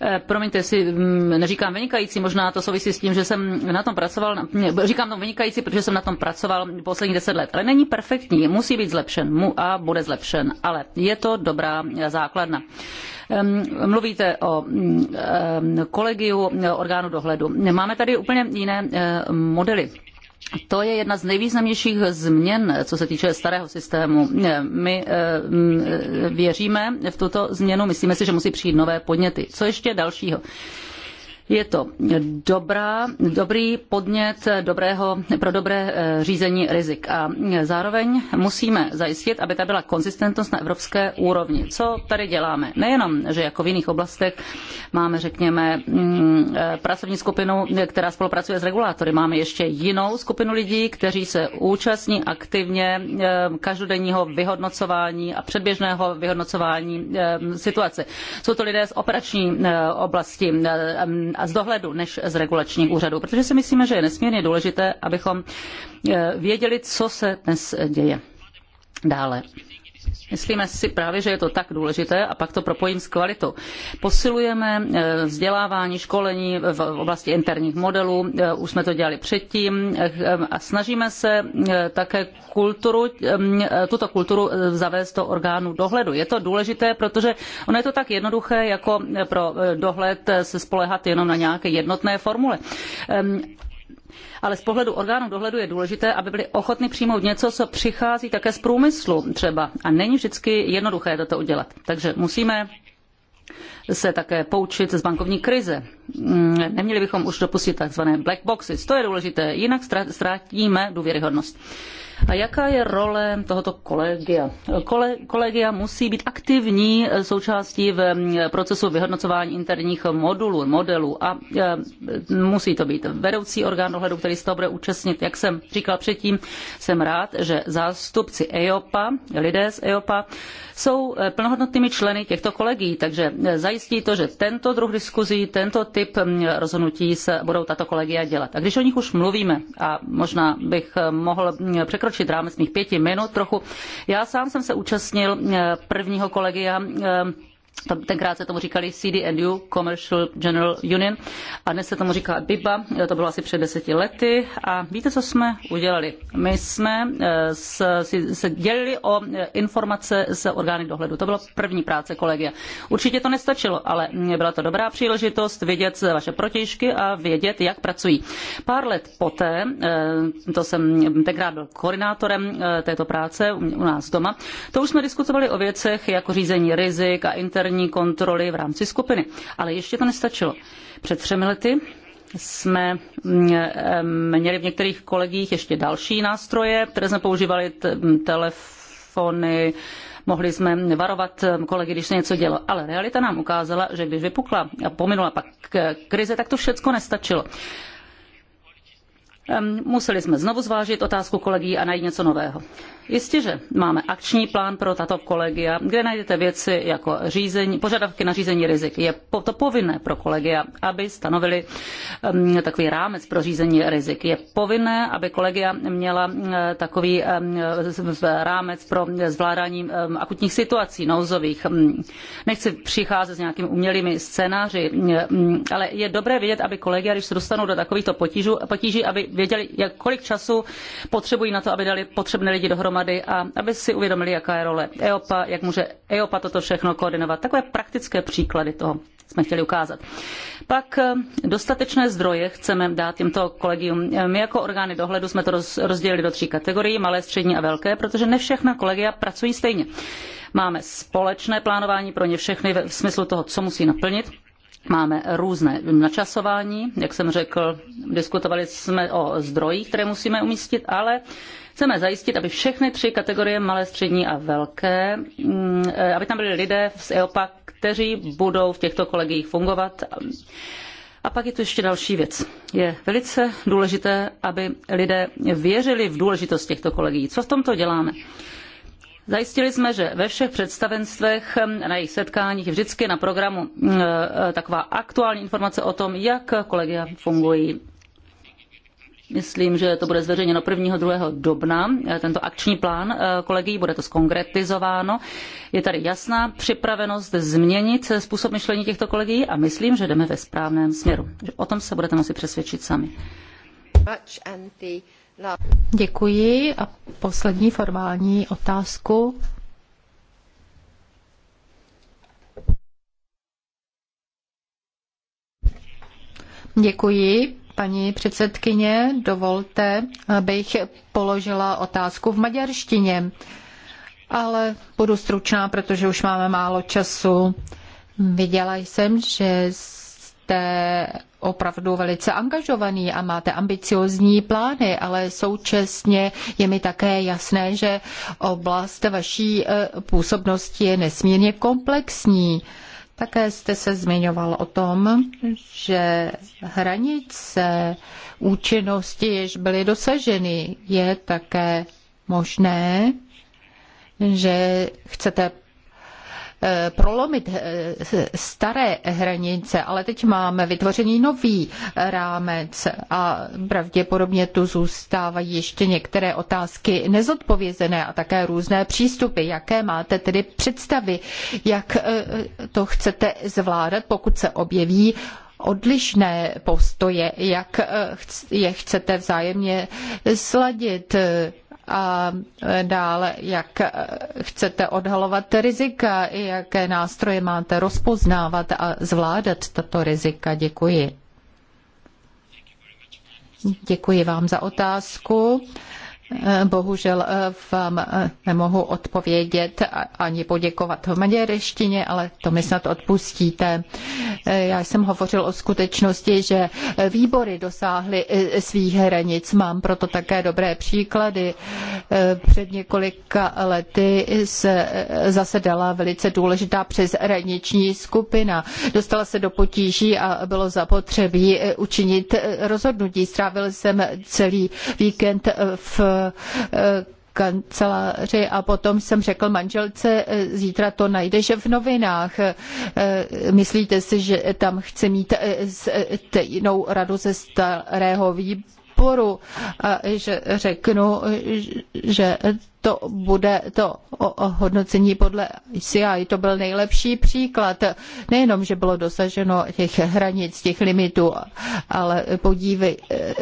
eh, promiňte si, mm, neříkám vynikající, možná to souvisí s tím, že jsem na tom pracoval, říkám to vynikající, protože jsem na tom pracoval poslední deset let, ale není perfektní, musí být zlepšen a bude zlepšen, ale je to dobrá základna. Mluvíte o kolegiu orgánu dohledu. Máme tady úplně jiné modely. To je jedna z nejvýznamnějších změn, co se týče starého systému. My věříme v tuto změnu, myslíme si, že musí přijít nové podněty. Co ještě dalšího? Je to dobrá, dobrý podnět dobrého, pro dobré eh, řízení rizik a zároveň musíme zajistit, aby ta byla konzistentnost na evropské úrovni. Co tady děláme? Nejenom, že jako v jiných oblastech máme, řekněme, mm, eh, pracovní skupinu, která spolupracuje s regulátory. Máme ještě jinou skupinu lidí, kteří se účastní aktivně eh, každodenního vyhodnocování a předběžného vyhodnocování situace. Jsou to lidé z operační oblasti, z dohledu než z regulačních úřadů, protože si myslíme, že je nesmírně důležité, abychom eh, věděli, co se dnes děje. Dále Myslíme si právě, že je to tak důležité a pak to propojím s kvalitou. Posilujeme eh, vzdělávání, školení v oblasti interních modelů, eh, už jsme to dělali předtím eh, a snažíme se také kulturu, mm, tuto kulturu zavést do orgánu dohledu. Je to důležité, protože ono je to tak jednoduché, jako pro dohled se spolehat jenom na nějaké jednotné formule. Ehm, ale z pohledu orgánů dohledu je důležité, aby byli ochotni přijmout něco, co přichází také z průmyslu třeba. A není vždycky jednoduché toto udělat. Takže musíme se také poučit z bankovní krize. Mm, neměli bychom už dopustit tzv. black boxes. To je důležité, jinak ztrátíme důvěryhodnost. A jaká je role tohoto kolegia? Kole, kolegia musí být aktivní eh, součástí v mm, procesu vyhodnocování interních modulů, modelů a eh, musí to být vedoucí orgán dohledu, který se toho bude účastnit. Jak jsem říkal předtím, jsem rád, že zástupci EOPA, lidé z EIOPA, jsou eh, plnohodnotnými členy těchto kolegií, takže eh, zajistí to, že tento druh diskuzí, tento typ mm, rozhodnutí se budou tato kolegia dělat. A když o nich už mluvíme, a možná bych eh, mohl mm, překročit rámec mých pěti minut trochu, já sám jsem se účastnil prvního kolegia tenkrát se tomu říkali CDNU, Commercial General Union, a dnes se tomu říká BIBA, to bylo asi před deseti lety. A víte, co jsme udělali? My jsme eh, se dělili o eh, informace z orgány dohledu. To byla první práce kolegia. Určitě to nestačilo, ale mm, byla to dobrá příležitost vědět vaše protěžky a vědět, jak pracují. Pár let poté, eh, to jsem tenkrát byl koordinátorem této práce u nás doma, to už jsme diskutovali o věcech jako řízení rizik a inter interní kontroly v rámci skupiny. Ale ještě to nestačilo. Před třemi lety jsme mm, měli v některých kolegích ještě další nástroje, které jsme používali, telefony, mohli jsme varovat kolegy, když se něco dělo. Ale realita nám ukázala, že když vypukla a pominula pak krize, tak to všechno nestačilo. Museli jsme znovu zvážit otázku kolegií a najít něco nového. Jistě, že máme akční plán pro tato kolegia, kde najdete věci jako řízení, požadavky na řízení rizik. Je to povinné pro kolegia, aby stanovili takový rámec pro řízení rizik. Je povinné, aby kolegia měla takový rámec pro zvládání akutních situací, nouzových. Nechci přicházet s nějakými umělými scénáři, ale je dobré vědět, aby kolegia, když se dostanou do takovýchto potížů, potíží, aby věděli, jak, kolik času potřebují na to, aby dali potřebné lidi dohromady a aby si uvědomili, jaká je role EOPA, jak může EOPA toto všechno koordinovat. Takové praktické příklady toho jsme chtěli ukázat. Pak eh, dostatečné zdroje chceme dát těmto kolegium. Eh, my jako orgány dohledu jsme to rozdělili do tří kategorií, malé, střední a velké, protože ne všechna kolegia pracují stejně. Máme společné plánování pro ně všechny v smyslu toho, co musí naplnit, Máme různé načasování, jak jsem řekl, diskutovali jsme o zdrojích, které musíme umístit, ale chceme zajistit, aby všechny tři kategorie, malé, střední a velké, mm, aby tam byli lidé z EOPA, kteří budou v těchto kolegiích fungovat. A pak je tu ještě další věc. Je velice důležité, aby lidé věřili v důležitost těchto kolegií. Co v tomto děláme? Zajistili jsme, že ve všech představenstvech na jejich setkáních vždycky na programu eh, eh, taková aktuální informace o tom, jak kolegia fungují. Myslím, že to bude zveřejněno 1. 2. dubna, eh, tento akční plán kolegií, bude to skonkretizováno. Je tady jasná připravenost změnit způsob myšlení těchto kolegií a myslím, že jdeme ve správném směru. O tom se budete moci přesvědčit sami. Děkuji a poslední formální otázku. Děkuji. Paní předsedkyně, dovolte, abych položila otázku v maďarštině, ale budu stručná, protože už máme málo času. Viděla jsem, že jste opravdu velice angažovaný a máte ambiciozní plány, ale současně je mi také jasné, že oblast vaší e, působnosti je nesmírně komplexní. Také jste se zmiňoval o tom, že hranice účinnosti, jež byly dosaženy, je také možné, že chcete Eh, prolomit eh, staré hranice, ale teď máme vytvořený nový rámec a pravděpodobně tu zůstávají ještě některé otázky nezodpovězené a také různé přístupy. Jaké máte tedy představy, jak eh, to chcete zvládat, pokud se objeví odlišné postoje, jak je chcete vzájemně sladit, a e, dále, jak e, chcete odhalovat rizika, i jaké nástroje máte rozpoznávat a zvládat tato rizika. Děkuji. Děkuji vám za otázku. Bohužel eh, vám eh, nemohu odpovědět ani poděkovat v maďarštině, ale to mi snad odpustíte. Eh, já jsem hovořil o skutečnosti, že výbory dosáhly svých hranic. Mám proto také dobré příklady. Před několika lety se zasedala velice důležitá přeshraniční skupina. Dostala se do potíží a bylo zapotřebí učinit rozhodnutí. Strávil jsem celý víkend v Eh, kanceláři a potom jsem řekl manželce, eh, zítra to najdeš v novinách. Eh, myslíte si, že tam chci mít stejnou radu ze starého výboru a že řeknu, že to bude to hodnocení podle CI. To byl nejlepší příklad. Nejenom, že bylo dosaženo těch hranic, těch limitů, ale podívej,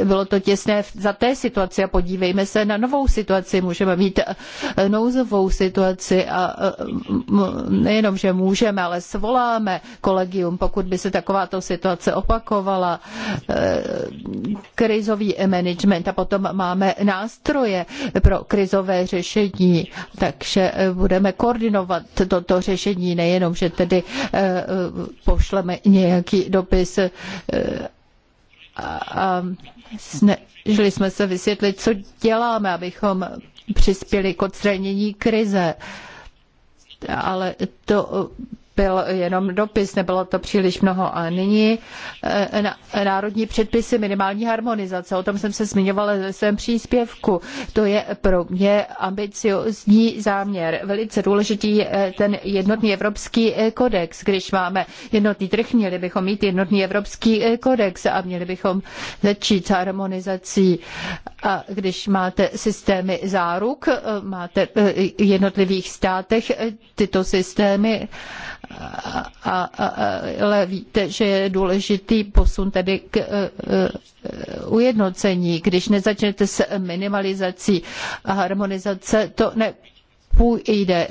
bylo to těsné za té situaci a podívejme se na novou situaci. Můžeme mít nouzovou situaci a nejenom, že můžeme, ale svoláme kolegium, pokud by se takováto situace opakovala. Krizový management a potom máme nástroje pro krizové řešení řešení. Takže eh, budeme koordinovat toto řešení, nejenom, že tedy eh, pošleme nějaký dopis eh, a snažili jsme se vysvětlit, co děláme, abychom přispěli k odstranění krize. Ale to byl jenom dopis, nebylo to příliš mnoho. A nyní eh, národní předpisy, minimální harmonizace, o tom jsem se zmiňovala ve svém příspěvku. To je pro mě ambiciozní záměr. Velice důležitý je eh, ten jednotný evropský eh, kodex. Když máme jednotný trh, měli bychom mít jednotný evropský kodex a měli bychom začít s harmonizací. A když máte systémy záruk, máte v jednotlivých státech tyto systémy a, ale víte, že je důležitý posun tedy k e, e, ujednocení. Když nezačnete s minimalizací a harmonizace, to nepůjde.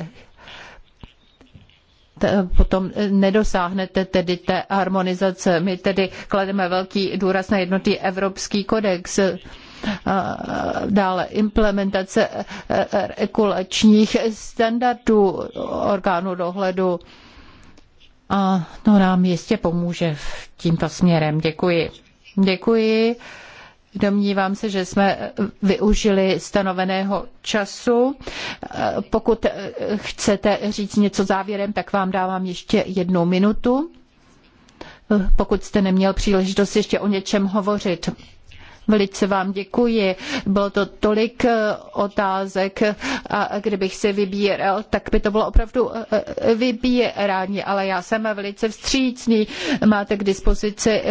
Potom nedosáhnete tedy té harmonizace. My tedy klademe velký důraz na jednotý evropský kodex dále implementace e, regulačních standardů orgánů dohledu a to nám jistě pomůže v tímto směrem. Děkuji. Děkuji. Domnívám se, že jsme využili stanoveného času. Pokud chcete říct něco závěrem, tak vám dávám ještě jednu minutu. Pokud jste neměl příležitost ještě o něčem hovořit. Velice vám děkuji. Bylo to tolik eh, otázek a kdybych si vybíral, tak by to bylo opravdu eh, eh, vybírání, ale já jsem velice vstřícný. Máte k dispozici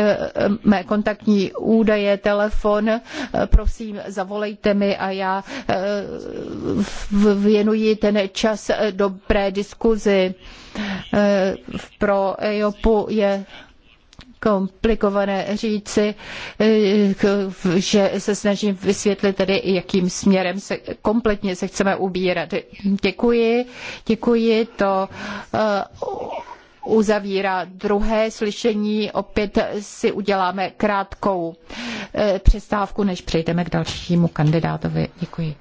mé kontaktní údaje, telefon. Prosím, zavolejte mi a já věnuji ten čas dobré diskuzi. Pro EOPu je komplikované říci, eh, že se snažím vysvětlit tedy, jakým směrem se kompletně se chceme ubírat. Děkuji, děkuji, to eh, uzavírá druhé slyšení. Opět si uděláme krátkou eh, přestávku, než přejdeme k dalšímu kandidátovi. Děkuji.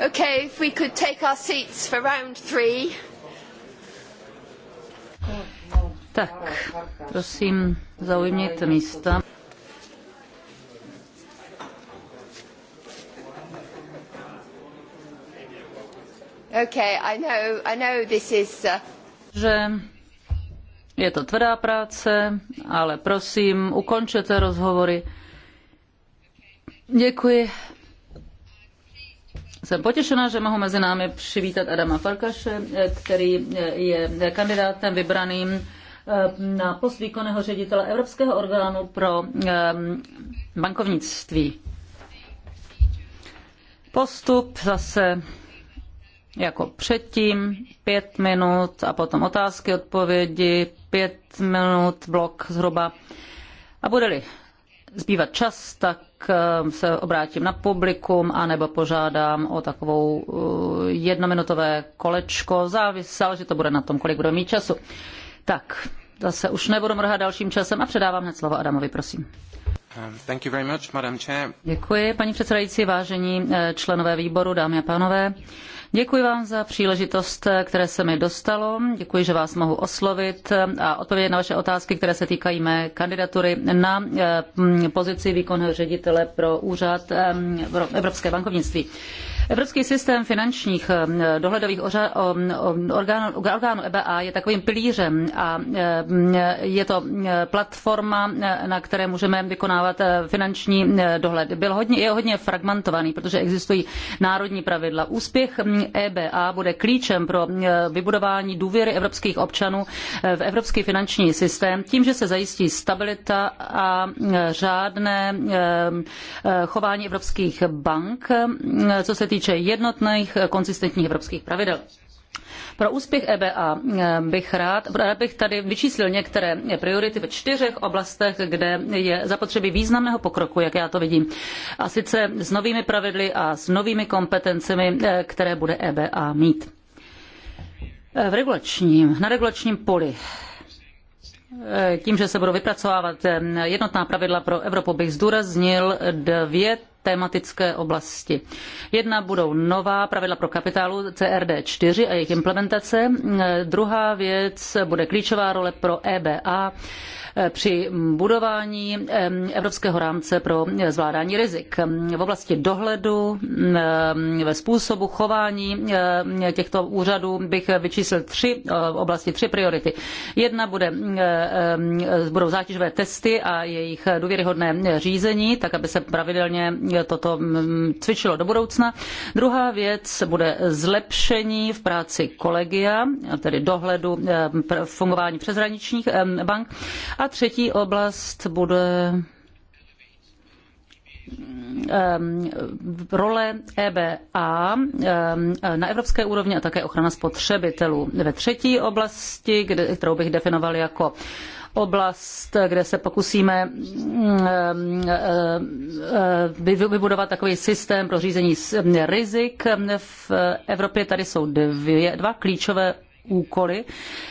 Okay, if we could take our seats for round three. Tak, prosím, zaujměte místa. Okay, I know, I know this is, uh... Že je to tvrdá práce, ale prosím, ukončete rozhovory. Děkuji. Jsem potěšená, že mohu mezi námi přivítat Adama Farkaše, který je kandidátem vybraným eh, na post výkonného ředitele Evropského orgánu pro eh, bankovnictví. Postup zase jako předtím, pět minut a potom otázky, odpovědi, pět minut, blok zhruba. A bude-li zbývat čas, tak Eh, se obrátím na publikum anebo požádám o takovou eh, jednominutové kolečko. Závisel, že to bude na tom, kolik budu mít času. Tak, zase už nebudu mrhat dalším časem a předávám hned slovo Adamovi, prosím. Um, thank you very much, Madam Chair. Děkuji, paní předsedající, vážení eh, členové výboru, dámy a pánové. Děkuji vám za příležitost, které se mi dostalo. Děkuji, že vás mohu oslovit a odpovědět na vaše otázky, které se týkají mé kandidatury na eh, pozici výkonného ředitele pro úřad eh, Evropské bankovnictví. Evropský systém finančních eh, dohledových orgánů, orgánů EBA je takovým pilířem a eh, je to eh, platforma, na které můžeme vykonávat finanční dohled. Byl hodně, je hodně fragmentovaný, protože existují národní pravidla. Úspěch hm, EBA bude klíčem pro vybudování důvěry evropských občanů v evropský finanční systém tím, že se zajistí stabilita a řádné chování evropských bank, hm, co se týče týče jednotných eh, konzistentních evropských pravidel. Pro úspěch EBA eh, bych rád, rád bych tady vyčíslil některé priority ve čtyřech oblastech, kde je zapotřebí významného pokroku, jak já to vidím. A sice s novými pravidly a s novými kompetencemi, eh, které bude EBA mít. V regulačním, na regulačním poli tím, že se budou vypracovávat jednotná pravidla pro Evropu, bych zdůraznil dvě tematické oblasti. Jedna budou nová pravidla pro kapitálu CRD4 a jejich implementace. Druhá věc bude klíčová role pro EBA Eh, při budování eh, Evropského rámce pro eh, zvládání rizik. V oblasti dohledu, ve způsobu chování těchto úřadů bych vyčíslil tři oblasti, tři priority. Jedna bude, budou zátěžové testy a jejich důvěryhodné řízení, tak aby se pravidelně toto mm, cvičilo do budoucna. Druhá věc bude zlepšení v práci kolegia, tedy dohledu fungování přeshraničních bank. A třetí oblast bude role EBA na evropské úrovni a také ochrana spotřebitelů. Ve třetí oblasti, kterou bych definoval jako oblast, kde se pokusíme vybudovat takový systém pro řízení rizik v Evropě. Tady jsou dvě, dva klíčové úkoly,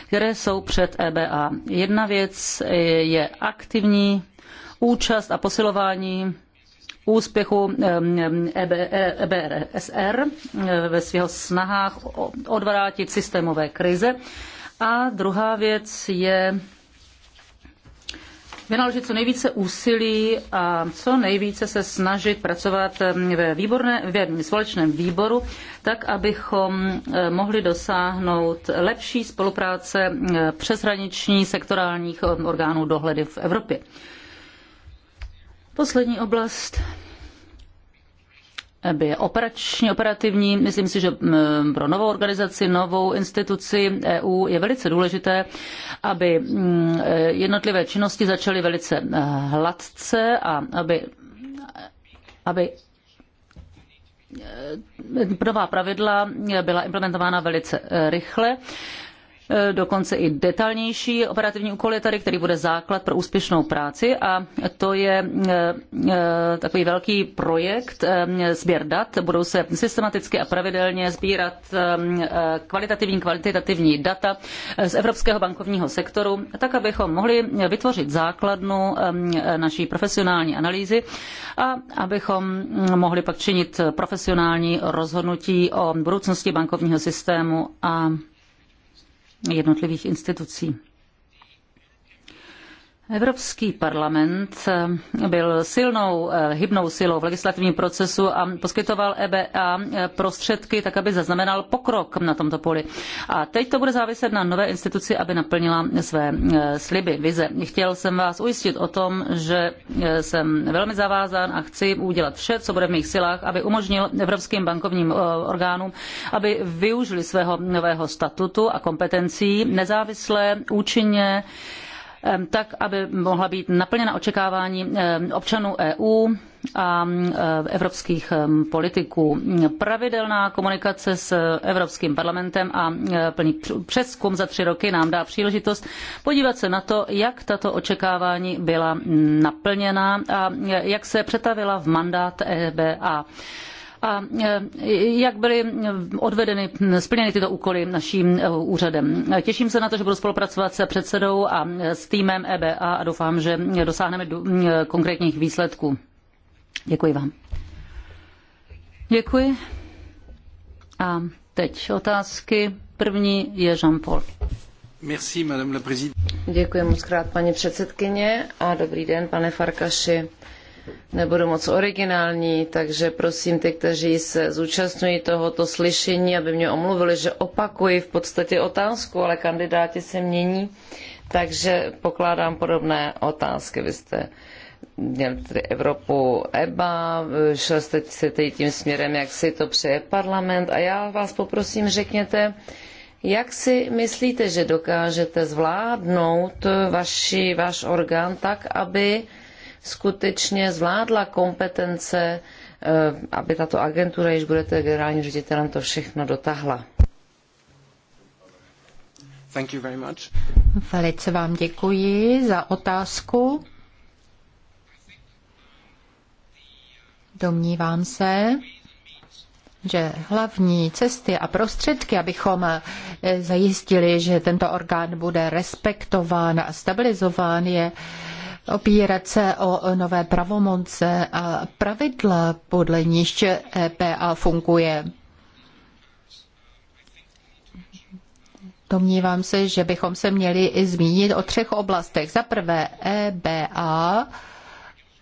které jsou před EBA. Jedna věc je aktivní účast a posilování úspěchu EBRSR eh, e eh, e eh, ve svých snahách odvrátit systémové krize. A druhá věc je vynaložit co nejvíce úsilí a co nejvíce se snažit pracovat mm, ve, výborné, ve společném výboru, tak abychom eh, mohli dosáhnout lepší spolupráce mm, přeshraniční sektorálních eh, orgánů dohledy v Evropě. Poslední oblast by je operačně operativní. Myslím si, že pro novou organizaci, novou instituci EU je velice důležité, aby jednotlivé činnosti začaly velice eh, hladce a aby, aby eh, nová pravidla byla implementována velice eh, rychle. Eh, dokonce i detailnější operativní úkoly tady, který bude základ pro úspěšnou práci a to je eh, eh, takový velký projekt sběr dat. Budou se systematicky a pravidelně sbírat kvalitativní, kvantitativní data z evropského bankovního sektoru, tak abychom mohli vytvořit základnu naší profesionální analýzy a abychom mm, mohli pak činit profesionální rozhodnutí o budoucnosti bankovního systému a jednotlivých institucí. Evropský parlament eh, byl silnou eh, hybnou silou v legislativním procesu a poskytoval EBA eh, prostředky tak, aby zaznamenal pokrok na tomto poli. A teď to bude záviset na nové instituci, aby naplnila své sliby, vize. Chtěl jsem vás ujistit o tom, že jsem velmi zavázán a chci udělat vše, co bude v mých silách, aby umožnil evropským bankovním orgánům, aby využili svého nového statutu a kompetencí nezávisle, účinně, tak aby mohla být naplněna očekávání občanů EU a evropských politiků. Pravidelná komunikace s Evropským parlamentem a plný přeskum za tři roky nám dá příležitost podívat se na to, jak tato očekávání byla naplněna a jak se přetavila v mandát EBA a e, jak byly odvedeny, splněny tyto úkoly naším e, úřadem. Těším se na to, že budu spolupracovat se předsedou a e, s týmem EBA a doufám, že dosáhneme konkrétních výsledků. Děkuji vám. Děkuji. A teď otázky. První je Jean-Paul. Merci, madame la Děkuji moc krát, paní předsedkyně, a dobrý den, pane Farkaši nebudu moc originální, takže prosím ty, kteří se zúčastňují tohoto slyšení, aby mě omluvili, že opakuji v podstatě otázku, ale kandidáti se mění, takže pokládám podobné otázky. Vy jste měl tedy Evropu EBA, šel jste se tedy tím směrem, jak si to přeje parlament a já vás poprosím, řekněte, jak si myslíte, že dokážete zvládnout vaši, váš orgán tak, aby skutečně zvládla kompetence, eh, aby tato agentura, již budete generálním ředitelem, to všechno dotahla. Thank you very much. Velice vám děkuji za otázku. Domnívám se, že hlavní cesty a prostředky, abychom eh, zajistili, že tento orgán bude respektován a stabilizován, je opírat se o nové pravomoce a pravidla, podle níž EPA funguje. Domnívám se, že bychom se měli i zmínit o třech oblastech. Za prvé, EBA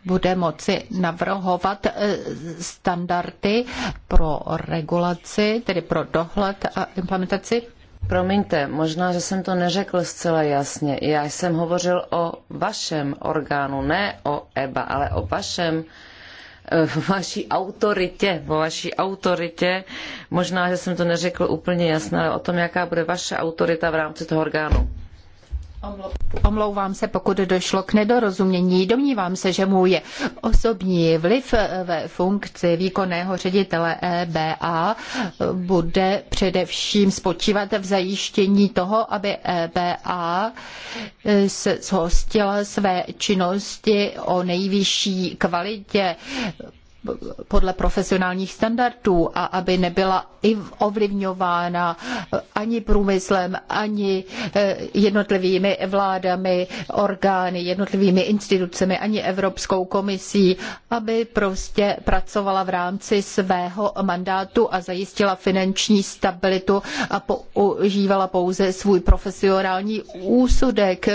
bude moci navrhovat e, standardy pro regulaci, tedy pro dohled a implementaci Promiňte, možná, že jsem to neřekl zcela jasně. Já jsem hovořil o vašem orgánu, ne o EBA, ale o vašem eh, vaší autoritě, o vaší autoritě. Možná, že jsem to neřekl úplně jasně, ale o tom, jaká bude vaše autorita v rámci toho orgánu. Omlouvám se, pokud došlo k nedorozumění. Domnívám se, že můj osobní vliv ve funkci výkonného ředitele EBA bude především spočívat v zajištění toho, aby EBA zhostila své činnosti o nejvyšší kvalitě podle profesionálních standardů a aby nebyla ovlivňována ani průmyslem, ani eh, jednotlivými vládami, orgány, jednotlivými institucemi, ani Evropskou komisí, aby prostě pracovala v rámci svého mandátu a zajistila finanční stabilitu a používala pouze svůj profesionální úsudek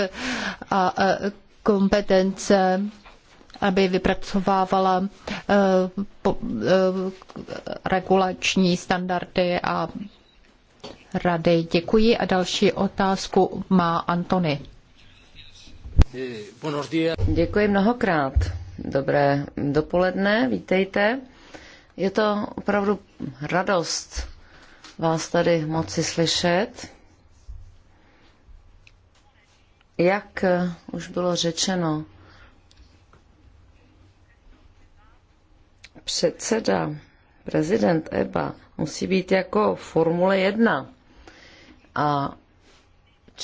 a eh, kompetence aby vypracovávala eh, eh, regulační standardy a rady. Děkuji a další otázku má Antony. Děkuji mnohokrát. Dobré dopoledne, vítejte. Je to opravdu radost vás tady moci slyšet. Jak už bylo řečeno, předseda, prezident EBA musí být jako Formule 1. A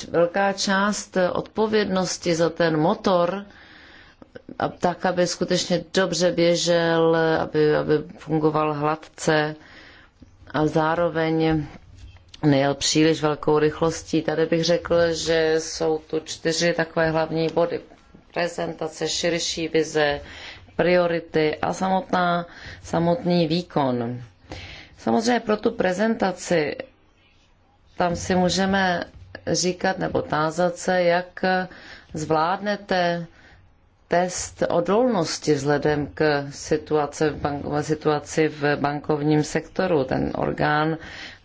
velká část odpovědnosti za ten motor, tak, aby skutečně dobře běžel, aby, aby fungoval hladce a zároveň nejel příliš velkou rychlostí. Tady bych řekl, že jsou tu čtyři takové hlavní body. Prezentace, širší vize, priority a samotná, samotný výkon. Samozřejmě pro tu prezentaci tam si můžeme říkat nebo tázat se, jak zvládnete test odolnosti vzhledem k situace v, situaci v bankovním sektoru. Ten orgán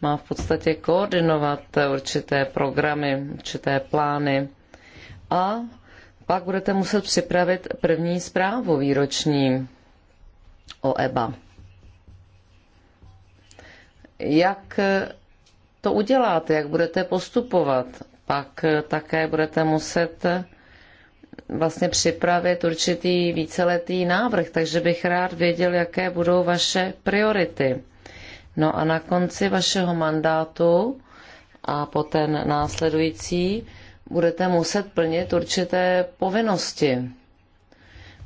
má v podstatě koordinovat určité programy, určité plány a pak budete muset připravit první zprávu výroční o EBA. Jak to uděláte, jak budete postupovat, pak také budete muset vlastně připravit určitý víceletý návrh, takže bych rád věděl, jaké budou vaše priority. No a na konci vašeho mandátu a poté následující budete muset plnit určité povinnosti.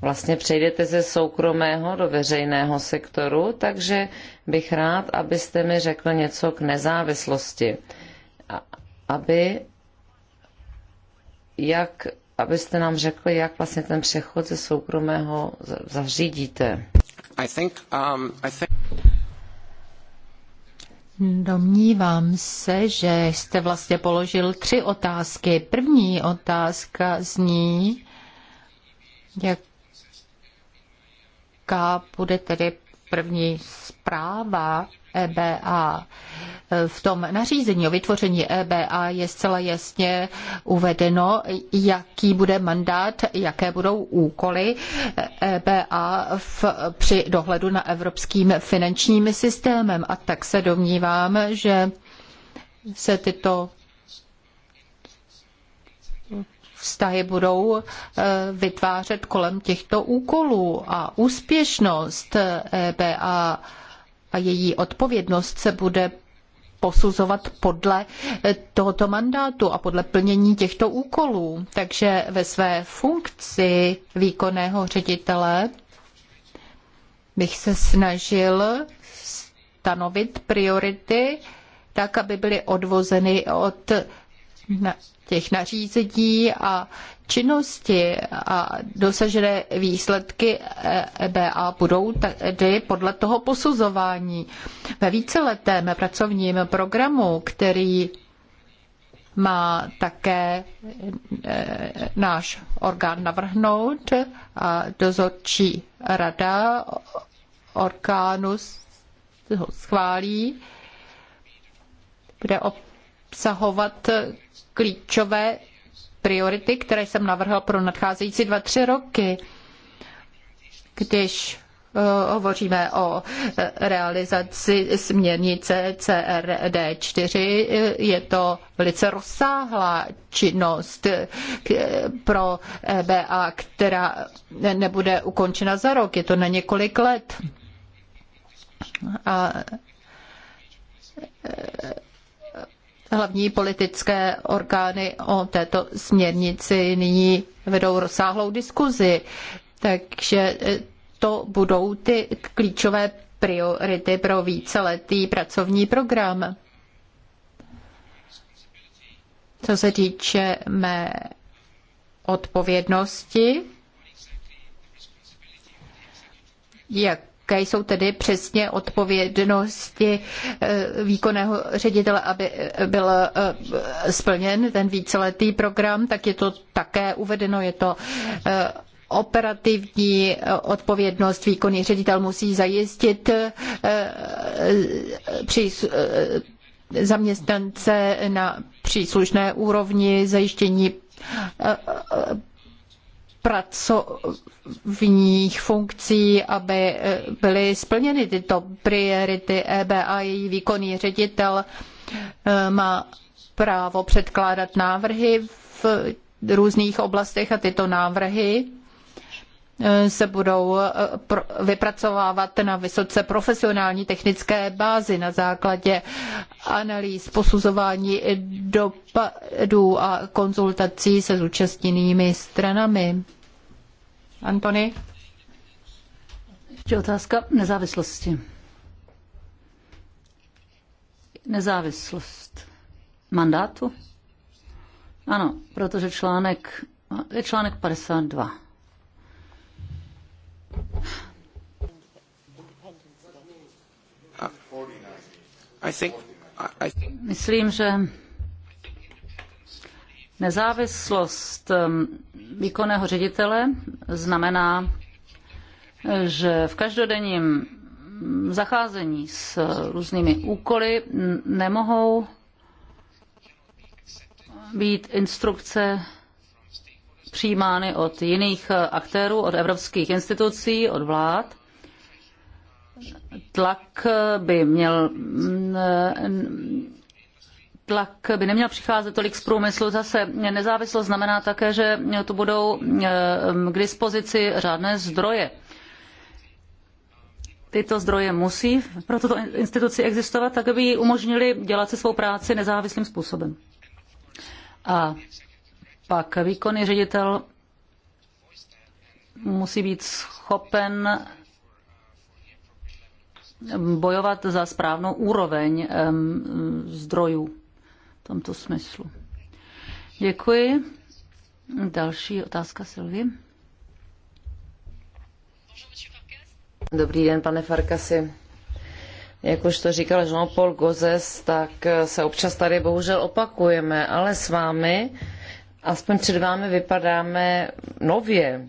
Vlastně přejdete ze soukromého do veřejného sektoru, takže bych rád, abyste mi řekl něco k nezávislosti. Aby, jak, abyste nám řekl, jak vlastně ten přechod ze soukromého zařídíte. I think, um, I think... Domnívám se, že jste vlastně položil tři otázky. První otázka zní, jaká bude tedy první zpráva EBA. V tom nařízení o vytvoření EBA je zcela jasně uvedeno, jaký bude mandát, jaké budou úkoly EBA v, při dohledu na evropským finančním systémem. A tak se domnívám, že se tyto vztahy budou eh, vytvářet kolem těchto úkolů a úspěšnost EBA eh, e a její odpovědnost se bude posuzovat podle eh, tohoto mandátu a podle plnění těchto úkolů. Takže ve své funkci výkonného ředitele bych se snažil stanovit priority tak, aby byly odvozeny od na těch nařízení a činnosti a dosažené výsledky EBA budou tedy podle toho posuzování. Ve víceletém pracovním programu, který má také e, náš orgán navrhnout a dozorčí rada orgánu schválí, Bude opět obsahovat klíčové priority, které jsem navrhl pro nadcházející dva, tři roky. Když eh, hovoříme o eh, realizaci směrnice CRD4. Eh, je to velice rozsáhlá činnost pro EBA, která nebude ukončena za rok, je to na několik let. A hlavní politické orgány o této směrnici nyní vedou rozsáhlou diskuzi. Takže e, to budou ty klíčové priority pro víceletý pracovní program. Co se týče mé odpovědnosti, jak jaké jsou tedy přesně odpovědnosti eh, výkonného ředitele, aby eh, byl eh, splněn ten víceletý program, tak je to také uvedeno, je to operativní odpovědnost výkonný ředitel musí zajistit při zaměstnance na příslušné úrovni, zajištění pracovních funkcí, aby eh, byly splněny tyto priority EBA. Její výkonný ředitel eh, má právo předkládat návrhy v různých oblastech a tyto návrhy Eh, se budou eh, vypracovávat na vysoce profesionální technické bázi na základě analýz, posuzování dopadů a konzultací se zúčastněnými stranami. Antony? Ještě otázka nezávislosti. Nezávislost mandátu? Ano, protože článek, je článek 52. Myslím, že nezávislost um, výkonného ředitele znamená, že v každodenním zacházení s různými úkoly nemohou být instrukce přijímány od jiných aktérů, od evropských institucí, od vlád, tlak by měl mm, tlak by neměl přicházet tolik z průmyslu. Zase nezávislost znamená také, že tu budou mm, k dispozici řádné zdroje. Tyto zdroje musí pro tuto instituci existovat, tak aby ji umožnili dělat si svou práci nezávislým způsobem. A pak výkonný ředitel musí být schopen bojovat za správnou úroveň zdrojů v tomto smyslu. Děkuji. Další otázka Silvi. Dobrý den, pane Farkasi. Jak už to říkal Jean-Paul Gozes, tak se občas tady bohužel opakujeme, ale s vámi, aspoň před vámi, vypadáme nově.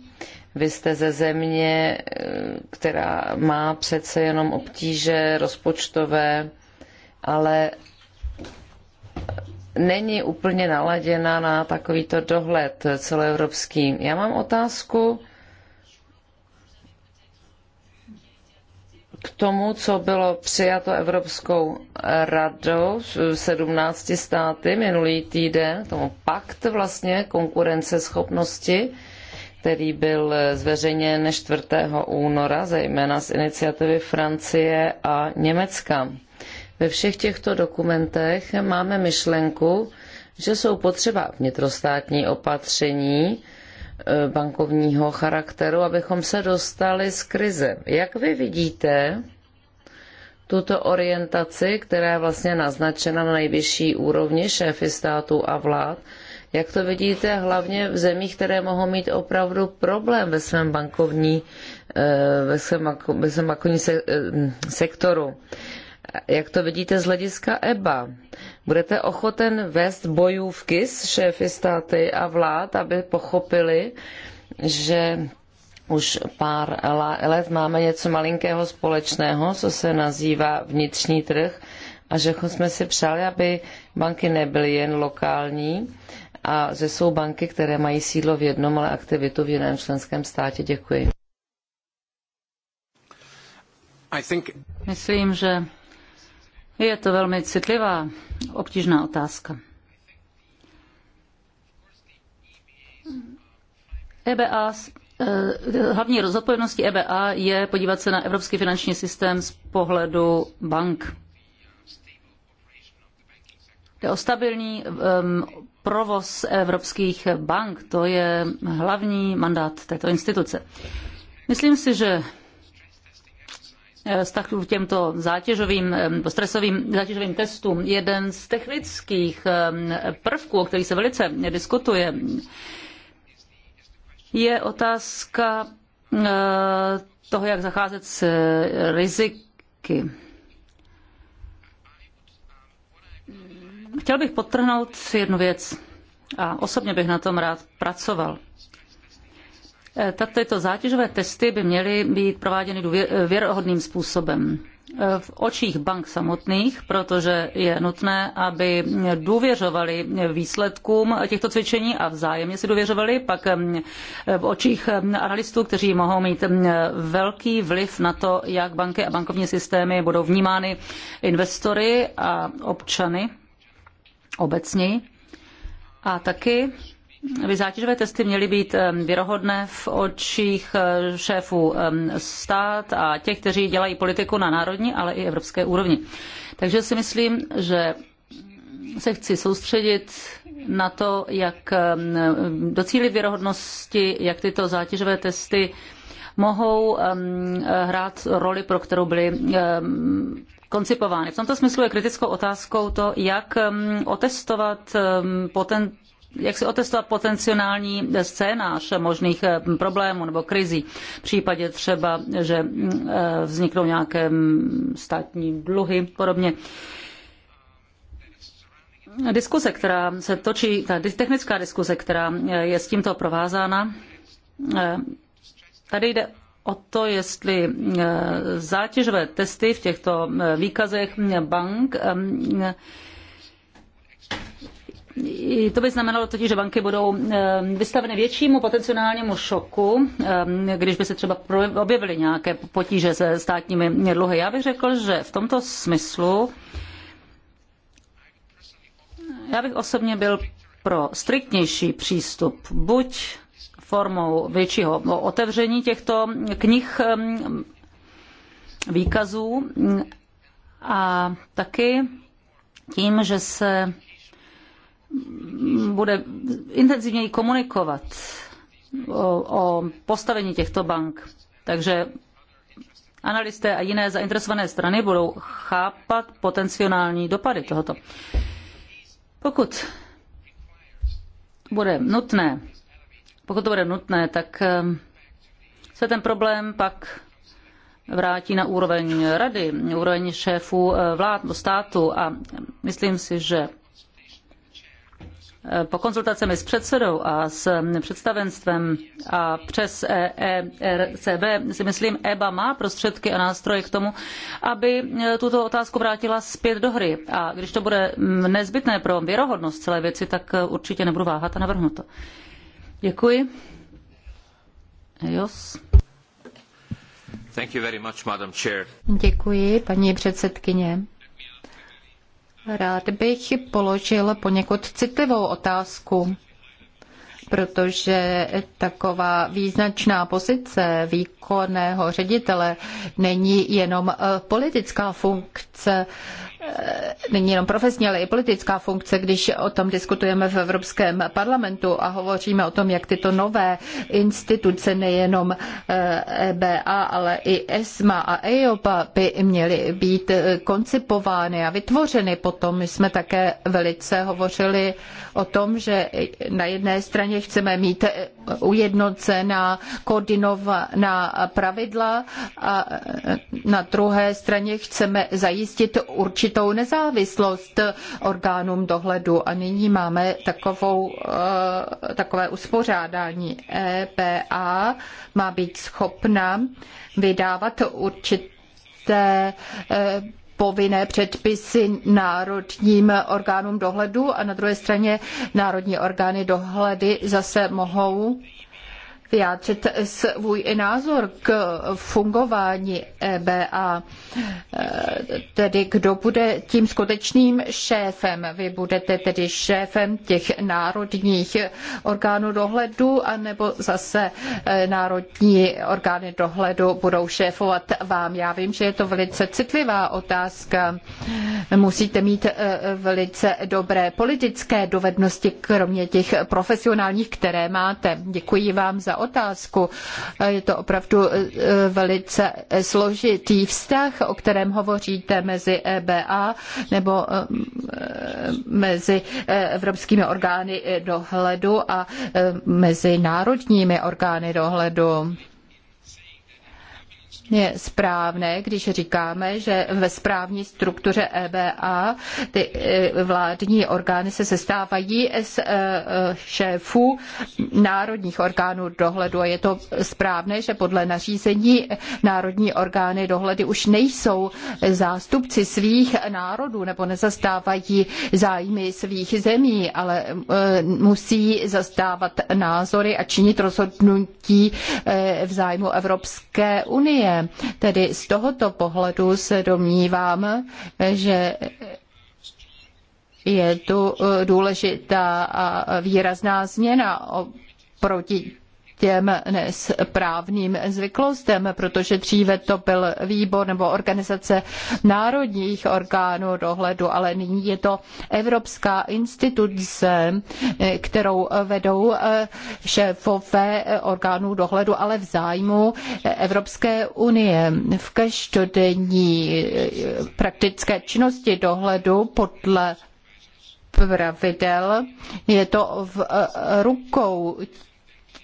Vy jste ze země, která má přece jenom obtíže rozpočtové, ale není úplně naladěna na takovýto dohled celoevropský. Já mám otázku k tomu, co bylo přijato Evropskou radou 17 státy minulý týden, tomu pakt vlastně konkurenceschopnosti schopnosti který byl zveřejněn 4. února, zejména z iniciativy Francie a Německa. Ve všech těchto dokumentech máme myšlenku, že jsou potřeba vnitrostátní opatření e, bankovního charakteru, abychom se dostali z krize. Jak vy vidíte tuto orientaci, která je vlastně naznačena na nejvyšší úrovni šéfy států a vlád, jak to vidíte, hlavně v zemích, které mohou mít opravdu problém ve svém bankovní, eh, ve svém, ve svém bankovní se, eh, sektoru. Jak to vidíte z hlediska EBA? Budete ochoten vést bojůvky s šéfy státy a vlád, aby pochopili, že už pár let máme něco malinkého společného, co se nazývá vnitřní trh a že jsme si přáli, aby banky nebyly jen lokální, a že jsou banky, které mají sídlo v jednom, ale aktivitu v jiném členském státě. Děkuji. Myslím, že je to velmi citlivá, obtížná otázka. EBA, eh, hlavní zodpovědností EBA je podívat se na evropský finanční systém z pohledu bank. Jde o stabilní um, provoz evropských bank. To je hlavní mandát této instituce. Myslím si, že eh, vztah k těmto zátěžovým, eh, stresovým zátěžovým testům, jeden z technických eh, prvků, o který se velice diskutuje, je otázka toho, jak zacházet s riziky. Chtěl bych podtrhnout jednu věc a osobně bych na tom rád pracoval. E, tyto zátěžové testy by měly být prováděny e, věrohodným způsobem e, v očích bank samotných, protože je nutné, aby důvěřovali výsledkům těchto cvičení a vzájemně si důvěřovali, pak v očích analystů, kteří mohou mít velký vliv na to, jak banky a bankovní systémy budou vnímány investory a občany obecněji. A taky by zátěžové testy měly být věrohodné v očích eh, šéfů stát a těch, kteří dělají politiku na národní, ale i evropské úrovni. Takže si myslím, že se chci soustředit na to, jak docílit věrohodnosti, jak tyto zátěžové testy mohou hrát roli, pro kterou byly koncipovány. V tomto smyslu je kritickou otázkou to, jak um, otestovat um, poten, jak si otestovat potenciální scénář možných um, problémů nebo krizí. V případě třeba, že uh, vzniknou nějaké státní dluhy podobně. Diskuse, která se točí, ta technická diskuse, která uh, je s tímto provázána, uh, Tady jde o to, jestli eh, zátěžové testy v těchto eh, výkazech bank eh, to by znamenalo totiž, že banky budou vystaveny většímu potenciálnímu šoku, když by se třeba objevily nějaké potíže se státními dluhy. Já bych řekl, že v tomto smyslu já bych osobně byl pro striktnější přístup, buď formou většího otevření těchto knih výkazů a taky tím, že se bude intenzivněji komunikovat o, o postavení těchto bank. Takže analysté a jiné zainteresované strany budou chápat potenciální dopady tohoto. Pokud bude nutné pokud to bude nutné, tak ehm, se ten problém pak vrátí na úroveň rady, úroveň šéfů eh, vlád státu a myslím si, že eh, po konzultacemi s předsedou a s ehm, představenstvem a přes ERCB eh, e si myslím, EBA má prostředky a nástroje k tomu, aby tuto otázku vrátila zpět do hry. A když to bude mm, nezbytné pro věrohodnost celé věci, tak určitě nebudu váhat a navrhnu to. Děkuji. Jos. Thank you very much, Madam Chair. Děkuji, paní předsedkyně. Rád bych položil poněkud citlivou otázku, protože taková význačná pozice výkonného ředitele není jenom politická funkce, není jenom profesní, ale i politická funkce, když o tom diskutujeme v Evropském parlamentu a hovoříme o tom, jak tyto nové instituce, nejenom EBA, eh, e ale i ESMA a EIOPA e by měly být eh, koncipovány a vytvořeny. Potom my jsme také velice hovořili o tom, že na jedné straně chceme mít eh, ujednocená, koordinovaná pravidla a na druhé straně chceme zajistit určitou nezávislost orgánům dohledu. A nyní máme takovou, eh, takové uspořádání. EPA má být schopna vydávat určité eh, povinné předpisy národním orgánům dohledu a na druhé straně národní orgány dohledy zase mohou vyjádřit svůj názor k fungování EBA. Tedy kdo bude tím skutečným šéfem? Vy budete tedy šéfem těch národních orgánů dohledu, anebo zase eh, národní orgány dohledu budou šéfovat vám? Já vím, že je to velice citlivá otázka. Musíte mít eh, velice dobré politické dovednosti, kromě těch profesionálních, které máte. Děkuji vám za otázku. Je to opravdu e, velice složitý vztah, o kterém hovoříte mezi EBA nebo e, e, mezi evropskými orgány dohledu a mezi národními orgány dohledu je vlastně správné, když říkáme, že ve správní struktuře EBA ty eh, vládní orgány se sestávají z eh, šéfů národních orgánů dohledu a je to správné, že podle nařízení národní orgány dohledu už nejsou zástupci svých národů nebo nezastávají zájmy svých zemí, ale eh, musí zastávat názory a činit rozhodnutí v zájmu Evropské unie Tedy z tohoto pohledu se domnívám, že je tu eh, důležitá a výrazná změna proti těm nesprávným zvyklostem, protože dříve to byl výbor nebo organizace národních orgánů dohledu, ale nyní je to evropská instituce, kterou vedou eh, šéfové orgánů dohledu, ale v zájmu Evropské unie. V každodenní eh, praktické činnosti dohledu podle pravidel je to v eh, rukou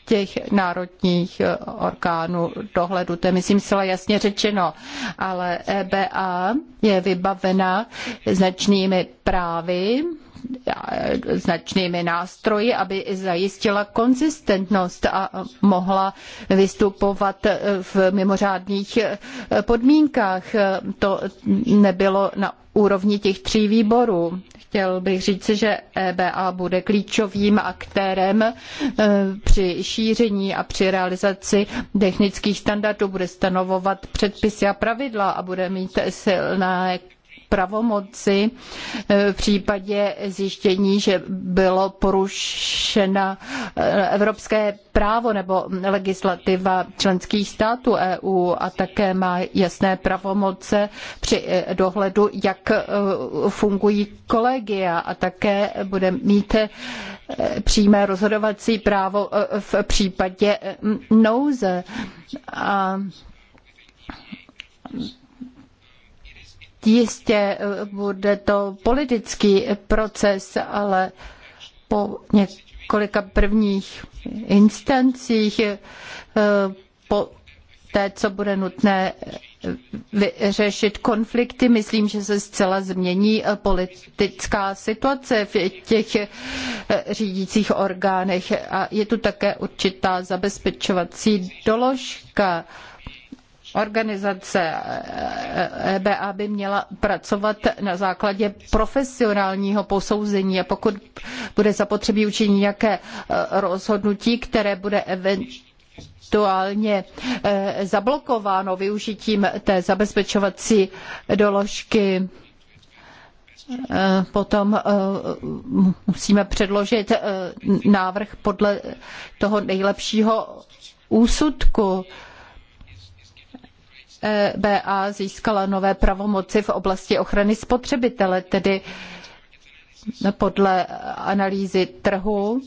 těch národních eh, orgánů dohledu. To je, myslím, zcela jasně řečeno. Ale EBA je vybavena značnými právy, Eh, značnými nástroji, aby zajistila konzistentnost a mohla vystupovat eh, v mimořádných eh, podmínkách. To nebylo na úrovni těch tří výborů. Chtěl bych říct, že EBA bude klíčovým aktérem při šíření a při realizaci technických standardů, bude stanovovat předpisy a pravidla a bude mít silné pravomoci eh, v případě zjištění, že bylo porušena eh, evropské právo nebo legislativa členských států EU a také má jasné pravomoce při eh, dohledu, jak fungují kolegia a také bude mít přímé rozhodovací právo v případě nouze. A Jistě eh, bude to politický proces, ale po několika prvních instancích, eh, po té, co bude nutné eh, vyřešit konflikty, myslím, že se zcela změní politická situace v těch řídících orgánech a je tu také určitá zabezpečovací doložka Organizace EBA eh, eh, e by měla pracovat na základě profesionálního posouzení a pokud bude zapotřebí učinit nějaké eh, rozhodnutí, které bude eventuálně zablokováno využitím té zabezpečovací doložky. Potom musíme předložit návrh podle toho nejlepšího úsudku. EBA získala nové pravomoci v oblasti ochrany spotřebitele, tedy podle analýzy trhu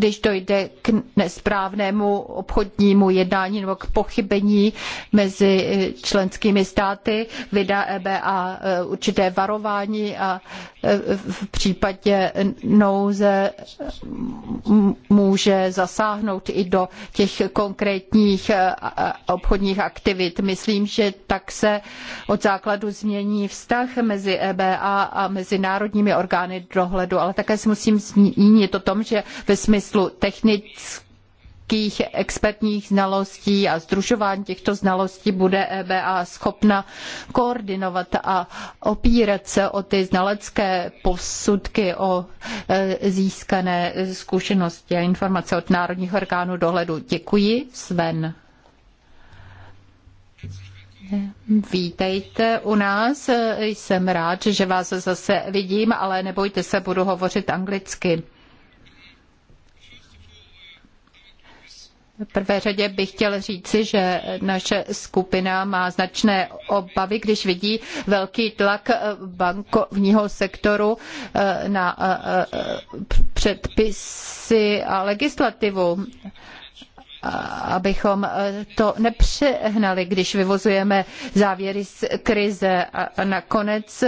když dojde k nesprávnému obchodnímu jednání nebo k pochybení mezi členskými státy, vydá EBA e, určité varování a e, v případě nouze může zasáhnout i do těch konkrétních e, obchodních aktivit. Myslím, že tak se od základu změní vztah mezi EBA a mezinárodními orgány dohledu, ale také si musím zmínit o tom, že ve smyslu smyslu technických expertních znalostí a združování těchto znalostí bude EBA schopna koordinovat a opírat se o ty znalecké posudky, o e, získané zkušenosti a informace od Národních orgánů dohledu. Děkuji, Sven. Vítejte u nás, jsem rád, že vás zase vidím, ale nebojte se, budu hovořit anglicky. prvé řadě bych chtěl říci, že naše skupina má značné obavy, když vidí velký tlak bankovního sektoru eh, na eh, eh, předpisy a legislativu abychom to nepřehnali, když vyvozujeme závěry z krize. A nakonec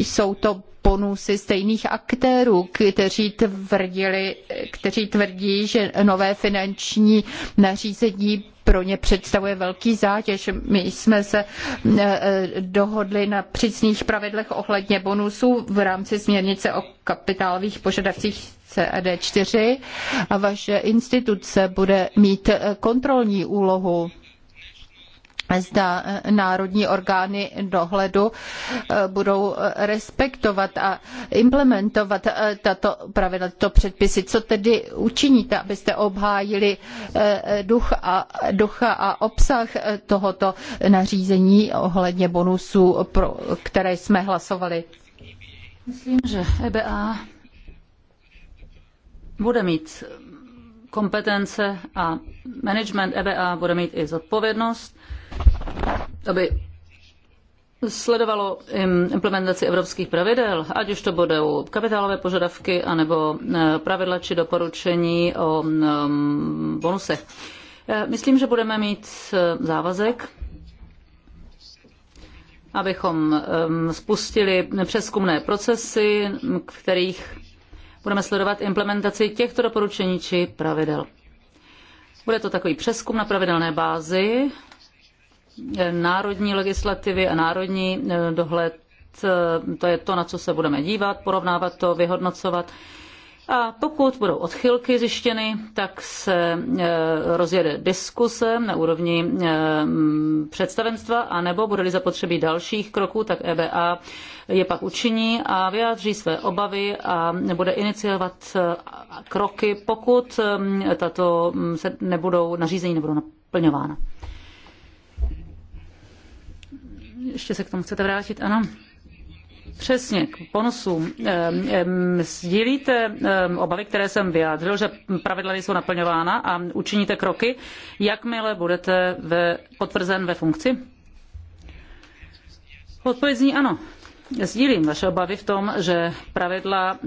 jsou to bonusy stejných aktérů, kteří, tvrdili, kteří tvrdí, že nové finanční nařízení pro ně představuje velký zátěž. My jsme se eh, dohodli na přísných pravidlech ohledně bonusů v rámci směrnice o kapitálových požadavcích CED4 a vaše instituce bude mít eh, kontrolní úlohu zda eh, národní orgány dohledu eh, budou eh, respektovat a implementovat tato pravidla, tyto předpisy. Co tedy učiníte, abyste obhájili duch a, ducha a obsah tohoto nařízení ohledně bonusů, pro které jsme hlasovali? Myslím, že EBA bude mít kompetence a management EBA bude mít i zodpovědnost aby sledovalo implementaci evropských pravidel, ať už to budou kapitálové požadavky, anebo e, pravidla či doporučení o bonusech. E, myslím, že budeme mít e, závazek, abychom spustili přeskumné procesy, v kterých budeme sledovat implementaci těchto doporučení či pravidel. Bude to takový přeskum na pravidelné bázi, národní legislativy a národní eh, dohled, eh, to je to, na co se budeme dívat, porovnávat to, vyhodnocovat. A pokud budou odchylky zjištěny, tak se eh, rozjede diskuse na úrovni mm, představenstva, anebo bude-li zapotřebí dalších kroků, tak EBA je pak učiní a vyjádří své obavy a bude iniciovat kroky, pokud tato mm, se nebudou, nařízení nebudou naplňována. Ještě se k tomu chcete vrátit? Ano. Přesně, k bonusům. Sdílíte obavy, které jsem vyjádřil, že pravidla jsou naplňována a učiníte kroky, jakmile budete ve, potvrzen ve funkci? Odpověď zní ano. Sdílím vaše obavy v tom, že pravidla,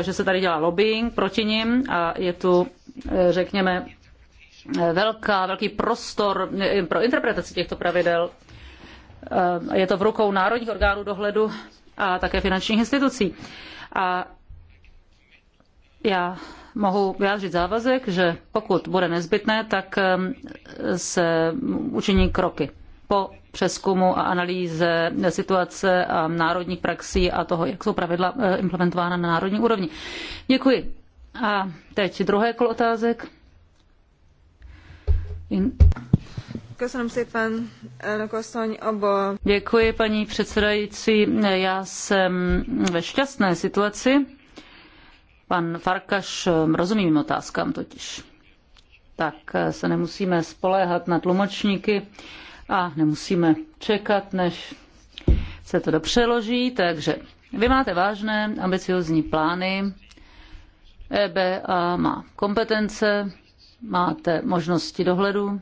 že se tady dělá lobbying proti nim a je tu, eh, řekněme, eh, velká, velký prostor eh, pro interpretaci těchto pravidel Eh, je to v rukou národních orgánů dohledu a také finančních institucí. A já mohu vyjádřit závazek, že pokud bude nezbytné, tak eh, se učiní kroky po přeskumu a analýze situace a národních praxí a toho, jak jsou pravidla eh, implementována na národní úrovni. Děkuji. A teď druhé kolo otázek. In... Děkuji, paní předsedající. Já jsem ve šťastné situaci. Pan Farkaš hm, rozumí mým otázkám totiž. Tak eh, se nemusíme spoléhat na tlumočníky a nemusíme čekat, než se to dopřeloží. Takže vy máte vážné, ambiciozní plány. EBA má kompetence, máte možnosti dohledu,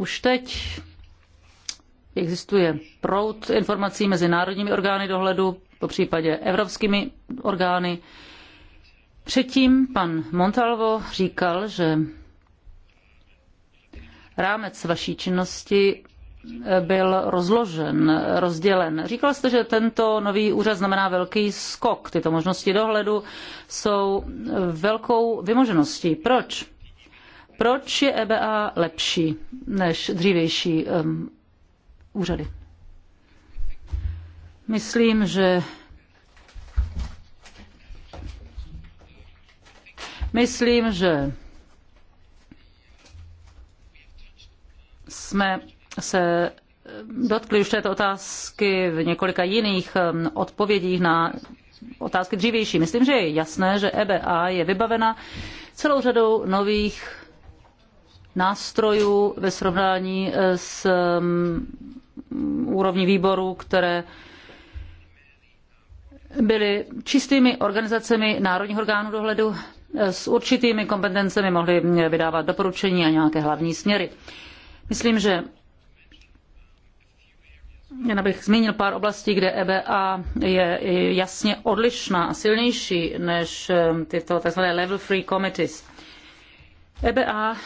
Už teď existuje proud informací mezi národními orgány dohledu, po případě evropskými orgány. Předtím pan Montalvo říkal, že rámec vaší činnosti byl rozložen, rozdělen. Říkal jste, že tento nový úřad znamená velký skok. Tyto možnosti dohledu jsou velkou vymožeností. Proč? Proč je EBA lepší než dřívější um, úřady? Myslím, že myslím, že jsme se dotkli už této otázky v několika jiných odpovědích na otázky dřívější. Myslím, že je jasné, že EBA je vybavena celou řadou nových nástrojů ve srovnání eh, s mm, úrovní výborů, které byly čistými organizacemi národních orgánů dohledu eh, s určitými kompetencemi mohly mm, vydávat doporučení a nějaké hlavní směry. Myslím, že jen abych zmínil pár oblastí, kde EBA je jasně odlišná a silnější než eh, tyto tzv. level free committees. EBA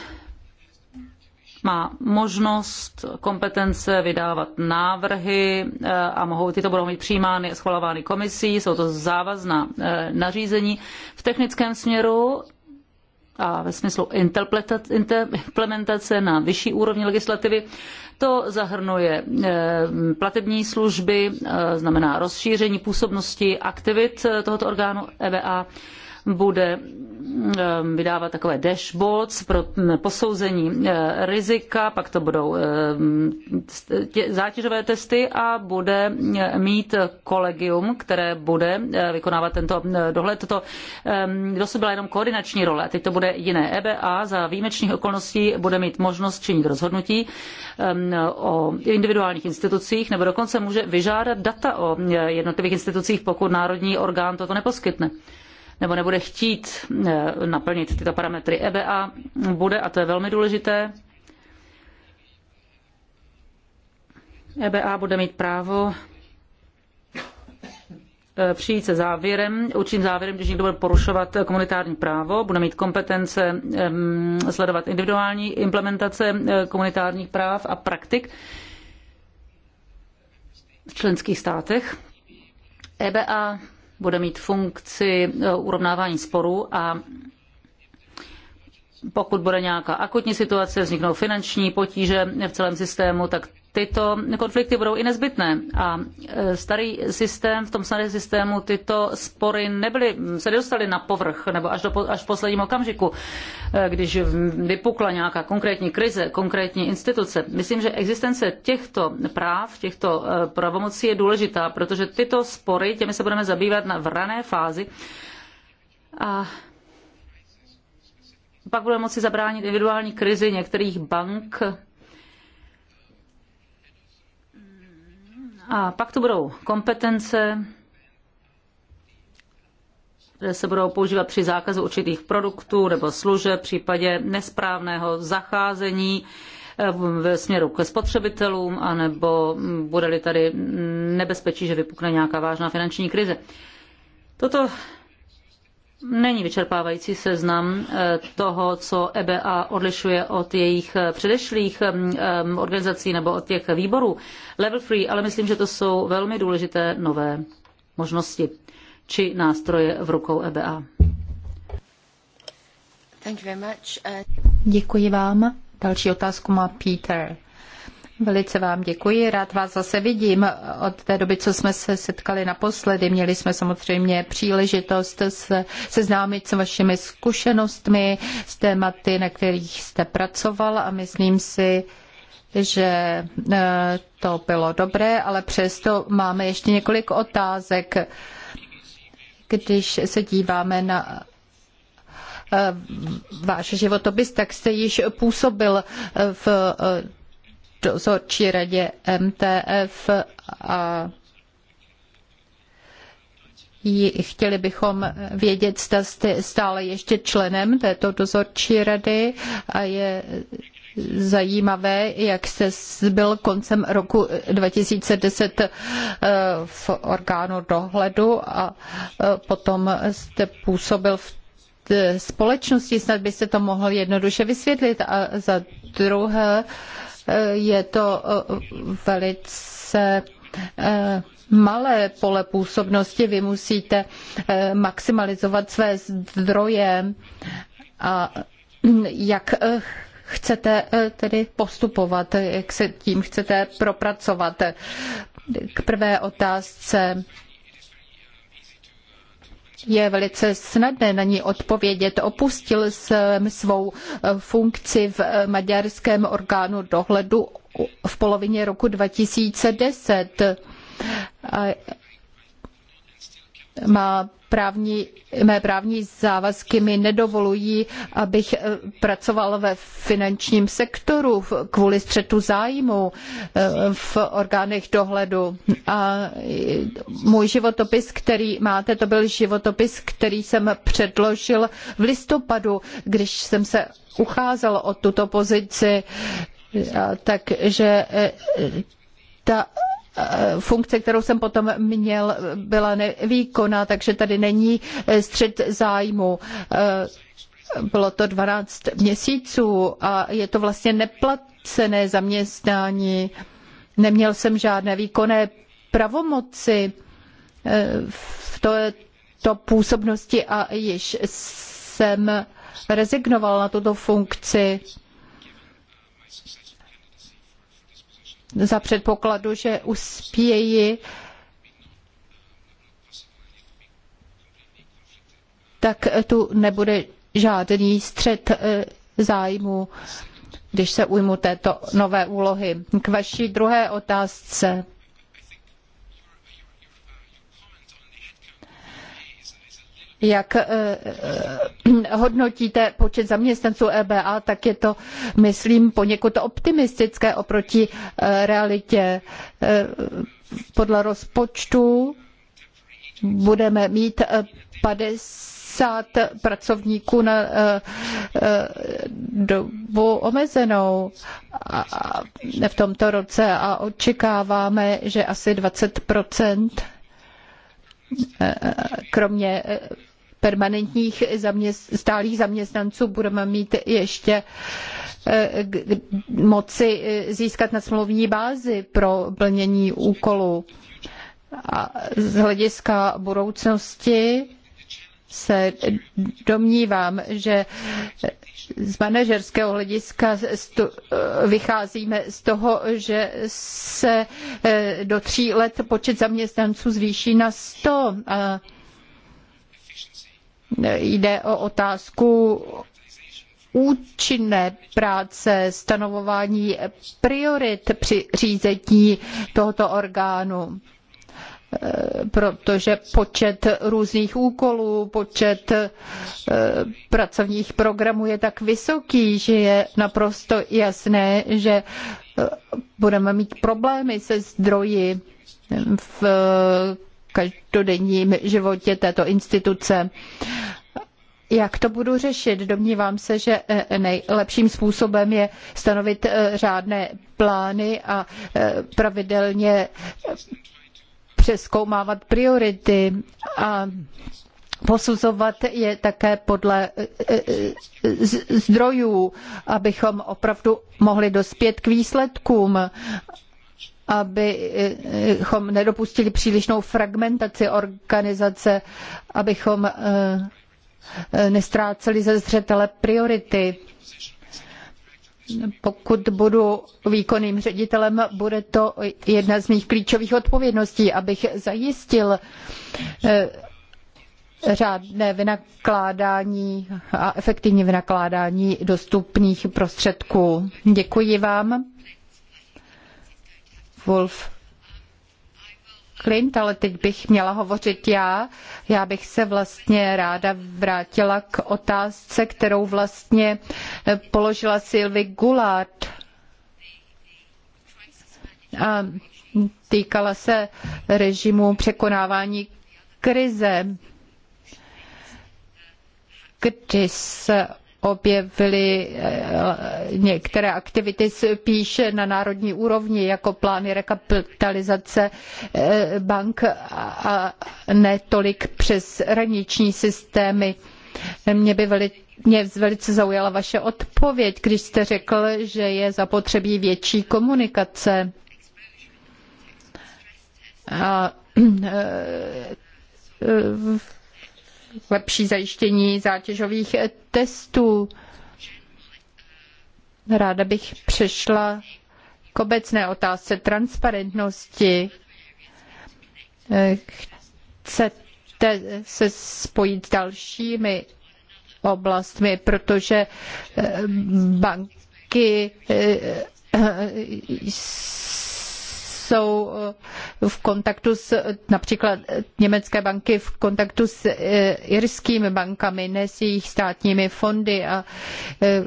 má možnost kompetence vydávat návrhy eh, a mohou, tyto budou mít přijímány a schvalovány komisí, jsou to závazná eh, nařízení. V technickém směru a ve smyslu implementace na vyšší úrovni legislativy. To zahrnuje eh, platební služby, znamená rozšíření působnosti aktivit tohoto orgánu EBA, bude Ehm, vydávat takové dashboards pro posouzení eh, rizika, pak to budou ehm, zátěžové testy a bude eh, mít kolegium, které bude eh, vykonávat tento dohled. Toto ehm, dosud byla jenom koordinační role, teď to bude jiné. EBA za výjimečných okolností bude mít možnost činit rozhodnutí o individuálních institucích nebo dokonce může vyžádat data o jednotlivých institucích, pokud národní orgán toto neposkytne nebo nebude chtít eh, naplnit tyto parametry. EBA bude, a to je velmi důležité, EBA bude mít právo eh, přijít se závěrem, určitým závěrem, když někdo bude porušovat komunitární právo, bude mít kompetence sledovat individuální implementace eh, komunitárních práv a praktik v členských státech. EBA bude mít funkci eh, urovnávání sporů a pokud bude nějaká akutní situace, vzniknou finanční potíže v celém systému, tak tyto konflikty budou i nezbytné. A e, starý systém, v tom starém systému tyto spory nebyly, se nedostaly na povrch nebo až, do, až v posledním okamžiku, e, když vypukla nějaká konkrétní krize, konkrétní instituce. Myslím, že existence těchto práv, těchto e, pravomocí je důležitá, protože tyto spory, těmi se budeme zabývat na, v rané fázi. A pak budeme moci zabránit individuální krizi některých bank, A pak tu budou kompetence, které se budou používat při zákazu určitých produktů nebo služeb v případě nesprávného zacházení eh, ve směru ke spotřebitelům, anebo bude-li tady nebezpečí, že vypukne nějaká vážná finanční krize. Toto není vyčerpávající seznam eh, toho, co EBA odlišuje od jejich eh, předešlých eh, mm, organizací nebo od těch výborů level free, ale myslím, že to jsou velmi důležité nové možnosti či nástroje v rukou EBA. Děkuji vám. Další otázku má Peter. Velice vám děkuji, rád vás zase vidím. Od té doby, co jsme se setkali naposledy, měli jsme samozřejmě příležitost se seznámit s vašimi zkušenostmi, s tématy, na kterých jste pracoval a myslím si, že eh, to bylo dobré, ale přesto máme ještě několik otázek. Když se díváme na eh, váš životopis, tak jste již působil v eh, dozorčí radě MTF a chtěli bychom vědět, zda jste stále ještě členem této dozorčí rady a je zajímavé, jak jste byl koncem roku 2010 eh, v orgánu dohledu a eh, potom jste působil v společnosti, snad byste to mohl jednoduše vysvětlit. A za druhé, je to eh, velice eh, malé pole působnosti. Vy musíte eh, maximalizovat své zdroje a jak chcete tedy postupovat, jak se tím chcete propracovat. K prvé otázce je velice snadné na ní odpovědět. Opustil jsem svou eh, funkci v eh, maďarském orgánu dohledu v polovině roku 2010. A eh, má právní, mé právní závazky mi nedovolují, abych eh, pracoval ve finančním sektoru kvůli střetu zájmu eh, v orgánech dohledu. A eh, můj životopis, který máte, to byl životopis, který jsem předložil v listopadu, když jsem se ucházel o tuto pozici. Takže ta Eh, funkce, kterou jsem potom měl, byla nevýkonná, takže tady není eh, střed zájmu. Eh, bylo to 12 měsíců a je to vlastně neplacené zaměstnání. Neměl jsem žádné výkonné pravomoci v této působnosti a již jsem rezignoval na tuto funkci za předpokladu, že uspěji, tak tu nebude žádný střed eh, zájmu, když se ujmu této nové úlohy. K vaší druhé otázce. Jak eh, eh, hodnotíte počet zaměstnanců EBA, tak je to, myslím, poněkud optimistické oproti eh, realitě. Podle rozpočtu budeme mít 50 pracovníků na dobu omezenou v tomto roce a očekáváme, že asi 20 kromě eh, permanentních zaměst, stálých zaměstnanců budeme mít ještě eh, moci eh, získat smluvní bázi pro plnění úkolu. A z hlediska budoucnosti se domnívám, že z manažerského hlediska vycházíme z toho, že se eh, do tří let počet zaměstnanců zvýší na 100. A eh, jde o otázku účinné práce, stanovování priorit při řízení tohoto orgánu. Eh, protože počet různých úkolů, počet eh, pracovních programů je tak vysoký, že je naprosto jasné, že eh, budeme mít problémy se zdroji v každodenním životě této instituce. Jak to budu řešit? Domnívám se, že nejlepším způsobem je stanovit řádné plány a pravidelně přeskoumávat priority a posuzovat je také podle eh, eh, zdrojů, abychom opravdu mohli dospět k výsledkům abychom nedopustili přílišnou fragmentaci organizace, abychom eh, nestráceli ze zřetele priority pokud budu výkonným ředitelem, bude to jedna z mých klíčových odpovědností, abych zajistil eh, řádné vynakládání a efektivní vynakládání dostupných prostředků. Děkuji vám. Wolf Klint, ale teď bych měla hovořit já. Já bych se vlastně ráda vrátila k otázce, kterou vlastně uh, položila Sylvie Goulart. A týkala se režimu překonávání krize, kdy se objevily eh, některé aktivity spíše na národní úrovni, jako plány rekapitalizace eh, bank a netolik přes hraniční systémy. Mě by velice mě velice zaujala vaše odpověď, když jste řekl, že je zapotřebí větší komunikace. A, eh, lepší zajištění zátěžových testů. Ráda bych přešla k obecné otázce transparentnosti. Eh, chcete se spojit s dalšími oblastmi, protože eh, banky eh, jsou eh, v kontaktu s, například německé banky v kontaktu s irskými bankami, ne s jejich státními fondy a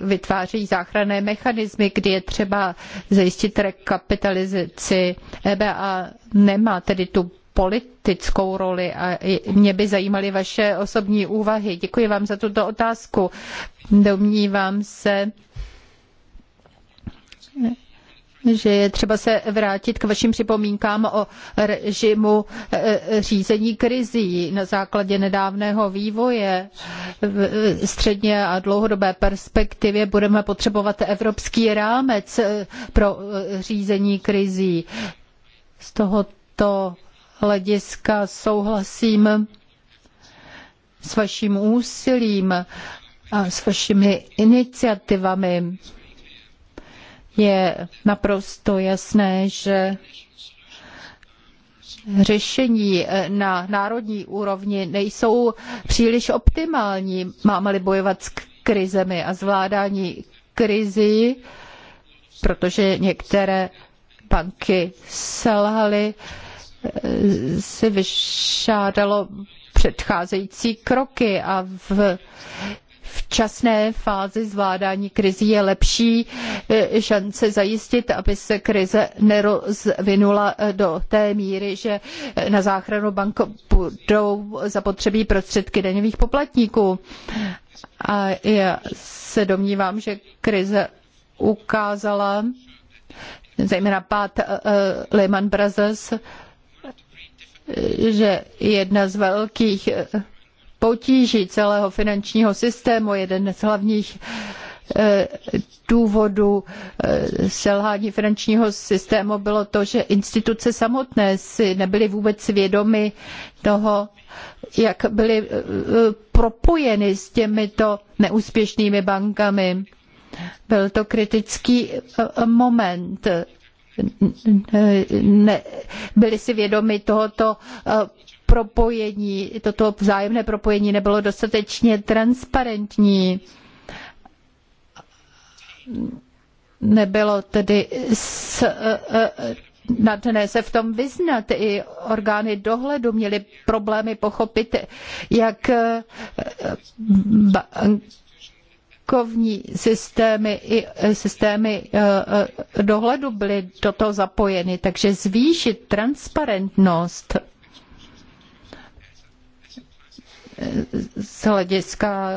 vytváří záchranné mechanismy, kdy je třeba zajistit rekapitalizaci. EBA nemá tedy tu politickou roli a mě by zajímaly vaše osobní úvahy. Děkuji vám za tuto otázku. Domnívám se, že je třeba se vrátit k vašim připomínkám o režimu eh, řízení krizí na základě nedávného vývoje. V středně a dlouhodobé perspektivě budeme potřebovat evropský rámec eh, pro eh, řízení krizí. Z tohoto hlediska souhlasím s vaším úsilím a s vašimi iniciativami. Je naprosto jasné, že řešení na národní úrovni nejsou příliš optimální. Máme-li bojovat s krizemi a zvládání krizí, protože některé banky selhaly, si vyžádalo předcházející kroky a v včasné fázi zvládání krizí je lepší eh, šance zajistit, aby se krize nerozvinula eh, do té míry, že eh, na záchranu bank budou zapotřebí prostředky daňových poplatníků. A já se domnívám, že krize ukázala, zejména pád Lehman Brothers, že jedna z velkých potíží celého finančního systému, jeden z hlavních eh, důvodů eh, selhání finančního systému bylo to, že instituce samotné si nebyly vůbec vědomy toho, jak byly eh, propojeny s těmito neúspěšnými bankami. Byl to kritický moment ne, byli si vědomi tohoto eh, propojení, toto vzájemné propojení nebylo dostatečně transparentní. Nebylo tedy s, eh, na dne se v tom vyznat. I orgány dohledu měly problémy pochopit, jak eh, bankovní systémy i e, systémy e, e, dohledu byly do toho zapojeny, takže zvýšit transparentnost z hlediska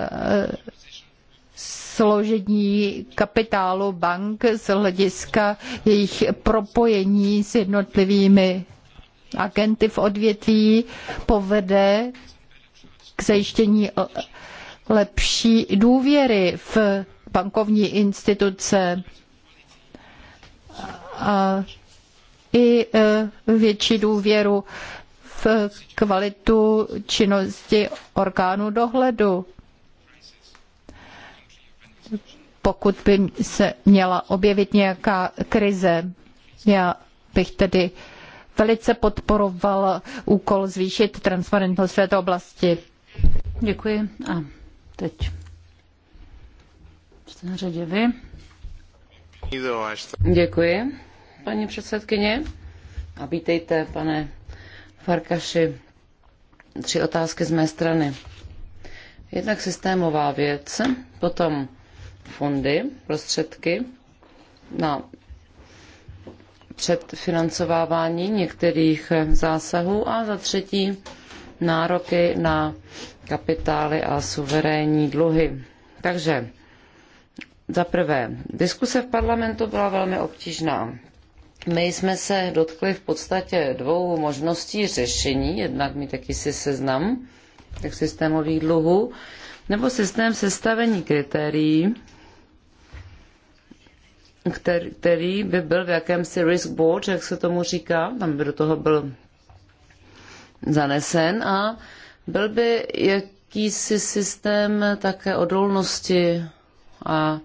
složení kapitálu bank, z hlediska jejich propojení s jednotlivými agenty v odvětví povede k zajištění lepší důvěry v bankovní instituce a i e, větší důvěru v kvalitu činnosti orgánu dohledu. Pokud by se měla objevit nějaká krize, já bych tedy velice podporoval úkol zvýšit transparentnost v této oblasti. Děkuji a Teď jste na řadě vy. Děkuji, paní předsedkyně. A vítejte, pane Farkaši. Tři otázky z mé strany. Jednak systémová věc, potom fondy, prostředky na předfinancovávání některých zásahů a za třetí nároky na kapitály a suverénní dluhy. Takže za prvé, diskuse v parlamentu byla velmi obtížná. My jsme se dotkli v podstatě dvou možností řešení, jednak mít jakýsi seznam těch systémových dluhů, nebo systém sestavení kritérií, který, by byl v jakémsi risk board, jak se tomu říká, tam by do toho byl zanesen a byl by jakýsi systém také odolnosti a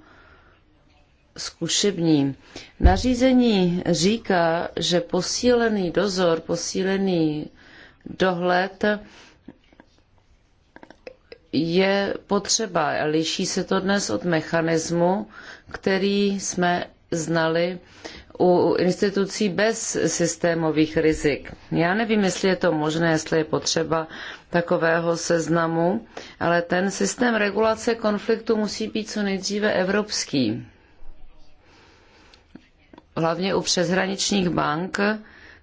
zkušební. Nařízení říká, že posílený dozor, posílený dohled je potřeba. Liší se to dnes od mechanismu, který jsme znali u institucí bez systémových rizik. Já nevím, jestli je to možné, jestli je potřeba takového seznamu, ale ten systém regulace konfliktu musí být co nejdříve evropský. Hlavně u přeshraničních bank,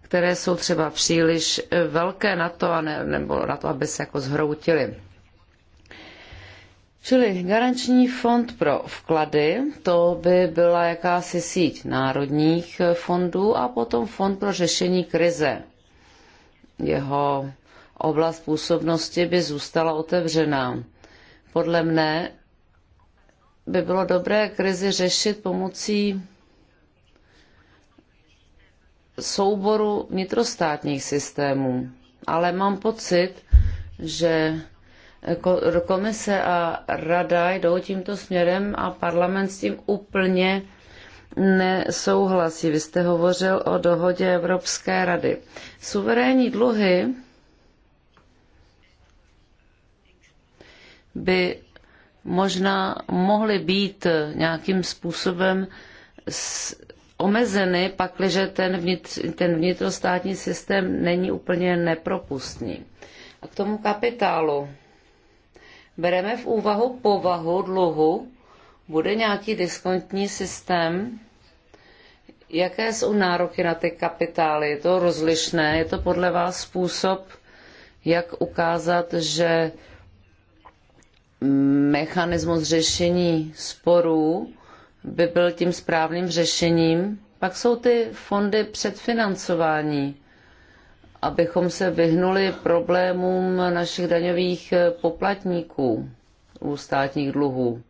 které jsou třeba příliš velké na to, ne, nebo na to, aby se jako zhroutily. Čili garanční fond pro vklady, to by byla jakási síť národních fondů a potom fond pro řešení krize. Jeho oblast působnosti by zůstala otevřená. Podle mne by bylo dobré krizi řešit pomocí souboru vnitrostátních systémů. Ale mám pocit, že komise a rada jdou tímto směrem a parlament s tím úplně nesouhlasí. Vy jste hovořil o dohodě Evropské rady. Suverénní dluhy by možná mohly být nějakým způsobem omezeny, pakliže ten, vnitř, ten vnitrostátní systém není úplně nepropustný. A k tomu kapitálu. Bereme v úvahu povahu dluhu, bude nějaký diskontní systém, jaké jsou nároky na ty kapitály, je to rozlišné, je to podle vás způsob, jak ukázat, že mechanismus řešení sporů by byl tím správným řešením. Pak jsou ty fondy předfinancování, abychom se vyhnuli problémům našich daňových poplatníků u státních dluhů.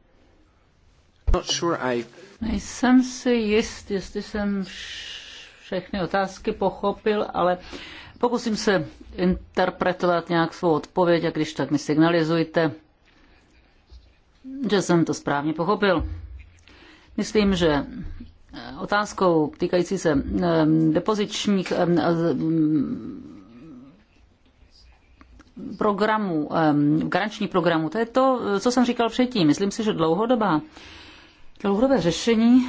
Nejsem si jist, jestli jsem všechny otázky pochopil, ale pokusím se interpretovat nějak svou odpověď a když tak mi signalizujte, že jsem to správně pochopil. Myslím, že eh, otázkou týkající se eh, depozičních eh, programů, garančních programů, to je to, co jsem říkal předtím. Myslím si, že dlouhodobá, dlouhodobé řešení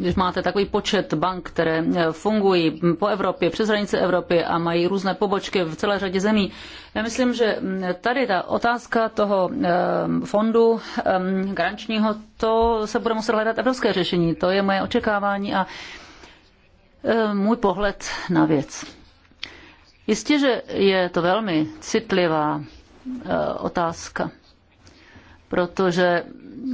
když máte takový počet bank, které eh, fungují po Evropě, přes hranice Evropy a mají různé pobočky v celé řadě zemí, já myslím, že mm, tady ta otázka toho eh, fondu eh, garančního, to se bude muset hledat evropské řešení. To je moje očekávání a můj pohled na věc. Jistě, že je to velmi citlivá otázka protože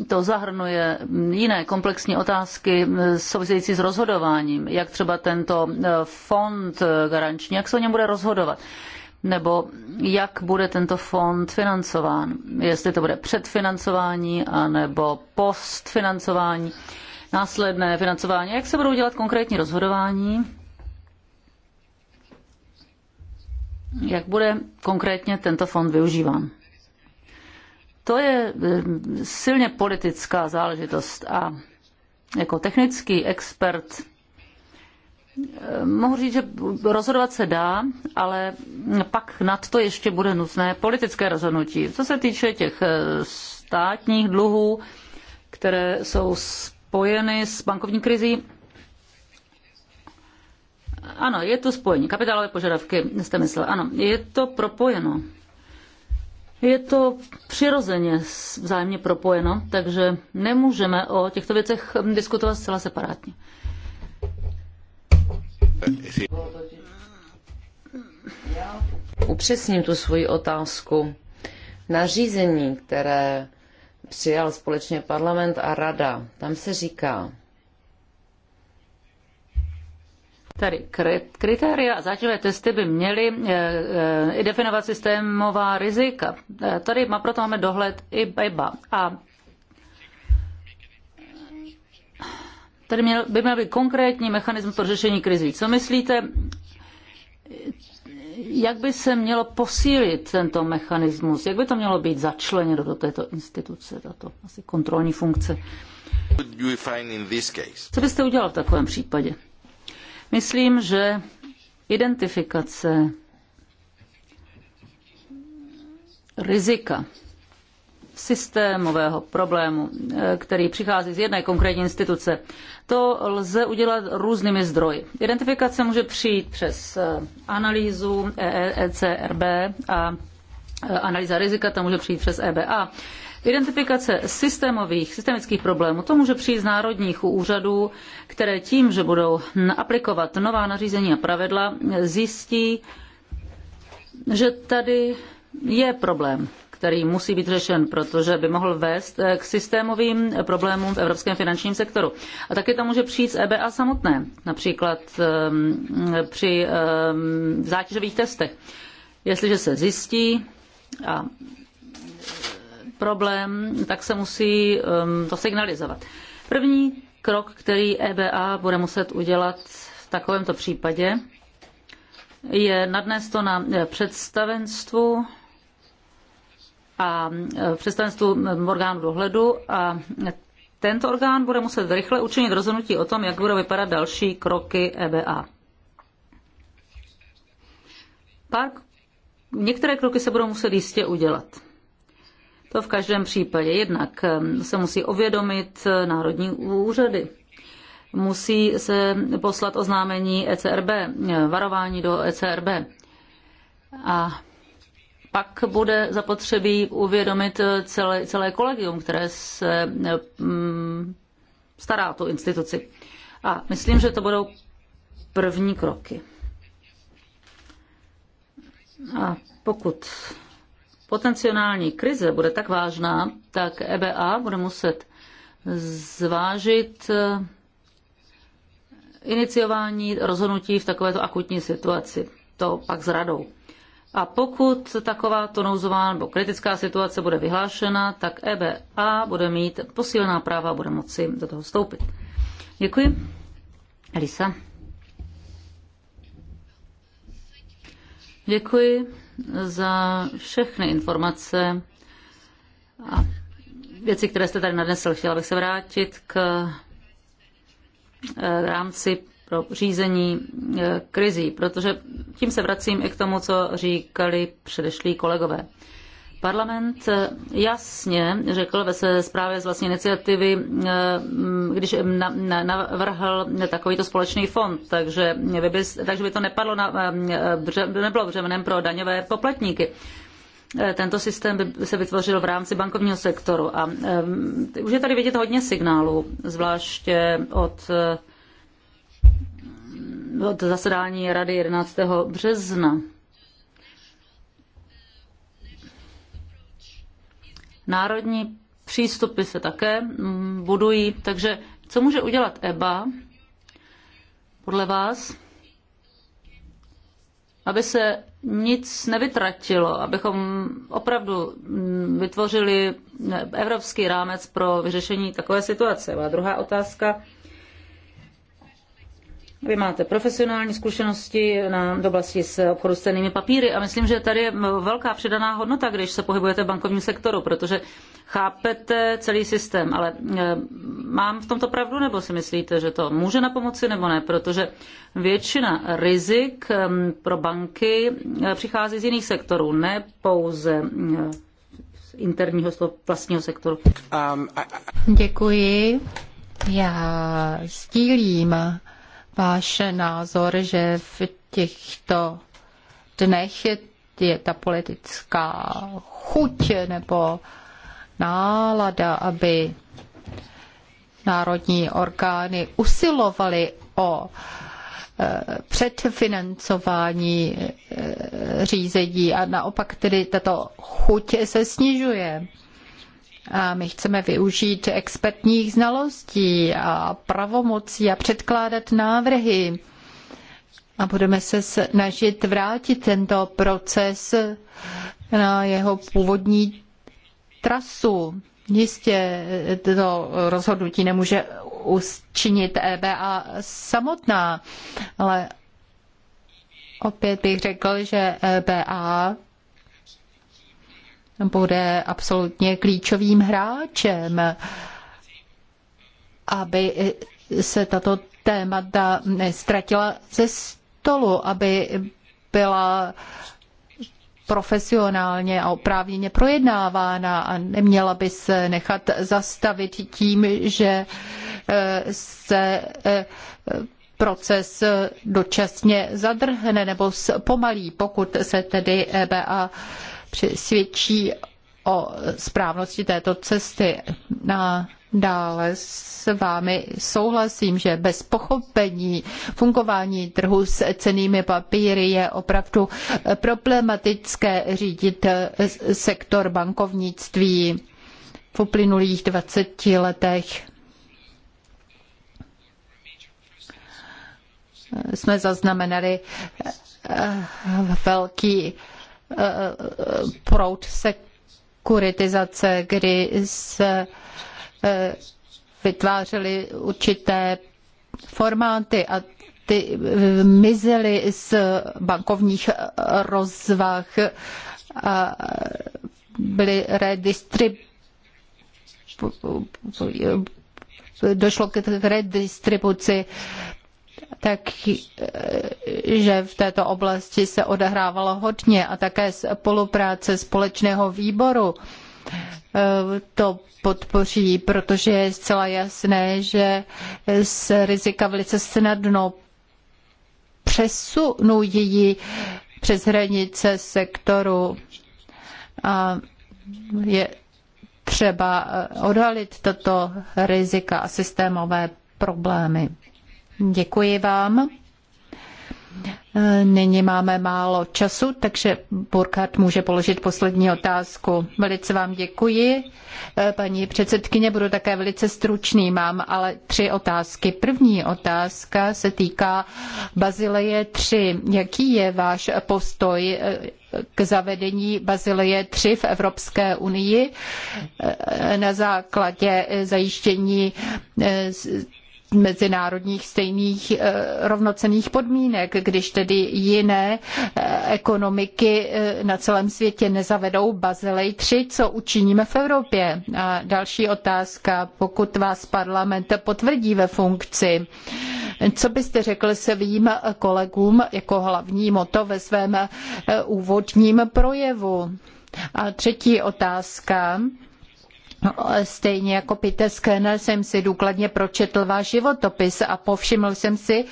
to zahrnuje jiné komplexní otázky související s rozhodováním, jak třeba tento eh, fond eh, garanční, jak se o něm bude rozhodovat nebo jak bude tento fond financován, jestli to bude předfinancování anebo postfinancování, následné financování, jak se budou dělat konkrétní rozhodování, jak bude konkrétně tento fond využíván. To je eh, silně politická záležitost a jako technický expert eh, mohu říct, že rozhodovat se dá, ale pak nad to ještě bude nutné politické rozhodnutí. Co se týče těch eh, státních dluhů, které jsou spojeny s bankovní krizí, ano, je to spojení. Kapitálové požadavky jste myslel. Ano, je to propojeno. Je to přirozeně vzájemně propojeno, takže nemůžeme o těchto věcech diskutovat zcela separátně. Upřesním tu svoji otázku. Nařízení, které přijal společně parlament a rada, tam se říká, Tady kritéria a záťové testy by měly eh, eh, definovat systémová rizika. Eh, tady má proto máme dohled i EBA. A tady měl, by měl být konkrétní mechanismus pro řešení krizí. Co myslíte, jak by se mělo posílit tento mechanismus? Jak by to mělo být začleněno do této instituce, tato asi kontrolní funkce? Co byste udělal v takovém případě? Myslím, že identifikace rizika systémového problému, eh, který přichází z jedné konkrétní instituce, to lze udělat různými zdroji. Identifikace může přijít přes eh, analýzu ECRB e e a eh, analýza rizika, to může přijít přes EBA. Identifikace systémových, systemických problémů, to může přijít z národních úřadů, které tím, že budou aplikovat nová nařízení a pravidla, zjistí, že tady je problém který musí být řešen, protože by mohl vést k systémovým problémům v evropském finančním sektoru. A také to může přijít z EBA samotné, například ehm, při ehm, zátěžových testech. Jestliže se zjistí, a problém, tak se musí um, to signalizovat. První krok, který EBA bude muset udělat v takovémto případě, je nadnést to na představenstvu a e, představenstvu orgánu dohledu a tento orgán bude muset rychle učinit rozhodnutí o tom, jak budou vypadat další kroky EBA. Pak některé kroky se budou muset jistě udělat. To v každém případě. Jednak ehm, se musí ovědomit eh, národní úřady. Musí se poslat oznámení ECRB, eh, varování do ECRB. A pak bude zapotřebí uvědomit eh, celé, celé kolegium, které se ehm, stará o tu instituci. A myslím, že to budou první kroky. A pokud potenciální krize bude tak vážná, tak EBA bude muset zvážit eh, iniciování rozhodnutí v takovéto akutní situaci. To pak s radou. A pokud takováto nouzová nebo kritická situace bude vyhlášena, tak EBA bude mít posílená práva a bude moci do toho vstoupit. Děkuji. Elisa. Děkuji za všechny informace a věci, které jste tady nadnesl. Chtěla bych se vrátit k eh, rámci pro řízení eh, krizí, protože tím se vracím i k tomu, co říkali předešlí kolegové. Parlament jasně řekl ve své zprávě z vlastní iniciativy, eh, když navrhl takovýto společný fond, takže by, takže by to nepadlo na, eh, nebylo břemenem pro daňové poplatníky. Eh, tento systém by se vytvořil v rámci bankovního sektoru a už je tady vidět hodně signálů, zvláště od, od zasedání Rady 11. března Národní přístupy se také mm, budují, takže co může udělat EBA podle vás, aby se nic nevytratilo, abychom opravdu mm, vytvořili evropský rámec pro vyřešení takové situace. A druhá otázka vy máte profesionální zkušenosti na oblasti s obchodu s cenými papíry a myslím, že tady je velká přidaná hodnota, když se pohybujete v bankovním sektoru, protože chápete celý systém, ale e, mám v tomto pravdu, nebo si myslíte, že to může na pomoci, nebo ne, protože většina rizik e, pro banky e, přichází z jiných sektorů, ne pouze z interního, z vlastního sektoru. Um, Děkuji. Já sdílím váš názor, že v těchto dnech je ta politická chuť nebo nálada, aby národní orgány usilovaly o eh, předfinancování eh, řízení a naopak tedy tato chuť se snižuje. A my chceme využít expertních znalostí a pravomocí a předkládat návrhy. A budeme se snažit vrátit tento proces na jeho původní trasu. Jistě to rozhodnutí nemůže učinit EBA samotná, ale opět bych řekl, že EBA bude absolutně klíčovým hráčem, aby se tato témata ztratila ze stolu, aby byla profesionálně a oprávněně projednávána a neměla by se nechat zastavit tím, že eh, se eh, proces dočasně zadrhne nebo zpomalí, pokud se tedy EBA svědčí o správnosti této cesty. Na Dále s vámi souhlasím, že bez pochopení fungování trhu s cenými papíry je opravdu problematické řídit sektor bankovnictví v uplynulých 20 letech. Jsme zaznamenali velký proud sekuritizace, kdy se eh, vytvářely určité formáty a ty eh, mizely z bankovních rozvah a byly redistribuovány došlo k redistribuci Eh, že v této oblasti se odehrávalo hodně a také spolupráce společného výboru eh, to podpoří, protože je zcela jasné, že se rizika velice snadno přesunují přes hranice sektoru. A je třeba eh, odhalit tato rizika a systémové problémy. Děkuji vám. E, nyní máme málo času, takže Burkhard může položit poslední otázku. Velice vám děkuji. E, paní předsedkyně, budu také velice stručný, mám ale tři otázky. První otázka se týká Bazileje 3. Jaký je váš postoj e, k zavedení Bazileje 3 v Evropské unii na základě zajištění mezinárodních stejných eh, rovnocených podmínek, když tedy jiné eh, ekonomiky eh, na celém světě nezavedou Bazilej 3, co učiníme v Evropě? A další otázka, pokud vás parlament potvrdí ve funkci, co byste řekl svým kolegům jako hlavní moto ve svém úvodním projevu? A třetí otázka, No, stejně jako Peter Skinner jsem si důkladně pročetl váš životopis a povšiml jsem si,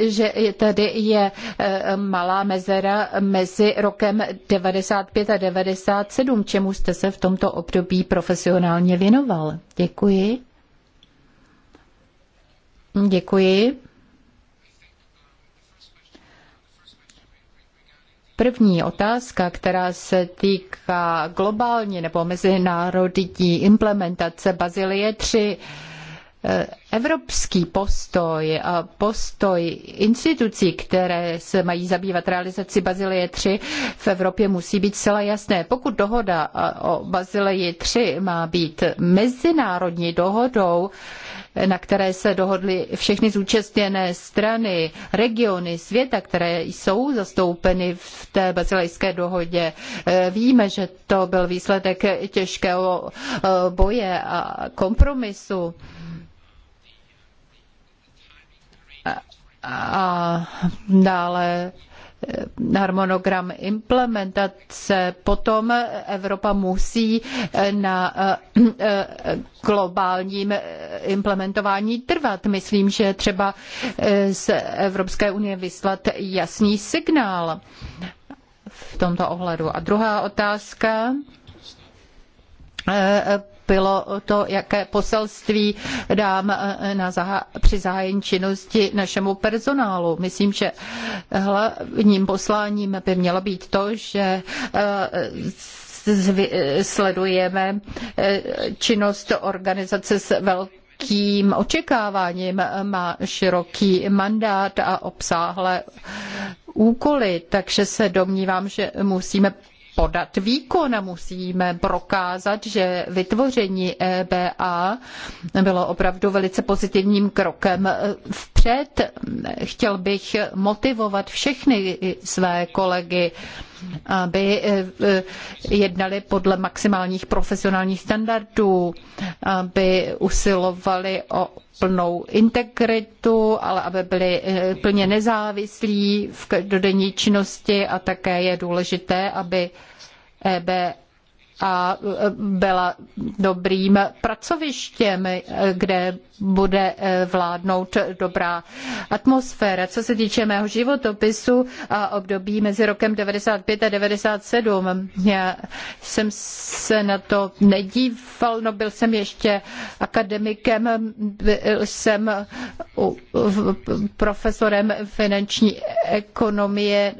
že tady je eh, malá mezera mezi rokem 95 a 97, čemu jste se v tomto období profesionálně věnoval. Děkuji. Děkuji. První otázka, která se týká globální nebo mezinárodní implementace Bazilie 3, eh, evropský postoj a postoj institucí, které se mají zabývat realizací Bazilie 3 v Evropě musí být zcela jasné. Pokud dohoda o Bazilii 3 má být mezinárodní dohodou, na které se dohodly všechny zúčastněné strany, regiony světa, které jsou zastoupeny v té bazilejské dohodě. E, víme, že to byl výsledek těžkého e, boje a kompromisu. A dále Eh, harmonogram implementace. Potom Evropa musí eh, na eh, globálním implementování trvat. Myslím, že třeba z Evropské unie vyslat jasný signál v tomto ohledu. A druhá otázka pochopilo to, jaké poselství dám eh, na při zahájení činnosti našemu personálu. Myslím, že hlavním posláním by mělo být to, že eh, sledujeme eh, činnost organizace s velkým očekáváním má široký mandát a obsáhlé úkoly, takže se domnívám, že musíme podat výkon. a Musíme prokázat, že vytvoření EBA bylo opravdu velice pozitivním krokem vpřed. Chtěl bych motivovat všechny své kolegy, aby eh, eh, jednali podle maximálních profesionálních standardů, aby usilovali o plnou integritu, ale aby byli eh, plně nezávislí v každodenní činnosti a také je důležité, aby EBA a e, byla dobrým pracovištěm, e, kde bude e, vládnout dobrá atmosféra. Co se týče mého životopisu a období mezi rokem 95 a 97, já jsem se na to nedíval, no byl jsem ještě akademikem, byl jsem profesorem finanční ekonomie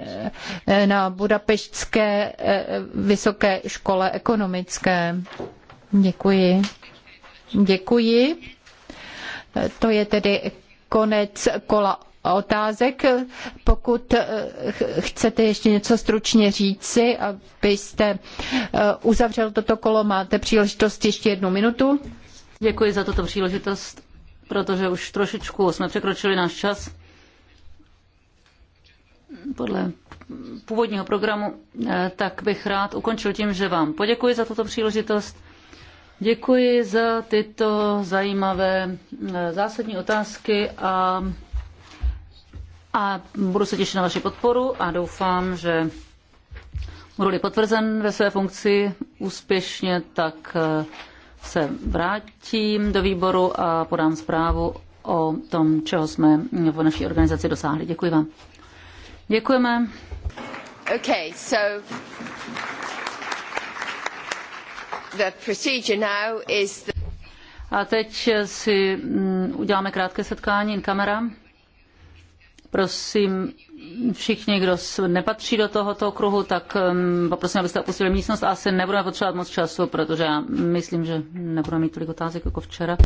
na Budapeštské vysoké škole ekonomické ekonomické. Děkuji. Děkuji. To je tedy konec kola otázek. Pokud eh, chcete ještě něco stručně říci, abyste eh, uzavřel toto kolo, máte příležitost ještě jednu minutu. Děkuji za tuto příležitost, protože už trošičku jsme překročili náš čas podle původního programu, eh, tak bych rád ukončil tím, že vám poděkuji za tuto příležitost. Děkuji za tyto zajímavé eh, zásadní otázky a, a budu se těšit na vaši podporu a doufám, že budu-li potvrzen ve své funkci úspěšně, tak eh, se vrátím do výboru a podám zprávu o tom, čeho jsme v naší organizaci dosáhli. Děkuji vám. Děkujeme. Okay, so the procedure now is the... A teď si mm, uděláme krátké setkání in kamera. Prosím všichni, kdo nepatří do tohoto kruhu, tak mm, poprosím, abyste opustili místnost. Asi nebudeme potřebovat moc času, protože já myslím, že nebudeme mít tolik otázek jako včera.